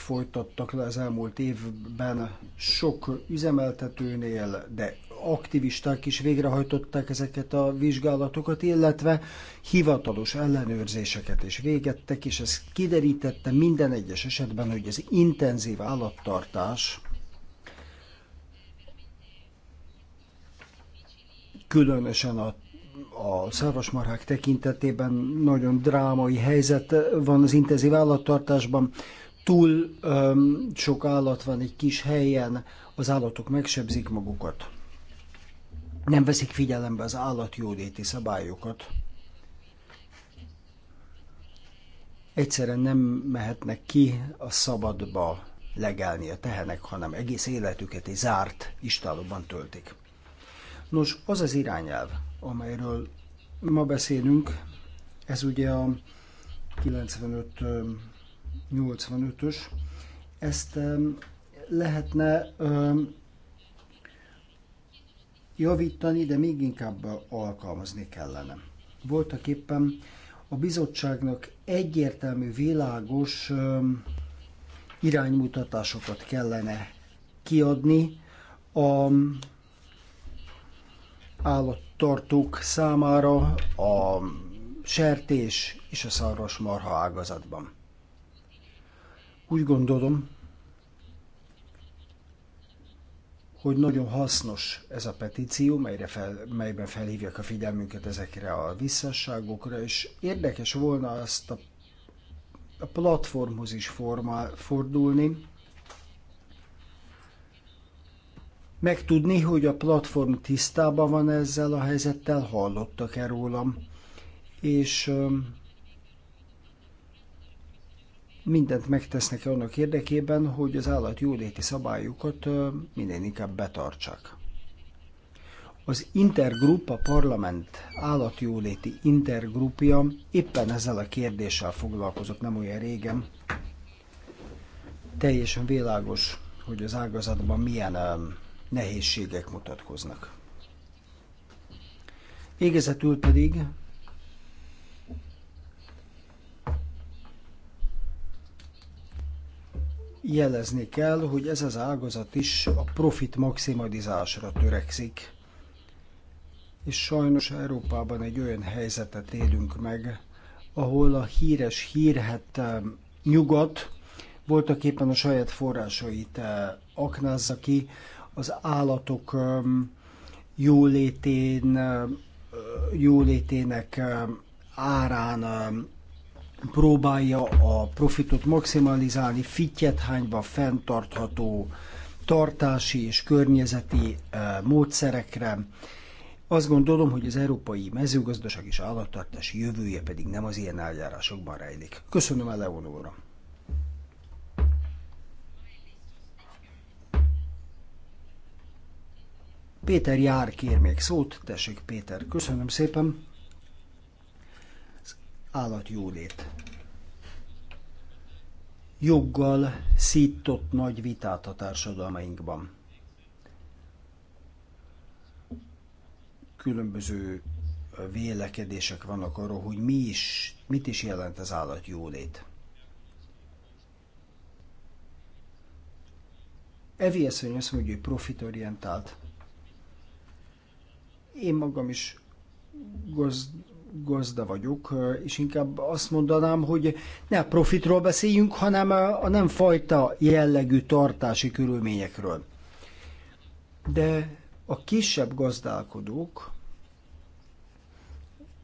folytattak le az elmúlt évben sok üzemeltetőnél, de aktivisták is végrehajtották ezeket a vizsgálatokat, illetve hivatalos ellenőrzéseket is végettek, és ez kiderítette minden egyes esetben, hogy az intenzív állattartás különösen a a szarvasmarhák tekintetében nagyon drámai helyzet van az intenzív állattartásban túl öm, sok állat van egy kis helyen, az állatok megsebzik magukat. Nem veszik figyelembe az állatjóléti szabályokat. Egyszerűen nem mehetnek ki a szabadba legelni a tehenek, hanem egész életüket egy zárt istálóban töltik. Nos, az az irányelv, amelyről ma beszélünk, ez ugye a 95 85-ös. Ezt lehetne javítani, de még inkább alkalmazni kellene. Voltak éppen a bizottságnak egyértelmű, világos iránymutatásokat kellene kiadni a állattartók számára a sertés és a szarvasmarha ágazatban. Úgy gondolom, hogy nagyon hasznos ez a petíció, melyre fel, melyben felhívják a figyelmünket ezekre a visszasságokra, és érdekes volna ezt a, a platformhoz is forma, fordulni, megtudni, hogy a platform tisztában van ezzel a helyzettel, hallottak-e rólam, és mindent megtesznek annak érdekében, hogy az állat jóléti szabályokat minél inkább betartsák. Az Intergrup, a parlament állatjóléti intergrupja éppen ezzel a kérdéssel foglalkozott nem olyan régen. Teljesen világos, hogy az ágazatban milyen nehézségek mutatkoznak. Végezetül pedig jelezni kell, hogy ez az ágazat is a profit maximalizásra törekszik. És sajnos Európában egy olyan helyzetet élünk meg, ahol a híres hírhet eh, nyugat voltak éppen a saját forrásait eh, aknázza ki, az állatok eh, jólétén, jólétének árán próbálja a profitot maximalizálni, fittyet hányva fenntartható tartási és környezeti eh, módszerekre. Azt gondolom, hogy az európai mezőgazdaság és állattartás jövője pedig nem az ilyen eljárásokban rejlik. Köszönöm Leonóra! Péter Jár kér még szót. Tessék, Péter, köszönöm szépen állatjólét. Joggal szított nagy vitát a társadalmainkban. Különböző vélekedések vannak arról, hogy mi is, mit is jelent az állatjólét. Evi asszony azt mondja, hogy profitorientált. Én magam is gazd, gazda vagyok, és inkább azt mondanám, hogy ne a profitról beszéljünk, hanem a nem fajta jellegű tartási körülményekről. De a kisebb gazdálkodók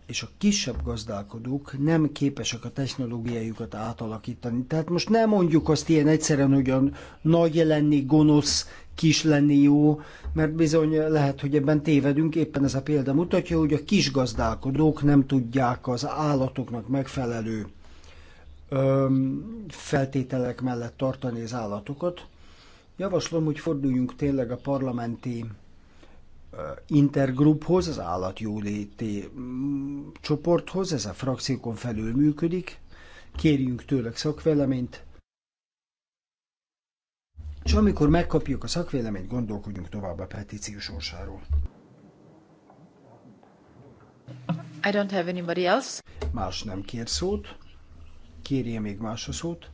és a kisebb gazdálkodók nem képesek a technológiájukat átalakítani. Tehát most nem mondjuk azt ilyen egyszerűen, hogy a nagy lenni gonosz kis lenni jó, mert bizony lehet, hogy ebben tévedünk, éppen ez a példa mutatja, hogy a kis gazdálkodók nem tudják az állatoknak megfelelő öm, feltételek mellett tartani az állatokat. Javaslom, hogy forduljunk tényleg a parlamenti intergrupphoz, az állatjóléti mm, csoporthoz, ez a frakciókon felül működik, kérjünk tőlek szakvéleményt, és amikor megkapjuk a szakvéleményt, gondolkodjunk tovább a petíció sorsáról. I don't have anybody else. Más nem kér szót. Kérje még más a szót.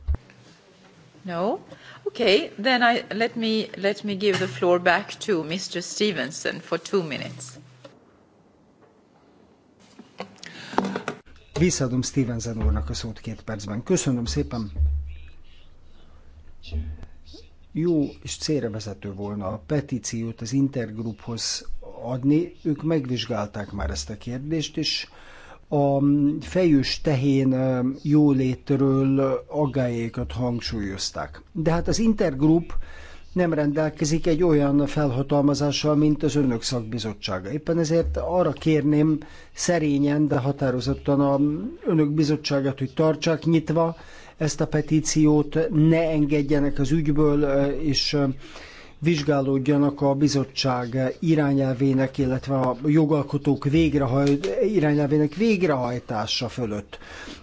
No. Okay, then I, let, me, let me give the floor back to Mr. Stevenson for two minutes. Visszaadom Stevenson úrnak a szót két percben. Köszönöm szépen jó és célra vezető volna a petíciót az Intergruphoz adni. Ők megvizsgálták már ezt a kérdést, és a fejős tehén jólétről aggájaikat hangsúlyozták. De hát az Intergroup nem rendelkezik egy olyan felhatalmazással, mint az önök szakbizottsága. Éppen ezért arra kérném szerényen, de határozottan a önök bizottságát, hogy tartsák nyitva, ezt a petíciót, ne engedjenek az ügyből, és vizsgálódjanak a bizottság irányelvének, illetve a jogalkotók végrehajt, irányelvének végrehajtása fölött.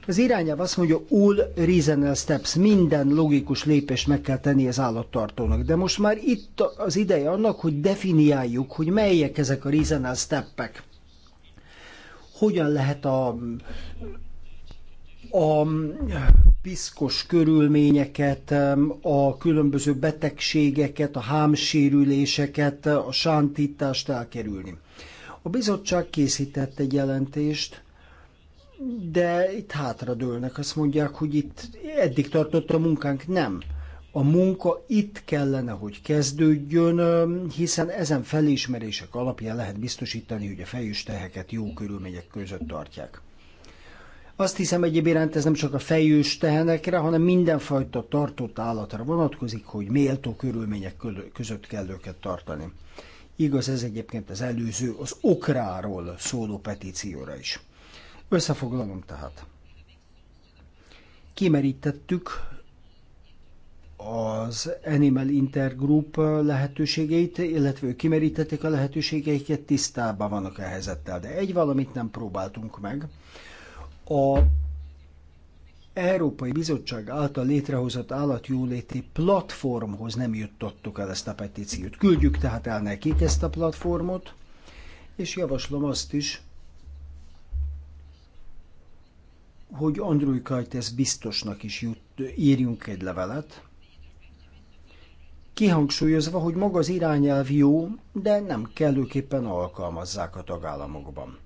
Az irányelv azt mondja, all reasonable steps, minden logikus lépést meg kell tenni az állattartónak. De most már itt az ideje annak, hogy definiáljuk, hogy melyek ezek a reasonable steppek. Hogyan lehet a a piszkos körülményeket, a különböző betegségeket, a hámsérüléseket, a sántítást elkerülni. A bizottság készített egy jelentést, de itt hátradőlnek, azt mondják, hogy itt eddig tartott a munkánk. Nem. A munka itt kellene, hogy kezdődjön, hiszen ezen felismerések alapján lehet biztosítani, hogy a fejüsteheket jó körülmények között tartják. Azt hiszem egyéb iránt ez nem csak a fejős tehenekre, hanem mindenfajta tartott állatra vonatkozik, hogy méltó körülmények között kell őket tartani. Igaz ez egyébként az előző, az okráról szóló petícióra is. Összefoglalom tehát. Kimerítettük az Animal Intergroup lehetőségeit, illetve ők kimerítették a lehetőségeiket, tisztában vannak a helyzettel, de egy valamit nem próbáltunk meg, a Európai Bizottság által létrehozott állatjóléti platformhoz nem juttattuk el ezt a petíciót. Küldjük tehát el nekik ezt a platformot, és javaslom azt is, hogy Andrúj Kajtesz biztosnak is jut, írjunk egy levelet, kihangsúlyozva, hogy maga az irányelv jó, de nem kellőképpen alkalmazzák a tagállamokban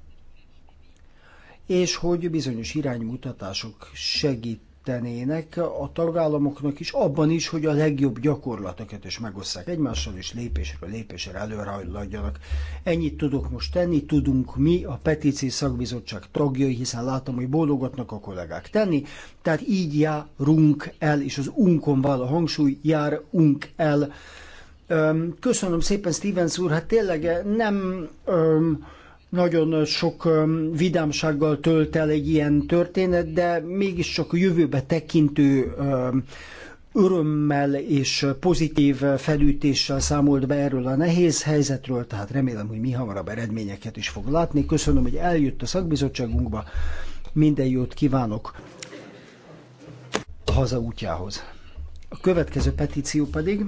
és hogy bizonyos iránymutatások segítenének a tagállamoknak is, abban is, hogy a legjobb gyakorlatokat is megosszák egymással, és lépésről lépésre előrehajladjanak. Ennyit tudok most tenni, tudunk mi, a petíció szakbizottság tagjai, hiszen látom, hogy bólogatnak a kollégák tenni, tehát így járunk el, és az unkon vál a hangsúly, járunk el. Köszönöm szépen, Stevens úr, hát tényleg nem... Öm, nagyon sok vidámsággal tölt el egy ilyen történet, de mégiscsak a jövőbe tekintő örömmel és pozitív felütéssel számolt be erről a nehéz helyzetről, tehát remélem, hogy mi hamarabb eredményeket is fog látni. Köszönöm, hogy eljött a szakbizottságunkba. Minden jót kívánok hazaútjához. A következő petíció pedig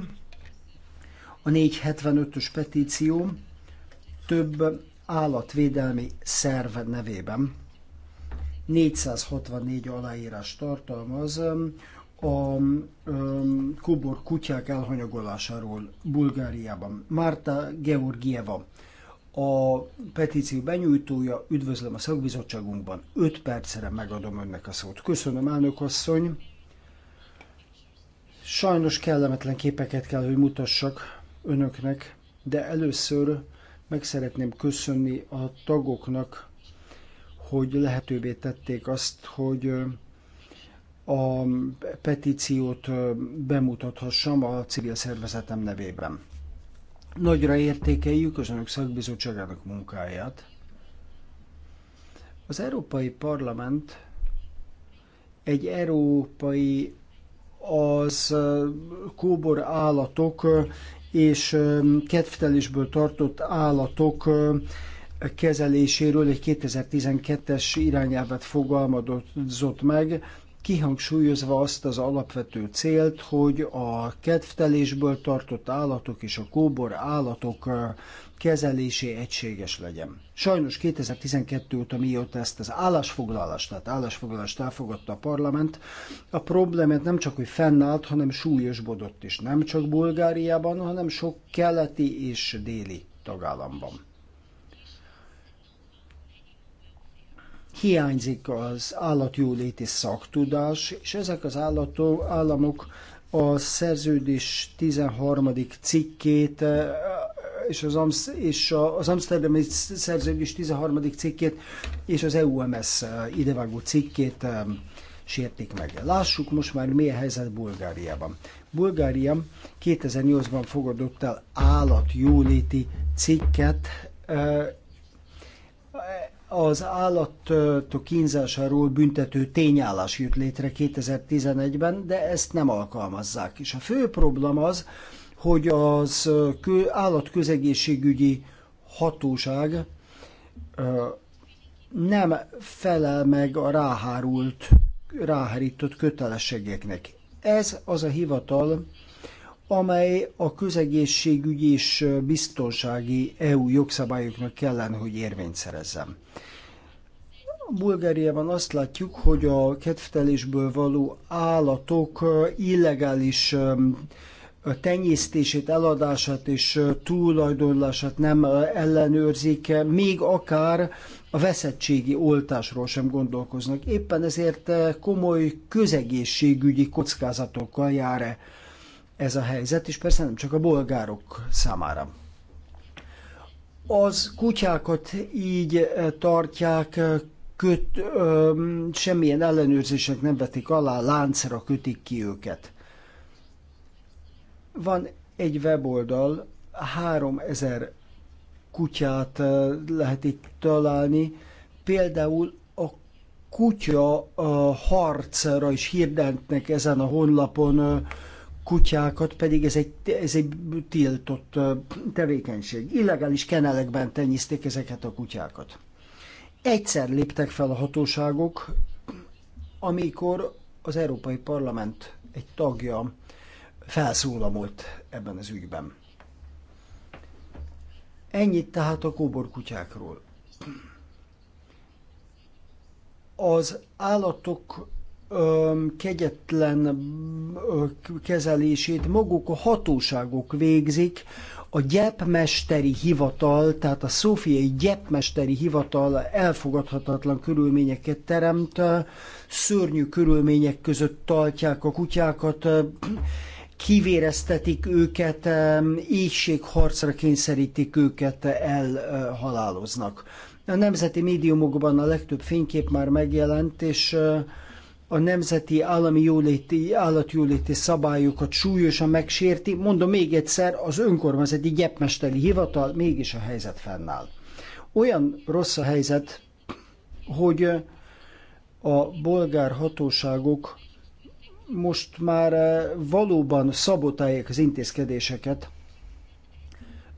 a 475-ös petíció több állatvédelmi szerv nevében. 464 aláírás tartalmaz a um, kobor kutyák elhanyagolásáról Bulgáriában. Márta Georgieva, a petíció benyújtója, üdvözlöm a szakbizottságunkban, 5 percre megadom önnek a szót. Köszönöm, elnök asszony. Sajnos kellemetlen képeket kell, hogy mutassak önöknek, de először meg szeretném köszönni a tagoknak, hogy lehetővé tették azt, hogy a petíciót bemutathassam a civil szervezetem nevében. Nagyra értékeljük az önök szakbizottságának munkáját. Az Európai Parlament egy európai az kóbor állatok és kedvtelésből tartott állatok kezeléséről egy 2012-es irányelvet fogalmazott meg, kihangsúlyozva azt az alapvető célt, hogy a kedvtelésből tartott állatok és a kóbor állatok kezelésé egységes legyen. Sajnos 2012 óta, mióta ezt az állásfoglalást, tehát állásfoglalást elfogadta a parlament, a problémát nem csak, hogy fennállt, hanem súlyosbodott is. Nem csak Bulgáriában, hanem sok keleti és déli tagállamban. Hiányzik az állatjóléti szaktudás, és ezek az állató, államok a szerződés 13. cikkét és az, Amsz, és az Amsterdami Szerződés 13. cikkét és az EUMS eh, idevágó cikkét eh, sértik meg. Lássuk most már mi a helyzet Bulgáriában. Bulgária 2008-ban fogadott el állatjóléti cikket, eh, az állatok kínzásáról büntető tényállás jött létre 2011-ben, de ezt nem alkalmazzák. És a fő probléma az, hogy az állatközegészségügyi hatóság nem felel meg a ráhárult, ráhárított kötelességeknek. Ez az a hivatal, amely a közegészségügyi és biztonsági EU jogszabályoknak kellene, hogy érvényt szerezzem. Bulgáriában azt látjuk, hogy a kedvtelésből való állatok illegális tenyésztését, eladását és tulajdonlását nem ellenőrzik, e, még akár a veszettségi oltásról sem gondolkoznak. Éppen ezért e, komoly közegészségügyi kockázatokkal jár -e ez a helyzet, és persze nem csak a bolgárok számára. Az kutyákat így e, tartják, köt, ö, semmilyen ellenőrzések nem vetik alá, láncra kötik ki őket. Van egy weboldal, 3000 kutyát lehet itt találni, például a kutya a harcra is hirdentnek ezen a honlapon kutyákat, pedig ez egy, ez egy tiltott tevékenység. Illegális kenelekben tenyiszték ezeket a kutyákat. Egyszer léptek fel a hatóságok, amikor az Európai Parlament egy tagja felszólamolt ebben az ügyben. Ennyit tehát a kutyákról. Az állatok kegyetlen kezelését maguk a hatóságok végzik, a gyepmesteri hivatal, tehát a szófiai gyepmesteri hivatal elfogadhatatlan körülményeket teremt, szörnyű körülmények között tartják a kutyákat, kivéreztetik őket, éjségharcra kényszerítik őket, elhaláloznak. A nemzeti médiumokban a legtöbb fénykép már megjelent, és a nemzeti állami jóléti, állatjóléti szabályokat súlyosan megsérti. Mondom még egyszer, az önkormányzati gyepmesteri hivatal mégis a helyzet fennáll. Olyan rossz a helyzet, hogy a bolgár hatóságok most már eh, valóban szabotálják az intézkedéseket.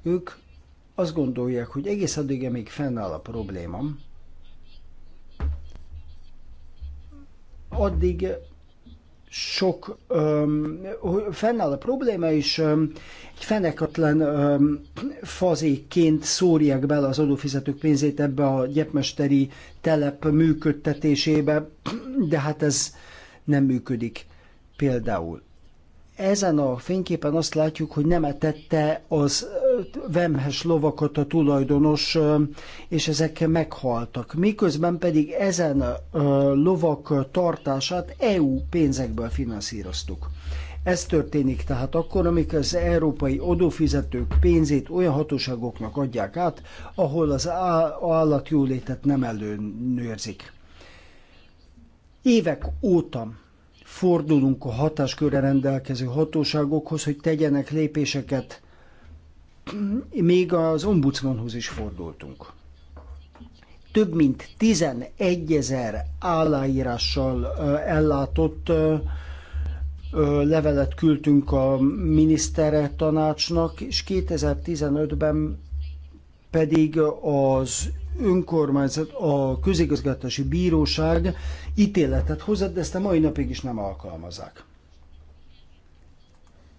Ők azt gondolják, hogy egész addig, még fennáll a problémám, addig sok öm, fennáll a probléma, és öm, egy fenekatlen öm, fazékként szórják bele az adófizetők pénzét ebbe a gyepmesteri telep működtetésébe, de hát ez nem működik. Például ezen a fényképen azt látjuk, hogy nem etette az vemhes lovakat a tulajdonos, és ezek meghaltak. Miközben pedig ezen lovak tartását EU pénzekből finanszíroztuk. Ez történik tehát akkor, amikor az európai adófizetők pénzét olyan hatóságoknak adják át, ahol az állatjólétet nem előnőrzik. Évek óta fordulunk a hatáskörre rendelkező hatóságokhoz, hogy tegyenek lépéseket. Még az ombudsmanhoz is fordultunk. Több mint 11 ezer aláírással ellátott levelet küldtünk a minisztere tanácsnak, és 2015-ben pedig az önkormányzat, a közigazgatási bíróság ítéletet hozott, de ezt a mai napig is nem alkalmazzák.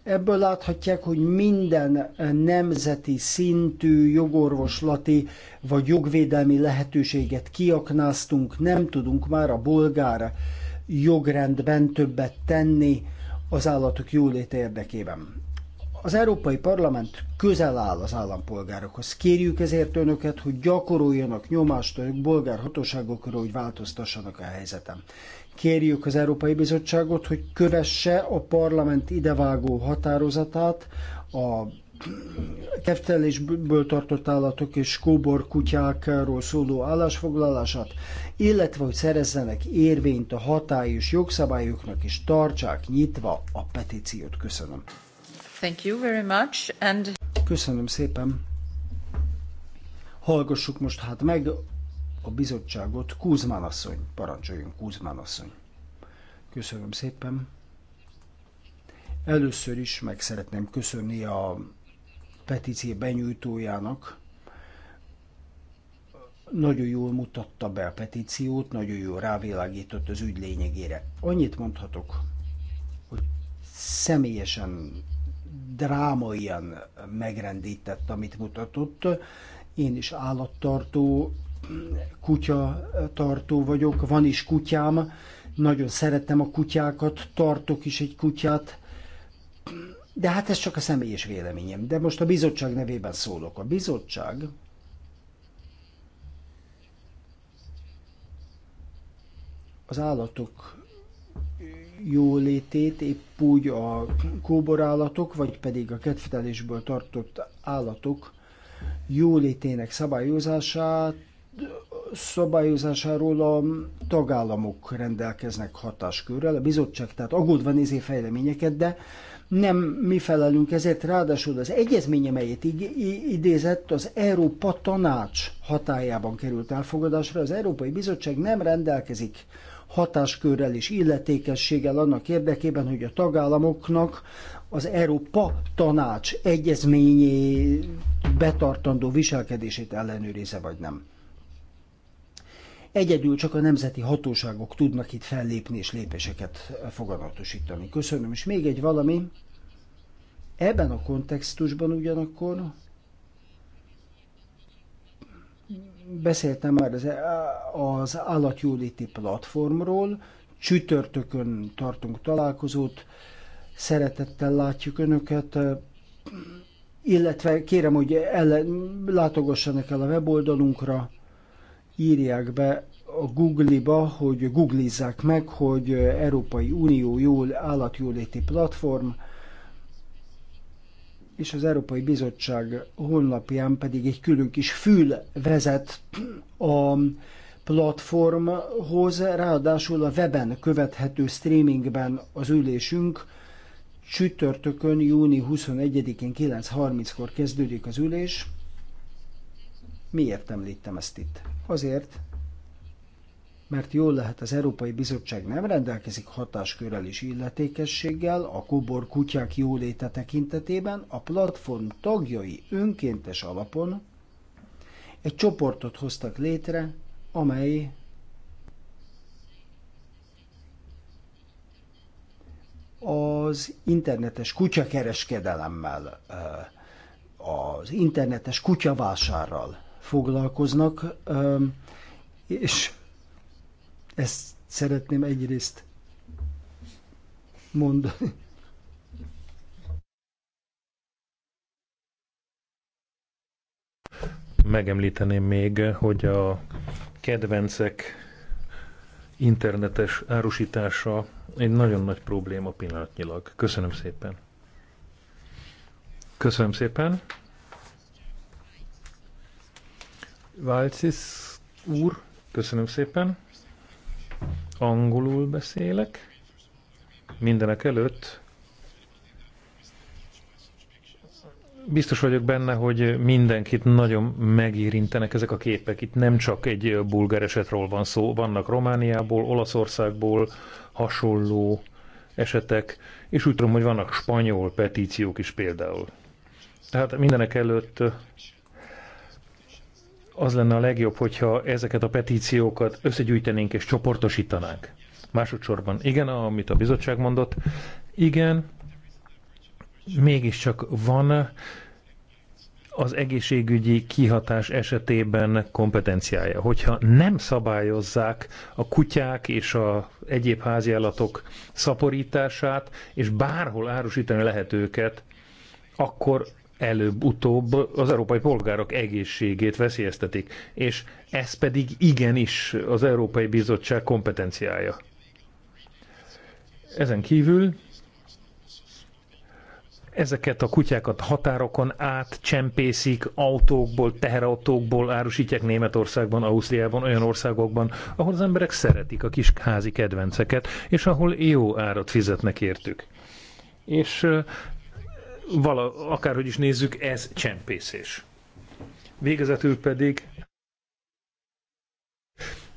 Ebből láthatják, hogy minden eh, nemzeti szintű jogorvoslati vagy jogvédelmi lehetőséget kiaknáztunk, nem tudunk már a bolgár jogrendben többet tenni az állatok jólét érdekében. Az Európai Parlament közel áll az állampolgárokhoz. Kérjük ezért önöket, hogy gyakoroljanak nyomást a bolgár hatóságokra, hogy változtassanak a helyzetem. Kérjük az Európai Bizottságot, hogy kövesse a parlament idevágó határozatát a keftelésből tartott állatok és kóbor kutyákról szóló állásfoglalását, illetve hogy szerezzenek érvényt a hatályos jogszabályoknak és tartsák nyitva a petíciót. Köszönöm. Thank you very much. And... Köszönöm szépen. Hallgassuk most hát meg a bizottságot. Kúzmán asszony, parancsoljon Kúzmán asszony. Köszönöm szépen. Először is meg szeretném köszönni a petíció benyújtójának. Nagyon jól mutatta be a petíciót, nagyon jól rávilágított az ügy lényegére. Annyit mondhatok, hogy személyesen drámaian megrendített, amit mutatott. Én is állattartó, kutyatartó vagyok, van is kutyám, nagyon szeretem a kutyákat, tartok is egy kutyát, de hát ez csak a személyes véleményem. De most a bizottság nevében szólok. A bizottság az állatok jólétét épp úgy a kóborállatok, vagy pedig a kedvetelésből tartott állatok jólétének szabályozását szabályozásáról a tagállamok rendelkeznek hatáskörrel, a bizottság tehát aggódva nézi fejleményeket, de nem mi felelünk ezért, ráadásul az egyezmény, amelyet idézett, az Európa Tanács hatájában került elfogadásra. Az Európai Bizottság nem rendelkezik hatáskörrel és illetékességgel annak érdekében, hogy a tagállamoknak az Európa Tanács egyezményé betartandó viselkedését ellenőrize vagy nem. Egyedül csak a nemzeti hatóságok tudnak itt fellépni és lépéseket foganatosítani. Köszönöm, és még egy valami. Ebben a kontextusban ugyanakkor beszéltem már az, az állatjóléti platformról, csütörtökön tartunk találkozót, szeretettel látjuk Önöket, illetve kérem, hogy el, látogassanak el a weboldalunkra, írják be a Google-ba, hogy googlizzák meg, hogy Európai Unió jól állatjóléti platform, és az Európai Bizottság honlapján pedig egy külön kis fül vezet a platformhoz, ráadásul a weben követhető streamingben az ülésünk, csütörtökön, júni 21-én 9.30-kor kezdődik az ülés. Miért említem ezt itt? Azért, mert jól lehet az Európai Bizottság nem rendelkezik hatáskörrel és illetékességgel a kobor kutyák jóléte tekintetében, a platform tagjai önkéntes alapon egy csoportot hoztak létre, amely az internetes kutyakereskedelemmel, az internetes kutyavásárral foglalkoznak, és ezt szeretném egyrészt mondani. Megemlíteném még, hogy a kedvencek internetes árusítása egy nagyon nagy probléma pillanatnyilag. Köszönöm szépen. Köszönöm szépen. Válcisz úr, köszönöm szépen angolul beszélek. Mindenek előtt biztos vagyok benne, hogy mindenkit nagyon megérintenek ezek a képek. Itt nem csak egy bulgár esetről van szó, vannak Romániából, Olaszországból hasonló esetek, és úgy tudom, hogy vannak spanyol petíciók is például. Tehát mindenek előtt az lenne a legjobb, hogyha ezeket a petíciókat összegyűjtenénk és csoportosítanánk. Másodszorban, igen, amit a bizottság mondott, igen, mégiscsak van az egészségügyi kihatás esetében kompetenciája. Hogyha nem szabályozzák a kutyák és a egyéb háziállatok szaporítását, és bárhol árusítani lehet őket, akkor előbb-utóbb az európai polgárok egészségét veszélyeztetik, és ez pedig igenis az Európai Bizottság kompetenciája. Ezen kívül ezeket a kutyákat határokon át csempészik, autókból, teherautókból árusítják Németországban, Ausztriában, olyan országokban, ahol az emberek szeretik a kis házi kedvenceket, és ahol jó árat fizetnek értük. És vala, akárhogy is nézzük, ez csempészés. Végezetül pedig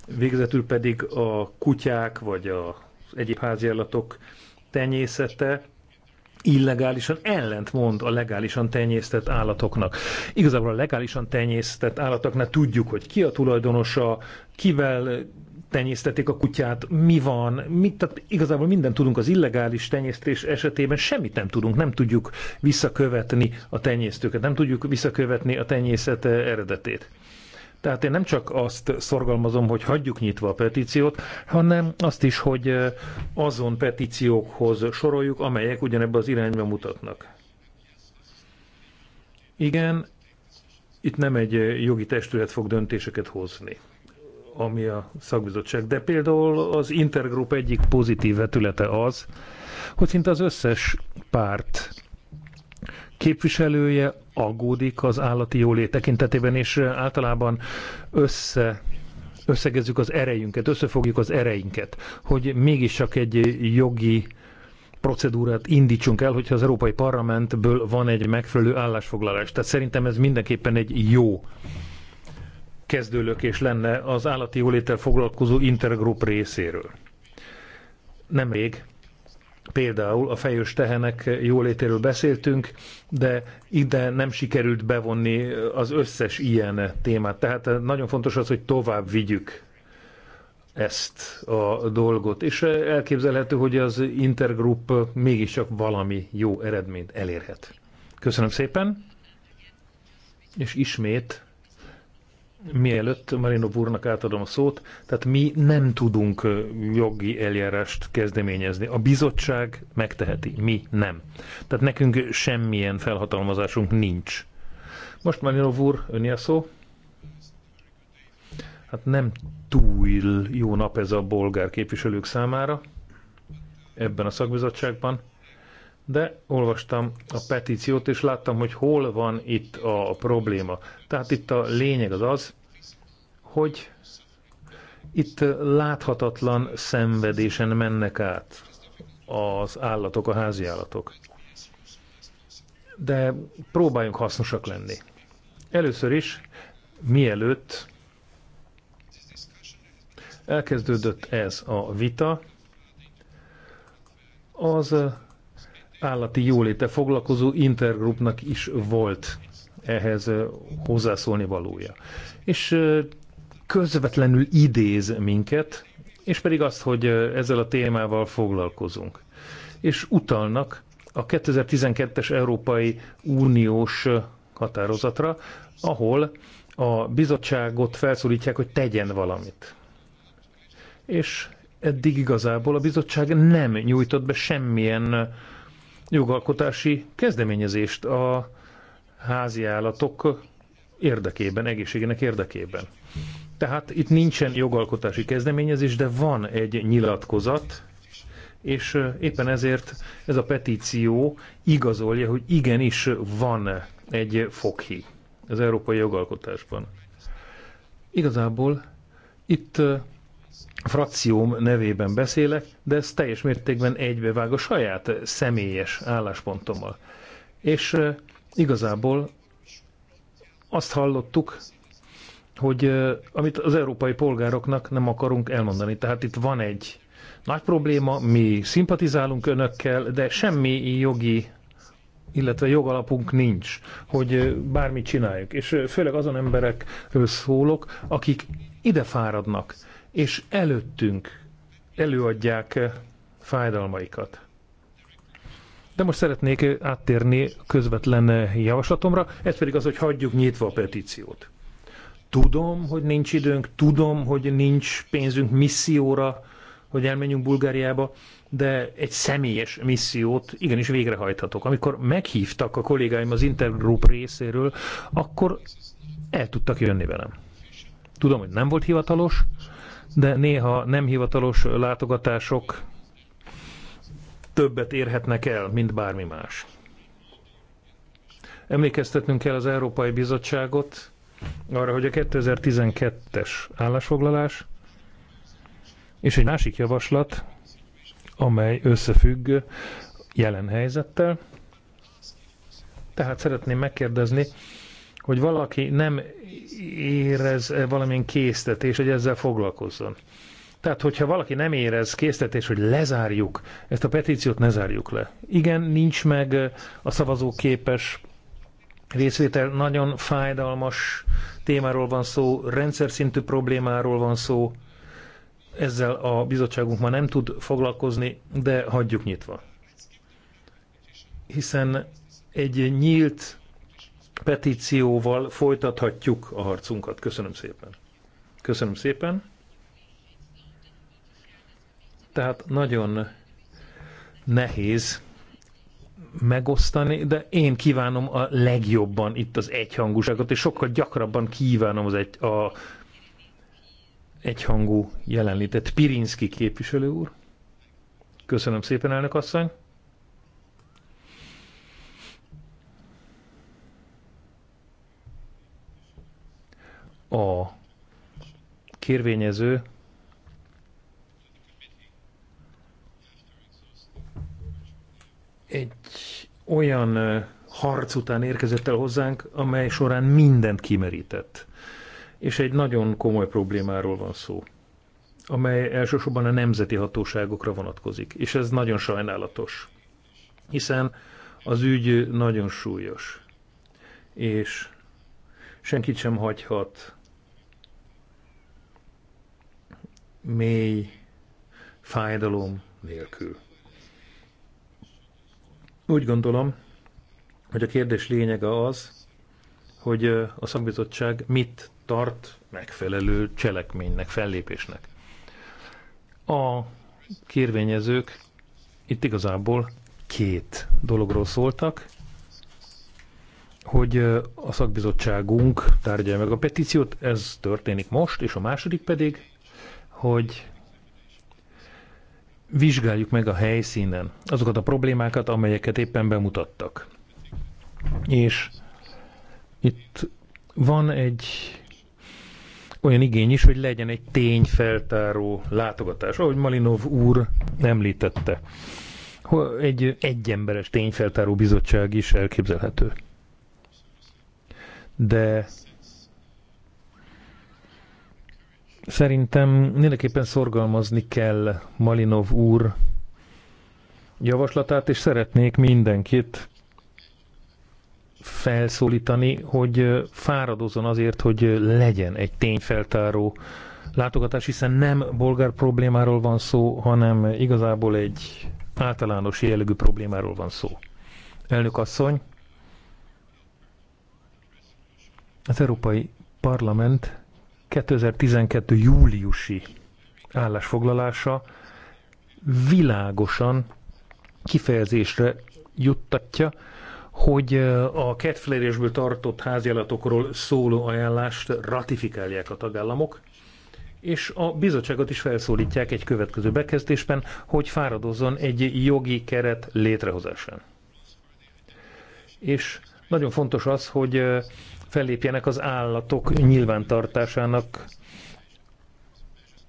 végezetül pedig a kutyák vagy a egyéb háziállatok tenyészete illegálisan ellentmond a legálisan tenyésztett állatoknak. Igazából a legálisan tenyésztett állatoknál tudjuk, hogy ki a tulajdonosa, kivel tenyésztették a kutyát, mi van, mit, tehát igazából mindent tudunk az illegális tenyésztés esetében, semmit nem tudunk, nem tudjuk visszakövetni a tenyésztőket, nem tudjuk visszakövetni a tenyészet eredetét. Tehát én nem csak azt szorgalmazom, hogy hagyjuk nyitva a petíciót, hanem azt is, hogy azon petíciókhoz soroljuk, amelyek ugyanebben az irányba mutatnak. Igen, itt nem egy jogi testület fog döntéseket hozni ami a szakbizottság. De például az Intergroup egyik pozitív vetülete az, hogy szinte az összes párt képviselője aggódik az állati jólét tekintetében, és eh, általában össze összegezzük az erejünket, összefogjuk az ereinket, hogy mégis csak egy jogi procedúrát indítsunk el, hogyha az Európai Parlamentből van egy megfelelő állásfoglalás. Tehát szerintem ez mindenképpen egy jó kezdőlökés lenne az állati jóléttel foglalkozó intergroup részéről. Nemrég például a fejős tehenek jólétéről beszéltünk, de ide nem sikerült bevonni az összes ilyen témát. Tehát nagyon fontos az, hogy tovább vigyük ezt a dolgot. És elképzelhető, hogy az Intergroup mégiscsak valami jó eredményt elérhet. Köszönöm szépen, és ismét mielőtt Marino Burnak átadom a szót, tehát mi nem tudunk jogi eljárást kezdeményezni. A bizottság megteheti, mi nem. Tehát nekünk semmilyen felhatalmazásunk nincs. Most Marino Burr, öni a szó. Hát nem túl jó nap ez a bolgár képviselők számára ebben a szakbizottságban de olvastam a petíciót, és láttam, hogy hol van itt a probléma. Tehát itt a lényeg az az, hogy itt láthatatlan szenvedésen mennek át az állatok, a házi állatok. De próbáljunk hasznosak lenni. Először is, mielőtt elkezdődött ez a vita, az állati jóléte foglalkozó intergrupnak is volt ehhez hozzászólni valója. És közvetlenül idéz minket, és pedig azt, hogy ezzel a témával foglalkozunk. És utalnak a 2012-es Európai Uniós határozatra, ahol a bizottságot felszólítják, hogy tegyen valamit. És eddig igazából a bizottság nem nyújtott be semmilyen jogalkotási kezdeményezést a házi állatok érdekében, egészségének érdekében. Tehát itt nincsen jogalkotási kezdeményezés, de van egy nyilatkozat, és éppen ezért ez a petíció igazolja, hogy igenis van egy foghi az európai jogalkotásban. Igazából itt frakcióm nevében beszélek, de ez teljes mértékben egybevág a saját személyes álláspontommal. És igazából azt hallottuk, hogy amit az európai polgároknak nem akarunk elmondani. Tehát itt van egy nagy probléma, mi szimpatizálunk önökkel, de semmi jogi, illetve jogalapunk nincs, hogy bármit csináljuk. És főleg azon emberekről szólok, akik ide fáradnak, és előttünk előadják eh, fájdalmaikat. De most szeretnék eh, áttérni közvetlen eh, javaslatomra, ez pedig az, hogy hagyjuk nyitva a petíciót. Tudom, hogy nincs időnk, tudom, hogy nincs pénzünk misszióra, hogy elmenjünk Bulgáriába, de egy személyes missziót igenis végrehajthatok. Amikor meghívtak a kollégáim az Intergroup részéről, akkor el tudtak jönni velem. Tudom, hogy nem volt hivatalos, de néha nem hivatalos látogatások többet érhetnek el, mint bármi más. Emlékeztetnünk kell az Európai Bizottságot arra, hogy a 2012-es állásfoglalás és egy másik javaslat, amely összefügg jelen helyzettel. Tehát szeretném megkérdezni, hogy valaki nem érez valamilyen késztetés, hogy ezzel foglalkozzon. Tehát, hogyha valaki nem érez késztetés, hogy lezárjuk, ezt a petíciót ne zárjuk le. Igen, nincs meg a szavazóképes részvétel, nagyon fájdalmas témáról van szó, rendszer szintű problémáról van szó, ezzel a bizottságunk ma nem tud foglalkozni, de hagyjuk nyitva. Hiszen egy nyílt petícióval folytathatjuk a harcunkat. Köszönöm szépen. Köszönöm szépen. Tehát nagyon nehéz megosztani, de én kívánom a legjobban itt az egyhangúságot, és sokkal gyakrabban kívánom az egy, a egyhangú jelenlétet. Pirinski képviselő úr. Köszönöm szépen, elnök asszony. a kérvényező egy olyan harc után érkezett el hozzánk, amely során mindent kimerített. És egy nagyon komoly problémáról van szó, amely elsősorban a nemzeti hatóságokra vonatkozik. És ez nagyon sajnálatos, hiszen az ügy nagyon súlyos. És senkit sem hagyhat mély fájdalom nélkül. Úgy gondolom, hogy a kérdés lényege az, hogy a szakbizottság mit tart megfelelő cselekménynek, fellépésnek. A kérvényezők itt igazából két dologról szóltak, hogy a szakbizottságunk tárgyalja meg a petíciót, ez történik most, és a második pedig, hogy vizsgáljuk meg a helyszínen azokat a problémákat, amelyeket éppen bemutattak. És itt van egy olyan igény is, hogy legyen egy tényfeltáró látogatás, ahogy Malinov úr említette. Egy egyemberes tényfeltáró bizottság is elképzelhető. De Szerintem mindenképpen szorgalmazni kell Malinov úr javaslatát, és szeretnék mindenkit felszólítani, hogy fáradozon azért, hogy legyen egy tényfeltáró látogatás, hiszen nem bolgár problémáról van szó, hanem igazából egy általános jellegű problémáról van szó. Elnök asszony, az Európai Parlament 2012. júliusi állásfoglalása világosan kifejezésre juttatja, hogy a kedflérésből tartott háziállatokról szóló ajánlást ratifikálják a tagállamok, és a bizottságot is felszólítják egy következő bekezdésben, hogy fáradozzon egy jogi keret létrehozásán. És nagyon fontos az, hogy fellépjenek az állatok nyilvántartásának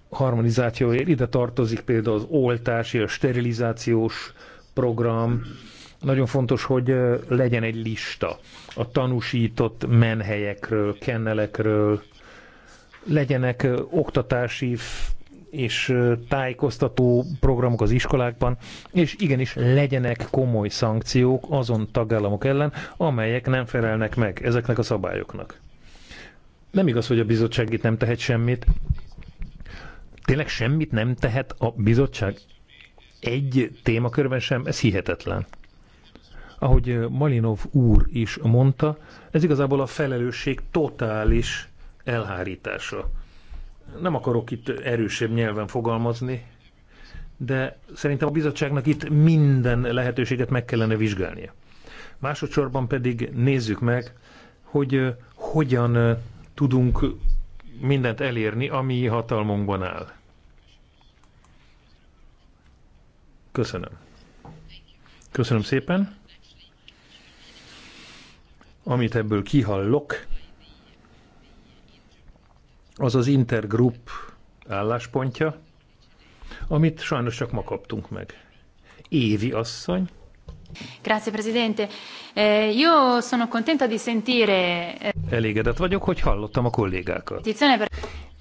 harmonizációért. Ide tartozik például az oltási, a sterilizációs program. Nagyon fontos, hogy legyen egy lista a tanúsított menhelyekről, kennelekről, legyenek oktatási és tájékoztató programok az iskolákban, és igenis legyenek komoly szankciók azon tagállamok ellen, amelyek nem felelnek meg ezeknek a szabályoknak. Nem igaz, hogy a bizottság itt nem tehet semmit. Tényleg semmit nem tehet a bizottság egy témakörben sem, ez hihetetlen. Ahogy Malinov úr is mondta, ez igazából a felelősség totális elhárítása nem akarok itt erősebb nyelven fogalmazni, de szerintem a bizottságnak itt minden lehetőséget meg kellene vizsgálnia. Másodszorban pedig nézzük meg, hogy hogyan tudunk mindent elérni, ami hatalmunkban áll. Köszönöm. Köszönöm szépen. Amit ebből kihallok, az az intergroup álláspontja, amit sajnos csak ma kaptunk meg. Évi asszony. Grazie Presidente. Eh, io sono contenta di sentire... Eh, Elégedett vagyok, hogy hallottam a kollégákat.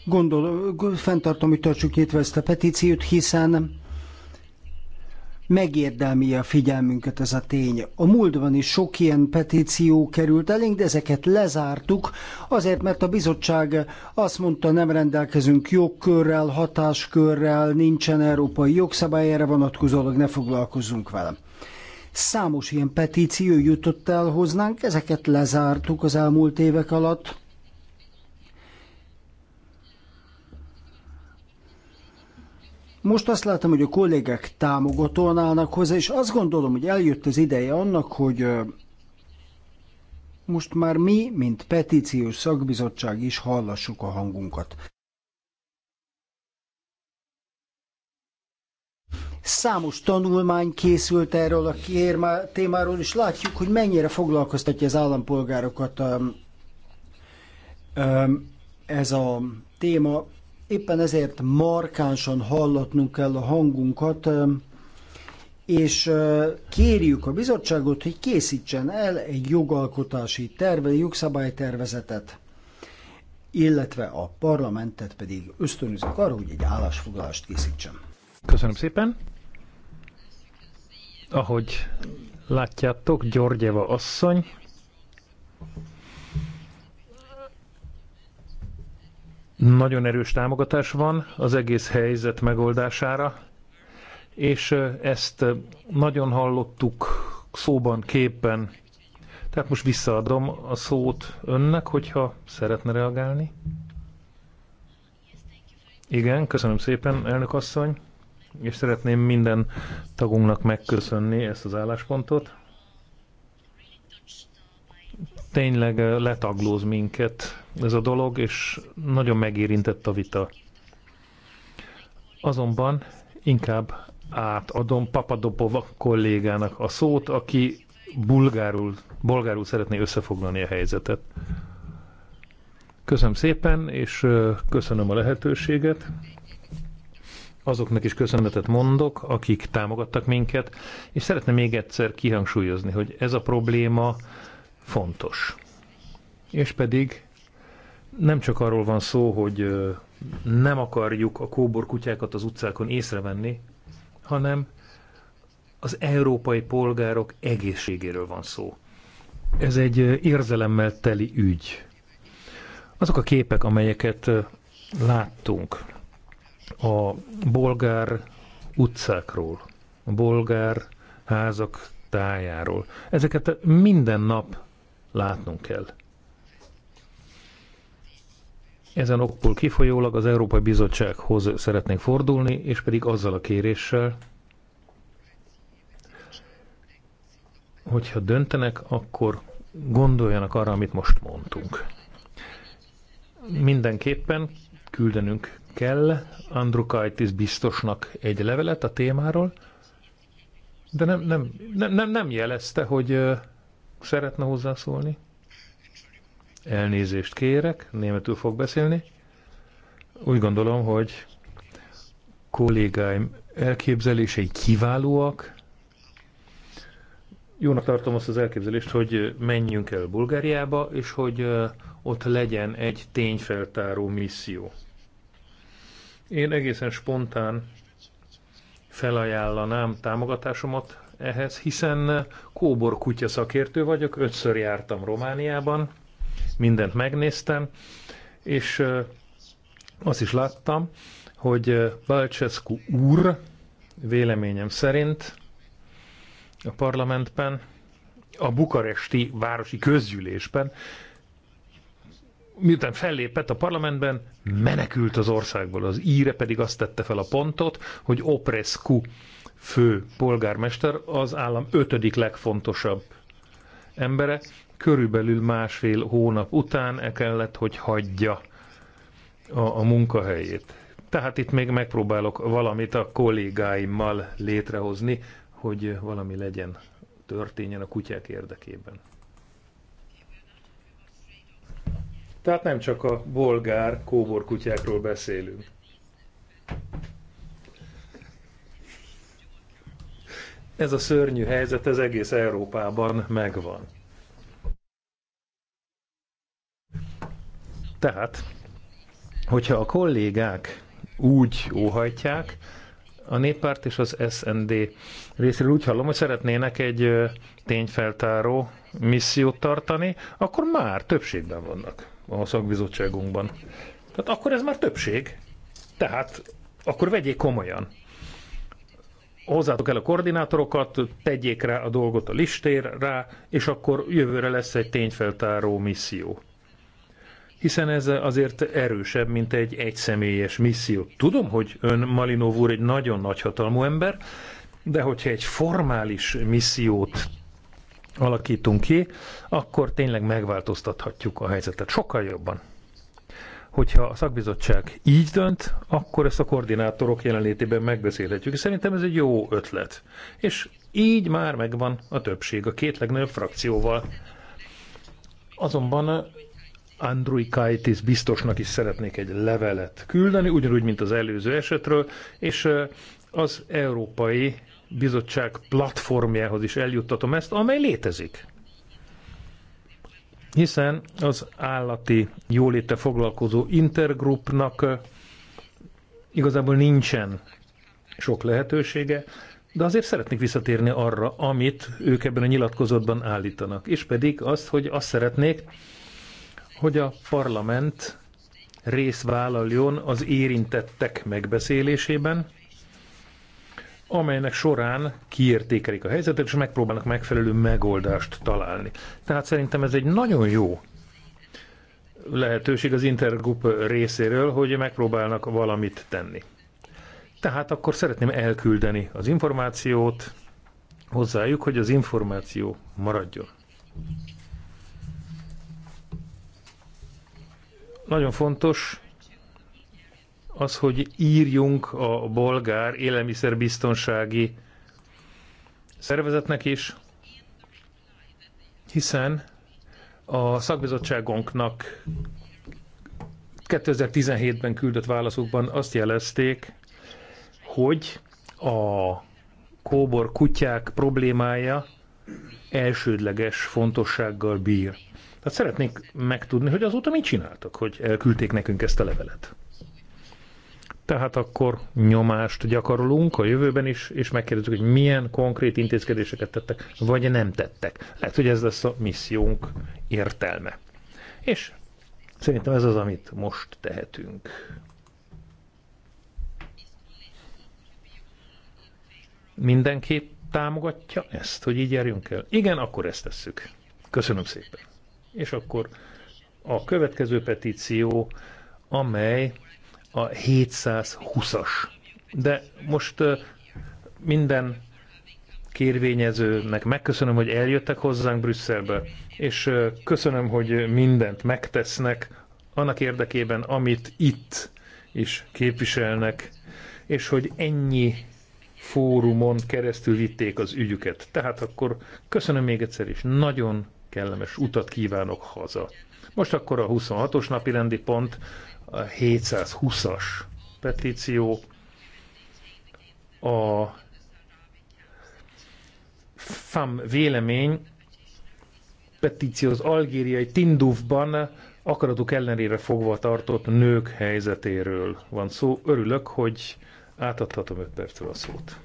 Gondol, fenntartom, hogy tartsuk nyitva ezt a petíciót, hiszen megérdemli a figyelmünket ez a tény. A múltban is sok ilyen petíció került elénk, de ezeket lezártuk, azért, mert a bizottság azt mondta, nem rendelkezünk jogkörrel, hatáskörrel, nincsen európai jogszabály, erre vonatkozólag ne foglalkozzunk vele. Számos ilyen petíció jutott el hoznánk, ezeket lezártuk az elmúlt évek alatt, Most azt látom, hogy a kollégák támogatóan állnak hozzá, és azt gondolom, hogy eljött az ideje annak, hogy most már mi, mint petíciós szakbizottság is hallassuk a hangunkat. Számos tanulmány készült erről a témáról, és látjuk, hogy mennyire foglalkoztatja az állampolgárokat ez a téma. Éppen ezért markánsan hallatnunk kell a hangunkat, és kérjük a bizottságot, hogy készítsen el egy jogalkotási terve, jogszabálytervezetet, illetve a parlamentet pedig ösztönözök arra, hogy egy állásfoglalást készítsen. Köszönöm szépen! Ahogy látjátok, Györgyeva asszony Nagyon erős támogatás van az egész helyzet megoldására, és ezt nagyon hallottuk szóban, képen. Tehát most visszaadom a szót önnek, hogyha szeretne reagálni. Igen, köszönöm szépen, elnök asszony, és szeretném minden tagunknak megköszönni ezt az álláspontot. Tényleg letaglóz minket ez a dolog, és nagyon megérintett a vita. Azonban inkább átadom Papadopova kollégának a szót, aki bulgárul, bulgárul szeretné összefoglalni a helyzetet. Köszönöm szépen, és köszönöm a lehetőséget. Azoknak is köszönetet mondok, akik támogattak minket, és szeretném még egyszer kihangsúlyozni, hogy ez a probléma fontos. És pedig nem csak arról van szó, hogy nem akarjuk a kóbor kutyákat az utcákon észrevenni, hanem az európai polgárok egészségéről van szó. Ez egy érzelemmel teli ügy. Azok a képek, amelyeket láttunk a bolgár utcákról, a bolgár házak tájáról, ezeket minden nap látnunk kell. Ezen okból kifolyólag az Európai Bizottsághoz szeretnénk fordulni, és pedig azzal a kéréssel, hogyha döntenek, akkor gondoljanak arra, amit most mondtunk. Mindenképpen küldenünk kell Andrukaitis biztosnak egy levelet a témáról, de nem, nem, nem, nem, nem jelezte, hogy szeretne hozzászólni. Elnézést kérek, németül fog beszélni. Úgy gondolom, hogy kollégáim elképzelései kiválóak. Jónak tartom azt az elképzelést, hogy menjünk el Bulgáriába, és hogy ott legyen egy tényfeltáró misszió. Én egészen spontán felajánlanám támogatásomat ehhez, hiszen kóbor kutya szakértő vagyok, ötször jártam Romániában, mindent megnéztem, és azt is láttam, hogy Balcescu úr véleményem szerint a parlamentben, a bukaresti városi közgyűlésben, miután fellépett a parlamentben, menekült az országból. Az íre pedig azt tette fel a pontot, hogy Oprescu fő polgármester az állam ötödik legfontosabb embere, körülbelül másfél hónap után el kellett, hogy hagyja a, a munkahelyét. Tehát itt még megpróbálok valamit a kollégáimmal létrehozni, hogy valami legyen, történjen a kutyák érdekében. Tehát nem csak a bolgár kóbor kutyákról beszélünk. Ez a szörnyű helyzet, ez egész Európában megvan. Tehát, hogyha a kollégák úgy óhajtják, a néppárt és az SND részéről úgy hallom, hogy szeretnének egy tényfeltáró missziót tartani, akkor már többségben vannak a szakbizottságunkban. Tehát akkor ez már többség. Tehát akkor vegyék komolyan. Hozzátok el a koordinátorokat, tegyék rá a dolgot a listér rá, és akkor jövőre lesz egy tényfeltáró misszió hiszen ez azért erősebb, mint egy egyszemélyes misszió. Tudom, hogy ön Malinov úr egy nagyon nagyhatalmú ember, de hogyha egy formális missziót alakítunk ki, akkor tényleg megváltoztathatjuk a helyzetet sokkal jobban. Hogyha a szakbizottság így dönt, akkor ezt a koordinátorok jelenlétében megbeszélhetjük. Szerintem ez egy jó ötlet. És így már megvan a többség a két legnagyobb frakcióval. Azonban Andrui biztosnak is szeretnék egy levelet küldeni, ugyanúgy, mint az előző esetről, és az Európai Bizottság platformjához is eljuttatom ezt, amely létezik. Hiszen az állati jóléte foglalkozó intergrupnak igazából nincsen sok lehetősége, de azért szeretnék visszatérni arra, amit ők ebben a nyilatkozatban állítanak, és pedig azt, hogy azt szeretnék, hogy a parlament részt vállaljon az érintettek megbeszélésében, amelynek során kiértékelik a helyzetet, és megpróbálnak megfelelő megoldást találni. Tehát szerintem ez egy nagyon jó lehetőség az Intergroup részéről, hogy megpróbálnak valamit tenni. Tehát akkor szeretném elküldeni az információt hozzájuk, hogy az információ maradjon. Nagyon fontos az, hogy írjunk a bolgár élelmiszerbiztonsági szervezetnek is, hiszen a szakbizottságunknak 2017-ben küldött válaszukban azt jelezték, hogy a kóbor kutyák problémája elsődleges fontossággal bír. Tehát szeretnék megtudni, hogy azóta mit csináltak, hogy elküldték nekünk ezt a levelet. Tehát akkor nyomást gyakorolunk a jövőben is, és megkérdezzük, hogy milyen konkrét intézkedéseket tettek, vagy nem tettek. Lehet, hogy ez lesz a missziónk értelme. És szerintem ez az, amit most tehetünk. Mindenképp támogatja ezt, hogy így járjunk el? Igen, akkor ezt tesszük. Köszönöm szépen. És akkor a következő petíció, amely a 720-as. De most minden kérvényezőnek megköszönöm, hogy eljöttek hozzánk Brüsszelbe, és köszönöm, hogy mindent megtesznek annak érdekében, amit itt is képviselnek, és hogy ennyi fórumon keresztül vitték az ügyüket. Tehát akkor köszönöm még egyszer, is nagyon kellemes utat kívánok haza. Most akkor a 26-os napi rendi pont, a 720-as petíció, a FAM vélemény petíció az algériai Tindufban akaratuk ellenére fogva tartott nők helyzetéről van szó. Örülök, hogy átadhatom 5 percre a szót.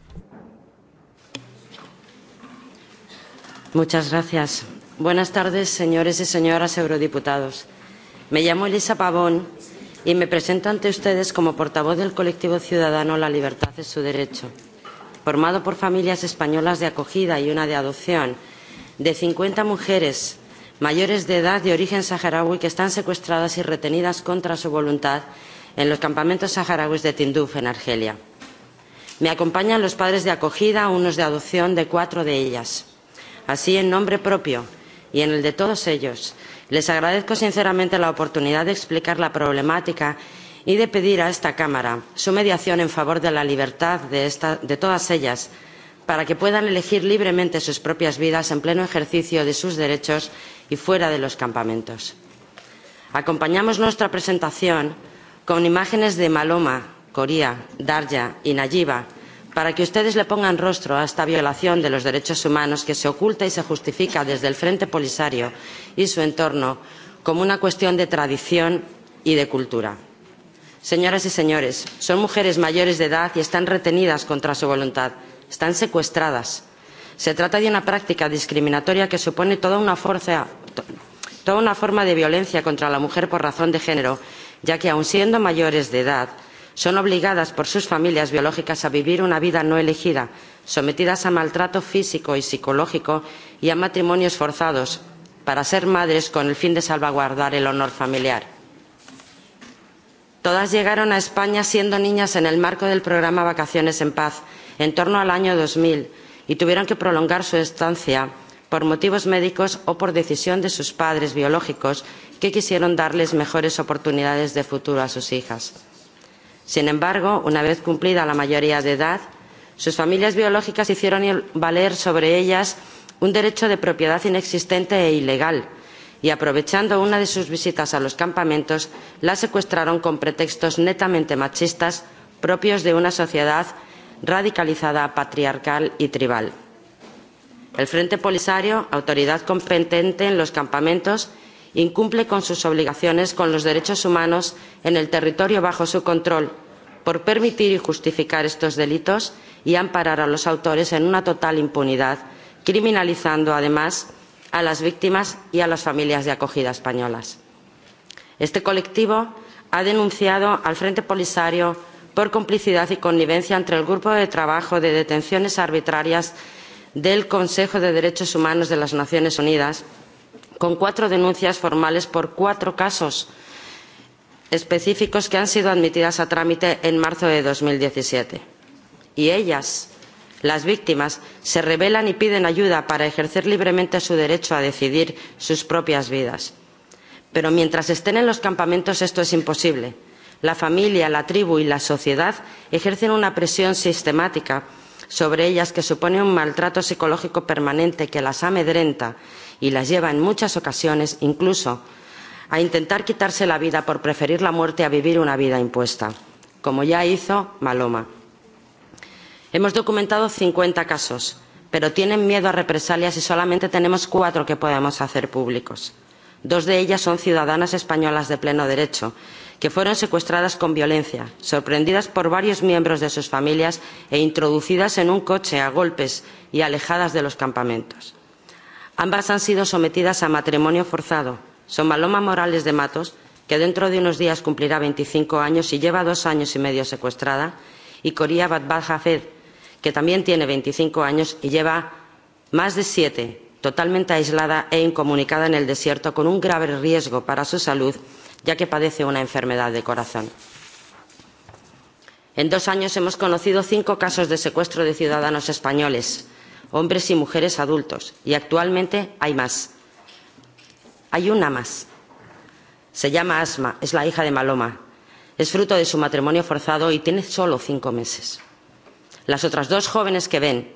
Muchas gracias. Buenas tardes, señores y señoras eurodiputados. Me llamo Elisa Pavón y me presento ante ustedes como portavoz del colectivo ciudadano La Libertad es su derecho, formado por familias españolas de acogida y una de adopción, de 50 mujeres mayores de edad de origen saharaui que están secuestradas y retenidas contra su voluntad en los campamentos saharauis de Tinduf, en Argelia. Me acompañan los padres de acogida, unos de adopción de cuatro de ellas. Así, en nombre propio y en el de todos ellos. Les agradezco sinceramente la oportunidad de explicar la problemática y de pedir a esta Cámara su mediación en favor de la libertad de, esta, de todas ellas, para que puedan elegir libremente sus propias vidas en pleno ejercicio de sus derechos y fuera de los campamentos. Acompañamos nuestra presentación con imágenes de Maloma, Coria, Darya y Nayiba, para que ustedes le pongan rostro a esta violación de los derechos humanos que se oculta y se justifica desde el Frente Polisario y su entorno como una cuestión de tradición y de cultura. Señoras y señores, son mujeres mayores de edad y están retenidas contra su voluntad. Están secuestradas. Se trata de una práctica discriminatoria que supone toda una, forza, toda una forma de violencia contra la mujer por razón de género, ya que aun siendo mayores de edad, son obligadas por sus familias biológicas a vivir una vida no elegida, sometidas a maltrato físico y psicológico y a matrimonios forzados para ser madres con el fin de salvaguardar el honor familiar. Todas llegaron a España siendo niñas en el marco del programa Vacaciones en Paz en torno al año 2000 y tuvieron que prolongar su estancia por motivos médicos o por decisión de sus padres biológicos que quisieron darles mejores oportunidades de futuro a sus hijas. Sin embargo, una vez cumplida la mayoría de edad, sus familias biológicas hicieron valer sobre ellas un derecho de propiedad inexistente e ilegal y aprovechando una de sus visitas a los campamentos la secuestraron con pretextos netamente machistas propios de una sociedad radicalizada, patriarcal y tribal. El Frente Polisario, autoridad competente en los campamentos, incumple con sus obligaciones con los derechos humanos en el territorio bajo su control por permitir y justificar estos delitos y amparar a los autores en una total impunidad criminalizando además a las víctimas y a las familias de acogida españolas. este colectivo ha denunciado al frente polisario por complicidad y connivencia entre el grupo de trabajo de detenciones arbitrarias del consejo de derechos humanos de las naciones unidas con cuatro denuncias formales por cuatro casos específicos que han sido admitidas a trámite en marzo de dos mil diecisiete y ellas las víctimas se rebelan y piden ayuda para ejercer libremente su derecho a decidir sus propias vidas. Pero mientras estén en los campamentos esto es imposible. La familia, la tribu y la sociedad ejercen una presión sistemática sobre ellas que supone un maltrato psicológico permanente que las amedrenta y las lleva en muchas ocasiones incluso a intentar quitarse la vida por preferir la muerte a vivir una vida impuesta, como ya hizo Maloma. Hemos documentado 50 casos, pero tienen miedo a represalias y solamente tenemos cuatro que podemos hacer públicos. Dos de ellas son ciudadanas españolas de pleno derecho, que fueron secuestradas con violencia, sorprendidas por varios miembros de sus familias e introducidas en un coche a golpes y alejadas de los campamentos ambas han sido sometidas a matrimonio forzado. son maloma morales de matos que dentro de unos días cumplirá veinticinco años y lleva dos años y medio secuestrada y coria batbal hafez que también tiene veinticinco años y lleva más de siete totalmente aislada e incomunicada en el desierto con un grave riesgo para su salud ya que padece una enfermedad de corazón. en dos años hemos conocido cinco casos de secuestro de ciudadanos españoles hombres y mujeres adultos, y actualmente hay más. Hay una más. Se llama Asma, es la hija de Maloma. Es fruto de su matrimonio forzado y tiene solo cinco meses. Las otras dos jóvenes que ven,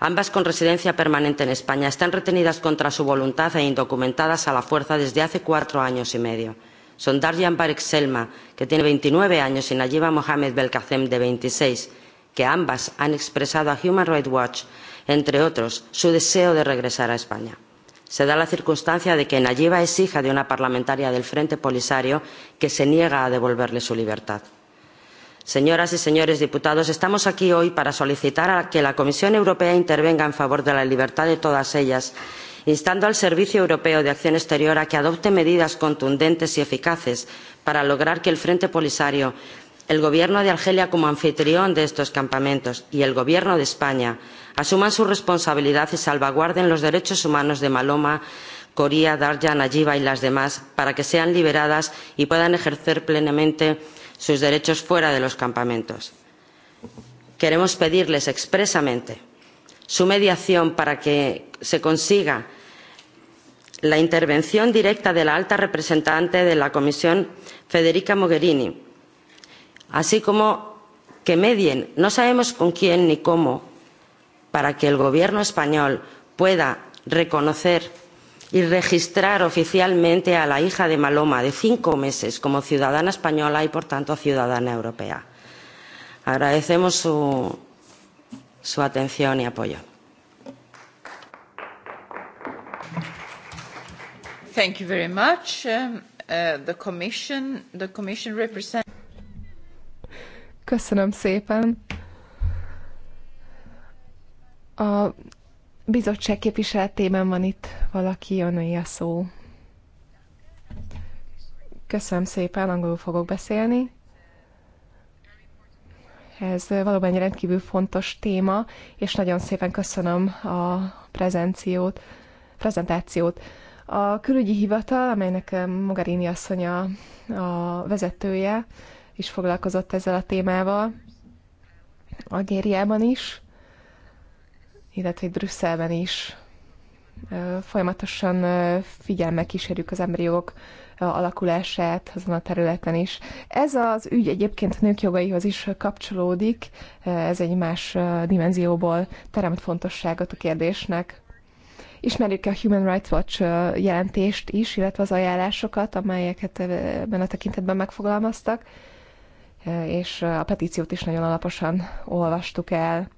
ambas con residencia permanente en España, están retenidas contra su voluntad e indocumentadas a la fuerza desde hace cuatro años y medio. Son Darjan Barek Selma, que tiene 29 años, y Najiba Mohamed Belkacem, de 26, que ambas han expresado a Human Rights Watch entre otros su deseo de regresar a españa. se da la circunstancia de que Nayiba es hija de una parlamentaria del frente polisario que se niega a devolverle su libertad. señoras y señores diputados estamos aquí hoy para solicitar que la comisión europea intervenga en favor de la libertad de todas ellas instando al servicio europeo de acción exterior a que adopte medidas contundentes y eficaces para lograr que el frente polisario el gobierno de Argelia como anfitrión de estos campamentos y el gobierno de España asuman su responsabilidad y salvaguarden los derechos humanos de Maloma, Coria, Darya, Nayiba y las demás para que sean liberadas y puedan ejercer plenamente sus derechos fuera de los campamentos. Queremos pedirles expresamente su mediación para que se consiga la intervención directa de la alta representante de la Comisión, Federica Mogherini, así como que medien no sabemos con quién ni cómo para que el gobierno español pueda reconocer y registrar oficialmente a la hija de Maloma de cinco meses como ciudadana española y, por tanto, ciudadana europea. Agradecemos su, su atención y apoyo. Thank you very much. Um, uh, the Commission, the Commission Köszönöm szépen. A bizottság képviseletében van itt valaki, jönni a szó. Köszönöm szépen, angolul fogok beszélni. Ez valóban egy rendkívül fontos téma, és nagyon szépen köszönöm a prezenciót, prezentációt. A külügyi hivatal, amelynek Mogherini asszony a vezetője, is foglalkozott ezzel a témával, Algériában is, illetve Brüsszelben is. Folyamatosan figyelme kísérjük az emberi jogok alakulását azon a területen is. Ez az ügy egyébként nők jogaihoz is kapcsolódik, ez egy más dimenzióból teremt fontosságot a kérdésnek. Ismerjük a Human Rights Watch jelentést is, illetve az ajánlásokat, amelyeket ebben a tekintetben megfogalmaztak és a petíciót is nagyon alaposan olvastuk el.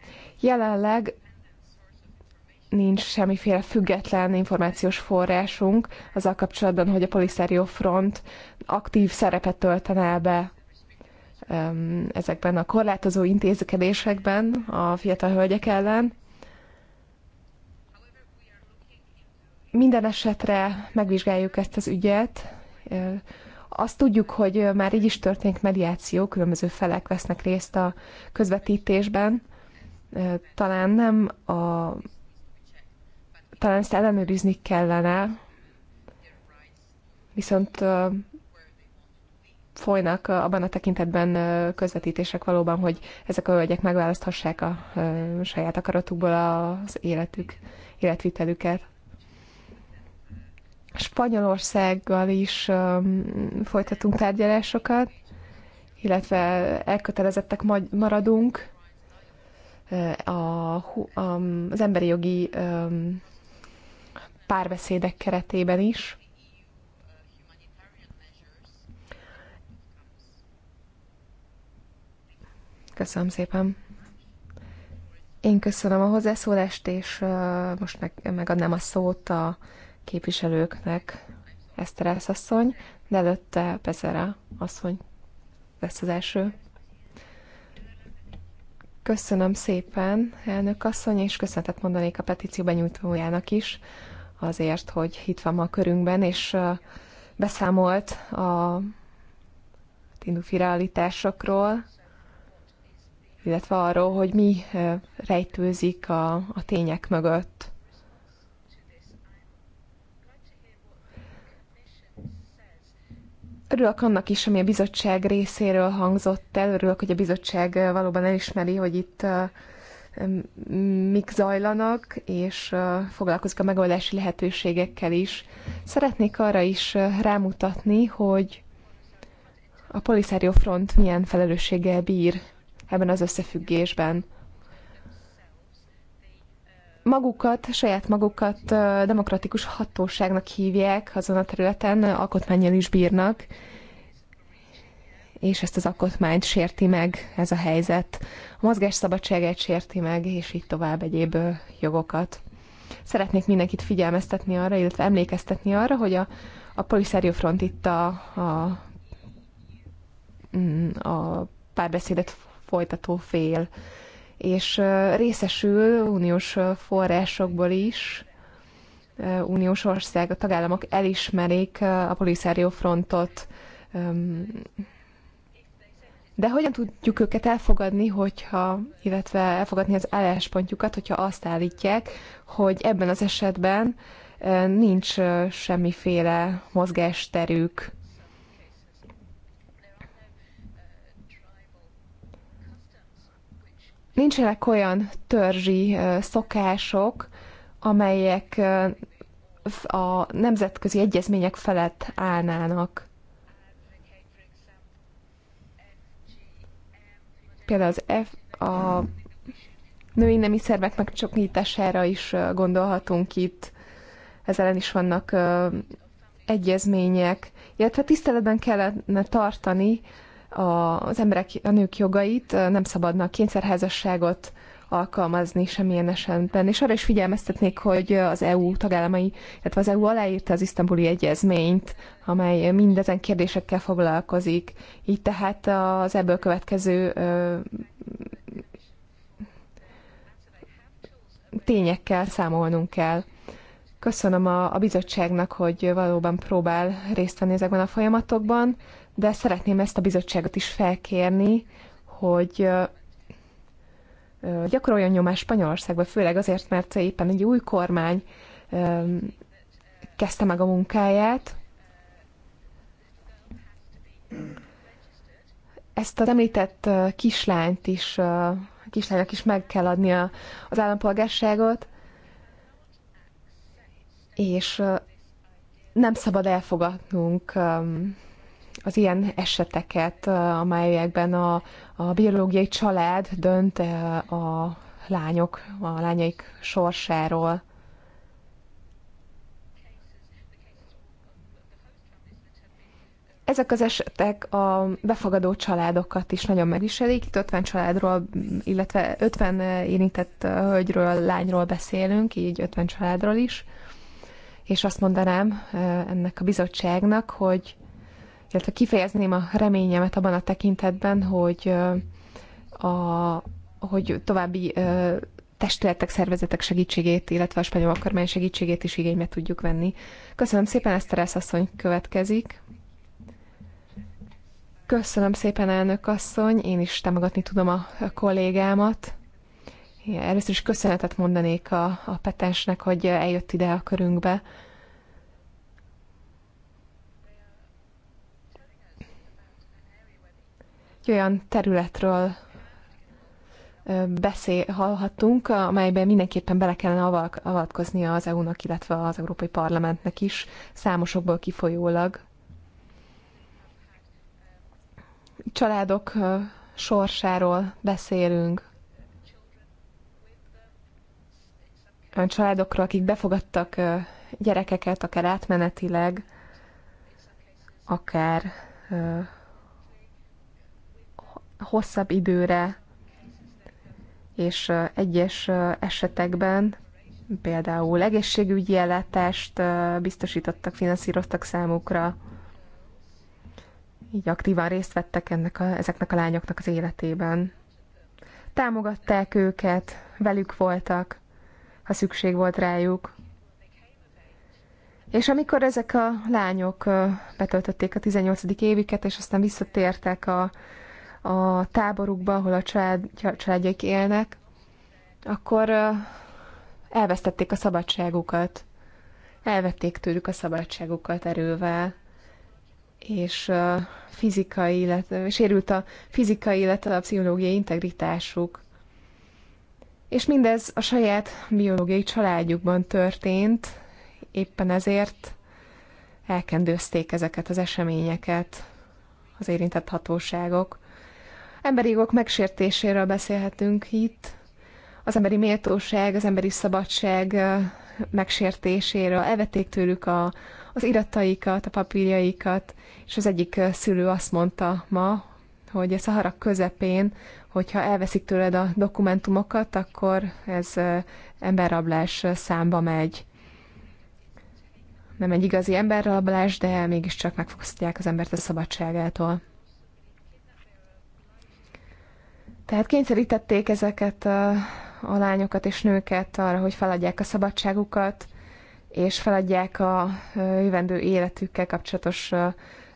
Jelenleg nincs semmiféle független információs forrásunk azzal kapcsolatban, hogy a Polisario Front aktív szerepet töltene be ezekben a korlátozó intézkedésekben a fiatal hölgyek ellen. Minden esetre megvizsgáljuk ezt az ügyet, azt tudjuk, hogy már így is történik mediáció, különböző felek vesznek részt a közvetítésben. Talán nem a... Talán ezt ellenőrizni kellene, viszont folynak abban a tekintetben közvetítések valóban, hogy ezek a hölgyek megválaszthassák a saját akaratukból az életük, életvitelüket. Spanyolországgal is folytatunk tárgyalásokat, illetve elkötelezettek maradunk a, a, az emberi jogi párbeszédek keretében is. Köszönöm szépen. Én köszönöm a hozzászólást, és most meg, megadnám a szót a képviselőknek Eszterász asszony, de előtte Pezera asszony lesz az első. Köszönöm szépen, elnök asszony, és köszönetet mondanék a petíció benyújtójának is azért, hogy itt van ma a körünkben, és beszámolt a tindufi realitásokról, illetve arról, hogy mi rejtőzik a, a tények mögött. Örülök annak is, ami a bizottság részéről hangzott el, örülök, hogy a bizottság valóban elismeri, hogy itt mik zajlanak, és foglalkozik a megoldási lehetőségekkel is. Szeretnék arra is rámutatni, hogy a Polisario Front milyen felelősséggel bír ebben az összefüggésben magukat, saját magukat demokratikus hatóságnak hívják azon a területen, alkotmányjal is bírnak, és ezt az alkotmányt sérti meg ez a helyzet. A mozgásszabadságát sérti meg, és így tovább egyéb jogokat. Szeretnék mindenkit figyelmeztetni arra, illetve emlékeztetni arra, hogy a, a Polisario Front itt a, a, mm, a párbeszédet folytató fél és részesül uniós forrásokból is, uniós ország, a tagállamok elismerik a Polisario Frontot. De hogyan tudjuk őket elfogadni, hogyha, illetve elfogadni az álláspontjukat, hogyha azt állítják, hogy ebben az esetben nincs semmiféle mozgásterük, nincsenek olyan törzsi szokások, amelyek a nemzetközi egyezmények felett állnának. Például az F, a női nemi szervek megcsokítására is gondolhatunk itt. Ezzel is vannak egyezmények, illetve tiszteletben kellene tartani az emberek, a nők jogait, nem szabadnak kényszerházasságot alkalmazni semmilyen esetben. És arra is figyelmeztetnék, hogy az EU tagállamai, illetve az EU aláírta az isztambuli egyezményt, amely mindezen kérdésekkel foglalkozik. Így tehát az ebből következő tényekkel számolnunk kell. Köszönöm a, a bizottságnak, hogy valóban próbál részt venni ezekben a folyamatokban de szeretném ezt a bizottságot is felkérni, hogy gyakoroljon nyomás Spanyolországba, főleg azért, mert éppen egy új kormány kezdte meg a munkáját. Ezt az említett kislányt is, kislánynak is meg kell adnia az állampolgárságot, és nem szabad elfogadnunk az ilyen eseteket, amelyekben a, a biológiai család dönt a lányok, a lányaik sorsáról. Ezek az esetek a befogadó családokat is nagyon megviselik. Itt 50 családról, illetve 50 érintett hölgyről, lányról beszélünk, így 50 családról is. És azt mondanám ennek a bizottságnak, hogy illetve kifejezném a reményemet abban a tekintetben, hogy, a, hogy további testületek, szervezetek segítségét, illetve a spanyol kormány segítségét is igénybe tudjuk venni. Köszönöm szépen, ezt asszony következik. Köszönöm szépen, elnök asszony, én is támogatni tudom a kollégámat. Először is köszönetet mondanék a, a petensnek, hogy eljött ide a körünkbe. Egy olyan területről beszélhatunk, amelyben mindenképpen bele kellene avatkozni az EU-nak, illetve az Európai Parlamentnek is, számosokból kifolyólag. Családok sorsáról beszélünk, A családokról, akik befogadtak gyerekeket, akár átmenetileg, akár hosszabb időre, és egyes esetekben például egészségügyi ellátást biztosítottak, finanszíroztak számukra, így aktívan részt vettek ennek a, ezeknek a lányoknak az életében. Támogatták őket, velük voltak, ha szükség volt rájuk. És amikor ezek a lányok betöltötték a 18. évüket, és aztán visszatértek a a táborukba, ahol a család, családjaik élnek, akkor elvesztették a szabadságukat. Elvették tőlük a szabadságukat erővel, és fizikai, illetve sérült a fizikai, illetve a pszichológiai integritásuk. És mindez a saját biológiai családjukban történt, éppen ezért elkendőzték ezeket az eseményeket az érintett hatóságok. Emberi jogok megsértéséről beszélhetünk itt, az emberi méltóság, az emberi szabadság megsértéséről. Elvették tőlük a, az irataikat, a papírjaikat, és az egyik szülő azt mondta ma, hogy a Szahara közepén, hogyha elveszik tőled a dokumentumokat, akkor ez emberrablás számba megy. Nem egy igazi emberrablás, de mégiscsak megfosztják az embert a szabadságától. Tehát kényszerítették ezeket a, a lányokat és nőket arra, hogy feladják a szabadságukat, és feladják a jövendő életükkel kapcsolatos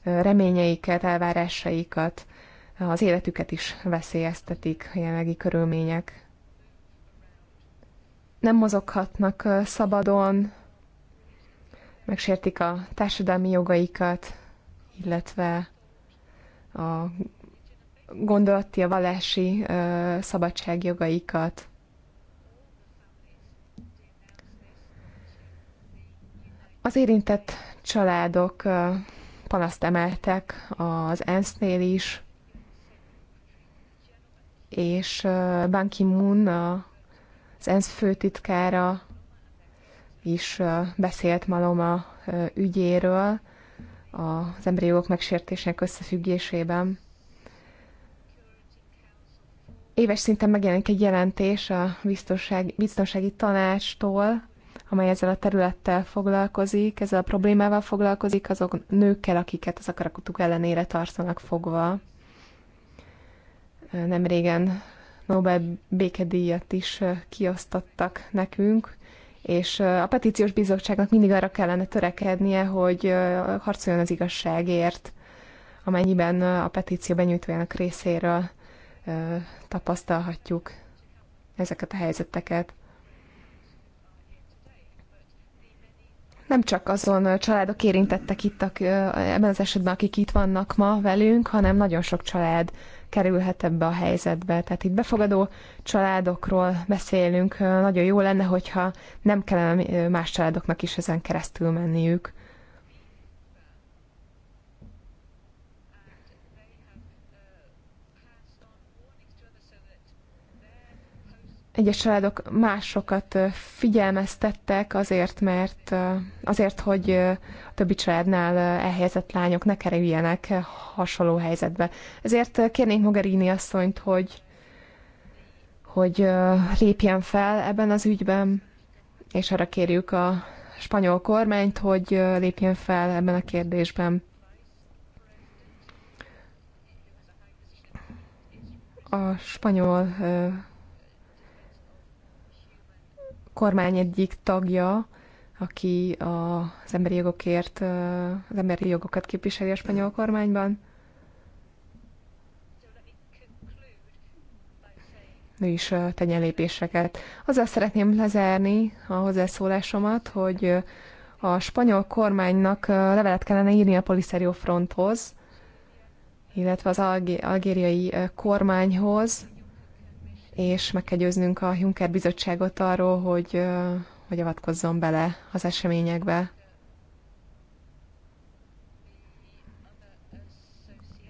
reményeiket, elvárásaikat, az életüket is veszélyeztetik a jelenlegi körülmények. Nem mozoghatnak szabadon, megsértik a társadalmi jogaikat, illetve a gondolati, a vallási szabadságjogaikat. Az érintett családok panaszt emeltek az ENSZ-nél is, és Ban Ki-moon, az ENSZ főtitkára is beszélt Maloma ügyéről az emberi jogok megsértésének összefüggésében éves szinten megjelenik egy jelentés a biztonsági, biztonsági tanástól, amely ezzel a területtel foglalkozik, ezzel a problémával foglalkozik, azok nőkkel, akiket az akaratuk ellenére tartanak fogva. Nem régen Nobel békedíjat is kiosztottak nekünk, és a petíciós bizottságnak mindig arra kellene törekednie, hogy harcoljon az igazságért, amennyiben a petíció benyújtójának részéről tapasztalhatjuk ezeket a helyzeteket. nem csak azon családok érintettek itt, a, ebben az esetben, akik itt vannak ma velünk, hanem nagyon sok család kerülhet ebbe a helyzetbe. Tehát itt befogadó családokról beszélünk, nagyon jó lenne, hogyha nem kellene más családoknak is ezen keresztül menniük. egyes családok másokat figyelmeztettek azért, mert azért, hogy a többi családnál elhelyezett lányok ne kerüljenek hasonló helyzetbe. Ezért kérnénk Mogherini asszonyt, hogy, hogy lépjen fel ebben az ügyben, és arra kérjük a spanyol kormányt, hogy lépjen fel ebben a kérdésben. A spanyol kormány egyik tagja, aki az emberi jogokért, az emberi jogokat képviseli a spanyol kormányban. Ő is tegyen lépéseket. Azzal szeretném lezárni a hozzászólásomat, hogy a spanyol kormánynak levelet kellene írni a Polisario Fronthoz, illetve az algériai kormányhoz, és meg kell győznünk a Juncker bizottságot arról, hogy, hogy avatkozzon bele az eseményekbe.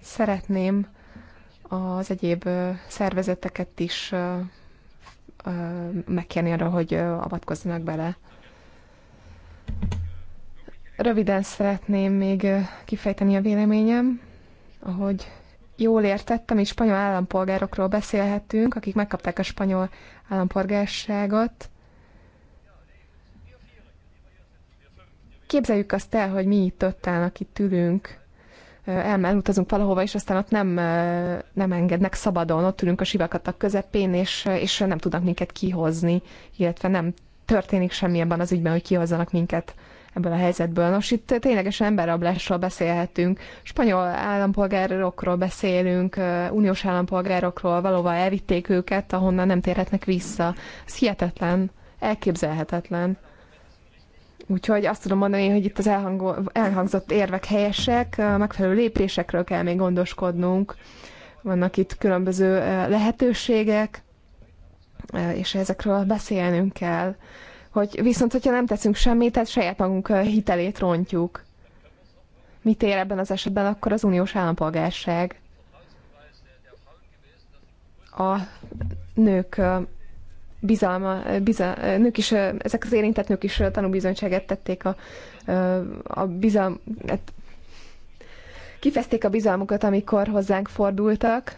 Szeretném az egyéb szervezeteket is megkérni arra, hogy avatkozzanak bele. Röviden szeretném még kifejteni a véleményem, ahogy jól értettem, így spanyol állampolgárokról beszélhetünk, akik megkapták a spanyol állampolgárságot. Képzeljük azt el, hogy mi itt ott állnak, itt ülünk, elutazunk valahova, és aztán ott nem, nem engednek szabadon, ott ülünk a sivakatak közepén, és, és nem tudnak minket kihozni, illetve nem történik semmi ebben az ügyben, hogy kihozzanak minket ebből a helyzetből. Nos, itt ténylegesen emberrablásról beszélhetünk, spanyol állampolgárokról beszélünk, uniós állampolgárokról, valóban elvitték őket, ahonnan nem térhetnek vissza. Ez hihetetlen, elképzelhetetlen. Úgyhogy azt tudom mondani, hogy itt az elhang- elhangzott érvek helyesek, megfelelő lépésekről kell még gondoskodnunk. Vannak itt különböző lehetőségek, és ezekről beszélnünk kell hogy viszont, hogyha nem teszünk semmit, tehát saját magunk hitelét rontjuk. Mit ér ebben az esetben akkor az uniós állampolgárság? A nők bizalma, bizal, nők is, ezek az érintett nők is tanúbizonyságet tették a, a bizalmat, hát kifezték a bizalmukat, amikor hozzánk fordultak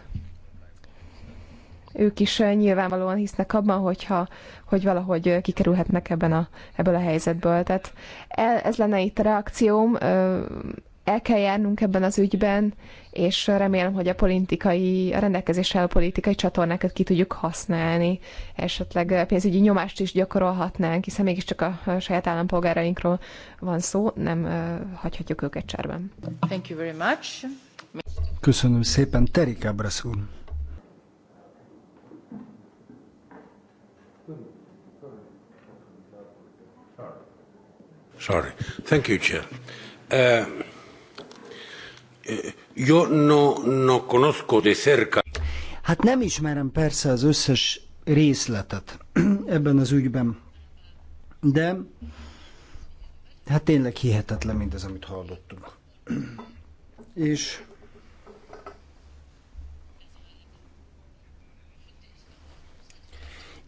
ők is eh, nyilvánvalóan hisznek abban, hogyha, hogy valahogy eh, kikerülhetnek ebben a, ebből a helyzetből. Tehát el, ez lenne itt a reakcióm, el kell járnunk ebben az ügyben, és remélem, hogy a politikai, a rendelkezésre a politikai csatornákat ki tudjuk használni. Esetleg eh, pénzügyi nyomást is gyakorolhatnánk, hiszen mégiscsak a saját állampolgárainkról van szó, nem hagyhatjuk őket cserben. Thank you very much. Köszönöm szépen, Terik Ábrasz úr. Sorry. Thank you, Chair. Uh, yo no, no conozco de cerca. Hát nem ismerem persze az összes részletet ebben az ügyben, de hát tényleg hihetetlen mindez, amit hallottunk. És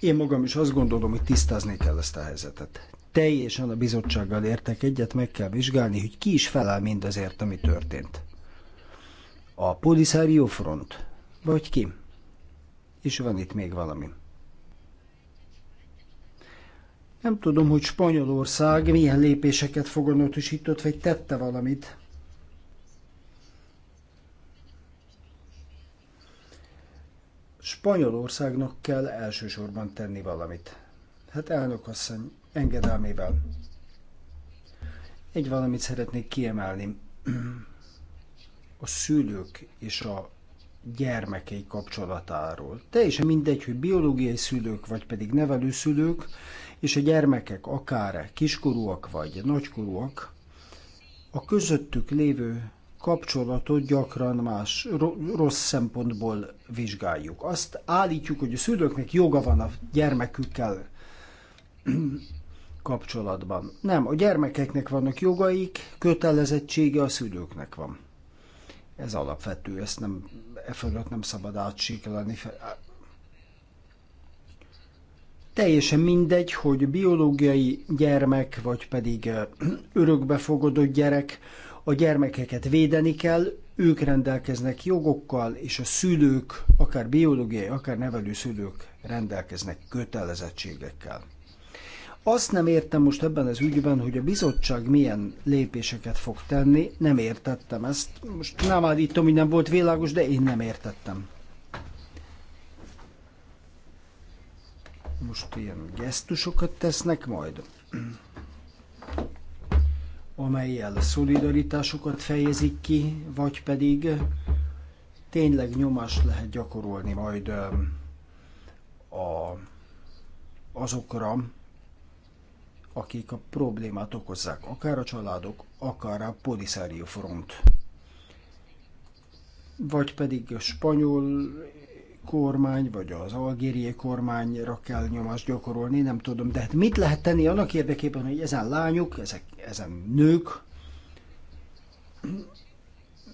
Én magam is azt gondolom, hogy tisztázni kell ezt a helyzetet teljesen a bizottsággal értek egyet, meg kell vizsgálni, hogy ki is felel mindazért, ami történt. A Polisario Front, vagy ki? És van itt még valami. Nem tudom, hogy Spanyolország milyen lépéseket foganatosított, vagy tette valamit. Spanyolországnak kell elsősorban tenni valamit. Hát elnök asszony, engedelmével. Egy valamit szeretnék kiemelni. A szülők és a gyermekei kapcsolatáról. Teljesen mindegy, hogy biológiai szülők, vagy pedig nevelőszülők, és a gyermekek akár kiskorúak vagy nagykorúak, a közöttük lévő kapcsolatot gyakran más rossz szempontból vizsgáljuk. Azt állítjuk, hogy a szülőknek joga van a gyermekükkel kapcsolatban. Nem, a gyermekeknek vannak jogaik, kötelezettsége a szülőknek van. Ez alapvető, ezt nem, e fölött nem szabad átsíkelni. Teljesen mindegy, hogy biológiai gyermek, vagy pedig örökbefogadott gyerek, a gyermekeket védeni kell, ők rendelkeznek jogokkal, és a szülők, akár biológiai, akár nevelő szülők rendelkeznek kötelezettségekkel. Azt nem értem most ebben az ügyben, hogy a bizottság milyen lépéseket fog tenni, nem értettem ezt. Most nem állítom, hogy nem volt világos, de én nem értettem. Most ilyen gesztusokat tesznek majd, amelyel szolidaritásokat fejezik ki, vagy pedig tényleg nyomást lehet gyakorolni majd a, azokra, akik a problémát okozzák, akár a családok, akár a poliszárió Front. Vagy pedig a spanyol kormány, vagy az algériai kormányra kell nyomást gyakorolni, nem tudom. De hát mit lehet tenni annak érdekében, hogy ezen lányok, ezek, ezen nők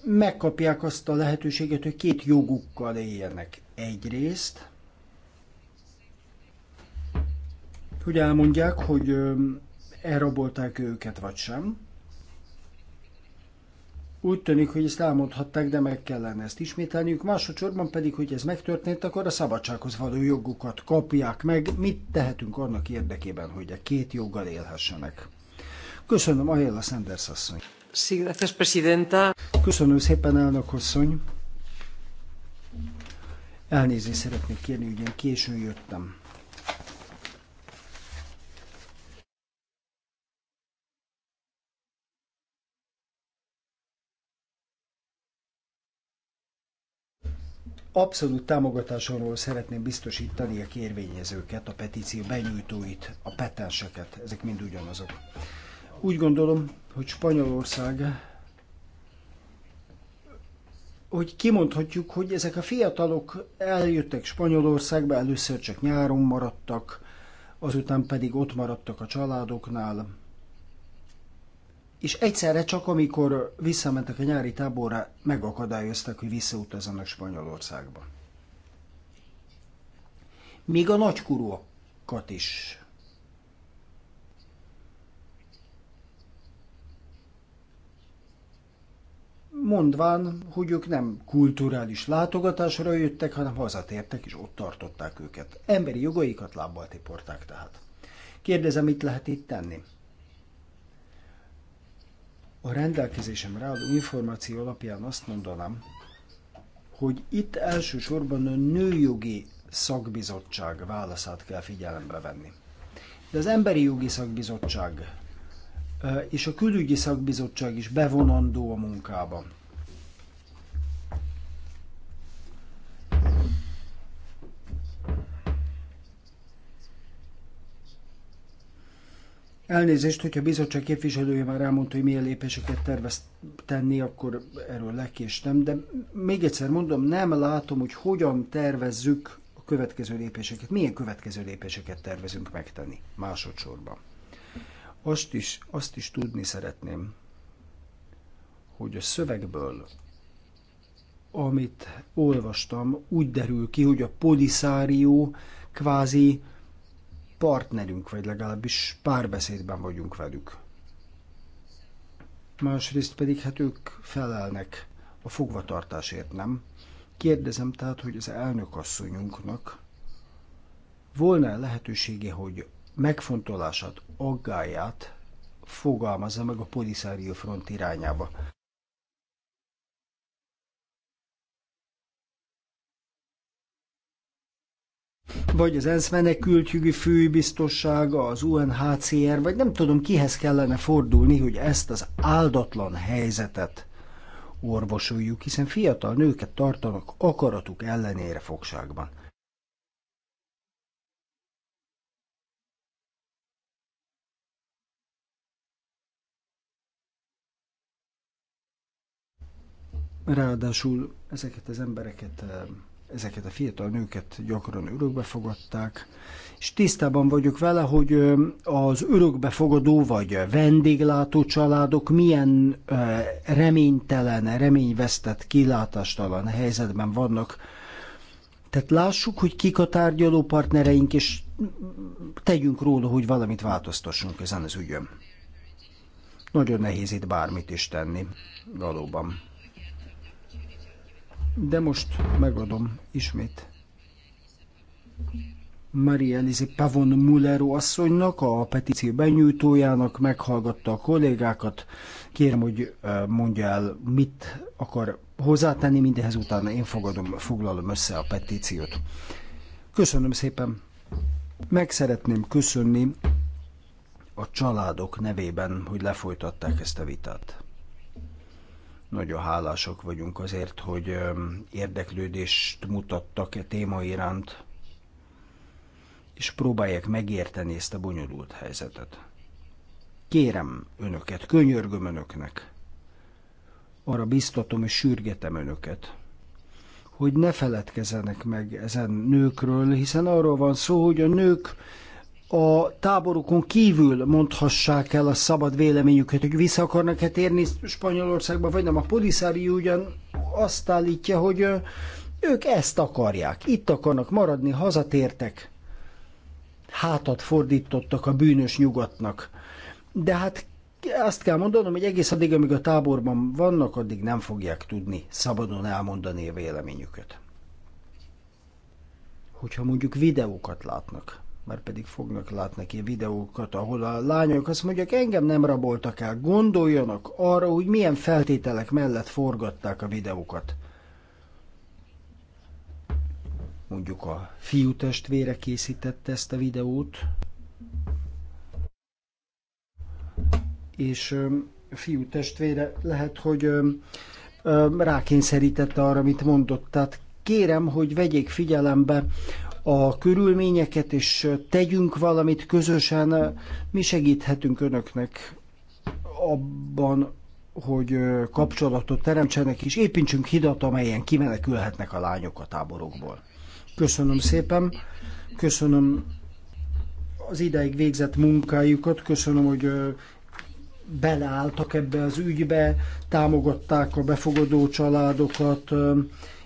megkapják azt a lehetőséget, hogy két jogukkal éljenek. Egyrészt hogy elmondják, hogy elrabolták őket, vagy sem. Úgy tűnik, hogy ezt elmondhatták, de meg kellene ezt ismételniük. Másodszorban pedig, hogy ez megtörtént, akkor a szabadsághoz való jogukat kapják meg. Mit tehetünk annak érdekében, hogy a két joggal élhessenek? Köszönöm, Ayala Sanders asszony. Sí, gracias, presidenta. Köszönöm szépen, elnök asszony. Elnézést szeretnék kérni, ugye későn jöttem. Abszolút támogatásról szeretném biztosítani a kérvényezőket, a petíció benyújtóit, a petenseket, ezek mind ugyanazok. Úgy gondolom, hogy Spanyolország hogy kimondhatjuk, hogy ezek a fiatalok eljöttek Spanyolországba, először csak nyáron maradtak, azután pedig ott maradtak a családoknál, és egyszerre csak, amikor visszamentek a nyári táborra, megakadályoztak, hogy visszautazzanak Spanyolországba. Még a nagykorúakat is mondván, hogy ők nem kulturális látogatásra jöttek, hanem hazatértek, és ott tartották őket. Emberi jogaikat lábbal tiporták tehát. Kérdezem, mit lehet itt tenni? a rendelkezésemre álló információ alapján azt mondanám, hogy itt elsősorban a nőjogi szakbizottság válaszát kell figyelembe venni. De az emberi jogi szakbizottság és a külügyi szakbizottság is bevonandó a munkában. Elnézést, hogyha a bizottság képviselője már elmondta, hogy milyen lépéseket tervez tenni, akkor erről lekéstem, de még egyszer mondom, nem látom, hogy hogyan tervezzük a következő lépéseket, milyen következő lépéseket tervezünk megtenni másodszorban. Azt is, azt is tudni szeretném, hogy a szövegből, amit olvastam, úgy derül ki, hogy a poliszárió kvázi partnerünk, vagy legalábbis párbeszédben vagyunk velük. Másrészt pedig hát ők felelnek a fogvatartásért, nem? Kérdezem tehát, hogy az asszonyunknak volna -e lehetősége, hogy megfontolását, aggáját fogalmazza meg a poliszárió front irányába. vagy az ENSZ menekültjügyi főbiztossága, az UNHCR, vagy nem tudom kihez kellene fordulni, hogy ezt az áldatlan helyzetet orvosoljuk, hiszen fiatal nőket tartanak akaratuk ellenére fogságban. Ráadásul ezeket az embereket eh, ezeket a fiatal nőket gyakran örökbe fogadták, és tisztában vagyok vele, hogy az örökbefogadó vagy vendéglátó családok milyen reménytelen, reményvesztett, kilátástalan helyzetben vannak. Tehát lássuk, hogy kik a tárgyaló partnereink, és tegyünk róla, hogy valamit változtassunk ezen az ügyön. Nagyon nehéz itt bármit is tenni, valóban de most megadom ismét Maria Elizé Pavon Mulero asszonynak, a petíció benyújtójának, meghallgatta a kollégákat. Kérem, hogy mondja el, mit akar hozzátenni, mindehez utána én fogadom, foglalom össze a petíciót. Köszönöm szépen. Meg szeretném köszönni a családok nevében, hogy lefolytatták ezt a vitát. Nagyon hálásak vagyunk azért, hogy érdeklődést mutattak e téma iránt, és próbálják megérteni ezt a bonyolult helyzetet. Kérem önöket, könyörgöm önöknek, arra biztatom és sürgetem önöket, hogy ne feledkezzenek meg ezen nőkről, hiszen arról van szó, hogy a nők a táborokon kívül mondhassák el a szabad véleményüket, hogy vissza akarnak-e térni Spanyolországba, vagy nem. A poliszári ugyan azt állítja, hogy ők ezt akarják, itt akarnak maradni, hazatértek. Hátat fordítottak a bűnös nyugatnak. De hát azt kell mondanom, hogy egész addig, amíg a táborban vannak, addig nem fogják tudni szabadon elmondani a véleményüket. Hogyha mondjuk videókat látnak, már pedig fognak látni ki videókat, ahol a lányok azt mondják, engem nem raboltak el, gondoljanak arra, hogy milyen feltételek mellett forgatták a videókat. Mondjuk a fiú testvére készítette ezt a videót, és a fiú testvére lehet, hogy rákényszerítette arra, amit mondott. Tehát kérem, hogy vegyék figyelembe a körülményeket, és tegyünk valamit közösen. Mi segíthetünk önöknek abban, hogy kapcsolatot teremtsenek, és építsünk hidat, amelyen kimenekülhetnek a lányok a táborokból. Köszönöm szépen, köszönöm az ideig végzett munkájukat, köszönöm, hogy beleálltak ebbe az ügybe, támogatták a befogadó családokat,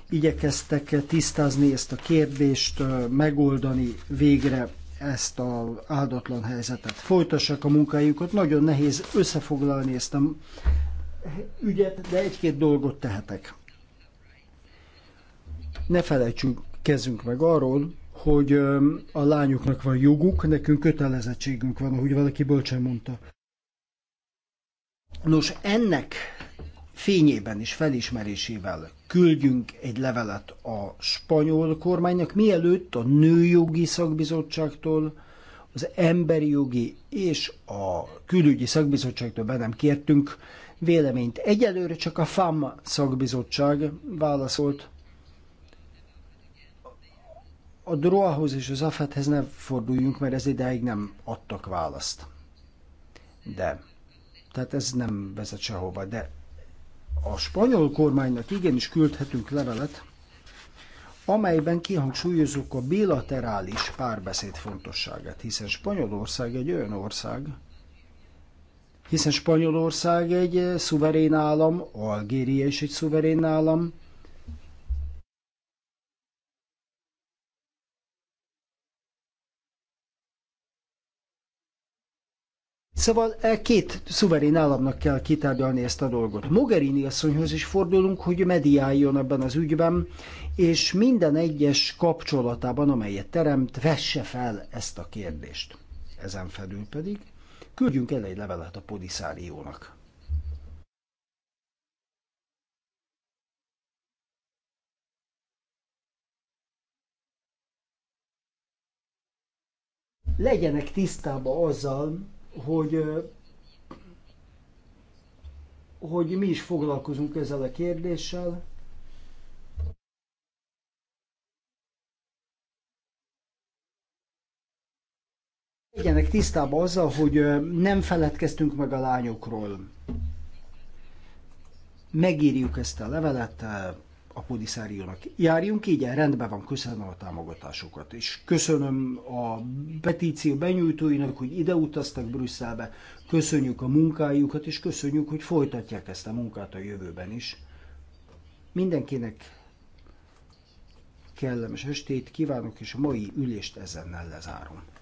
igyekeztek tisztázni ezt a kérdést, megoldani végre ezt az áldatlan helyzetet. Folytassák a munkájukat, nagyon nehéz összefoglalni ezt a ügyet, de egy-két dolgot tehetek. Ne felejtsünk kezünk meg arról, hogy a lányoknak van joguk, nekünk kötelezettségünk van, ahogy valaki bölcsen mondta. Nos, ennek fényében és felismerésével küldjünk egy levelet a spanyol kormánynak, mielőtt a Nőjogi Szakbizottságtól, az Emberi Jogi és a Külügyi Szakbizottságtól be nem kértünk véleményt. Egyelőre csak a FAM szakbizottság válaszolt. A droa és az AFET-hez ne forduljunk, mert ez ideig nem adtak választ. De, tehát ez nem vezet sehova, de a spanyol kormánynak igenis küldhetünk levelet, amelyben kihangsúlyozunk a bilaterális párbeszéd fontosságát, hiszen Spanyolország egy olyan ország, hiszen Spanyolország egy szuverén állam, Algéria is egy szuverén állam, Szóval e két szuverén államnak kell kitárgyalni ezt a dolgot. Mogherini asszonyhoz is fordulunk, hogy mediáljon ebben az ügyben, és minden egyes kapcsolatában, amelyet teremt, vesse fel ezt a kérdést. Ezen felül pedig küldjünk el egy levelet a Polisáriónak. legyenek tisztában azzal, hogy hogy mi is foglalkozunk ezzel a kérdéssel. Legyenek tisztában azzal, hogy nem feledkeztünk meg a lányokról. Megírjuk ezt a levelet, a Podiszáriónak Járjunk így el, rendben van, köszönöm a támogatásokat, és köszönöm a petíció benyújtóinak, hogy ide utaztak Brüsszelbe, köszönjük a munkájukat, és köszönjük, hogy folytatják ezt a munkát a jövőben is. Mindenkinek kellemes estét kívánok, és a mai ülést ezennel lezárom.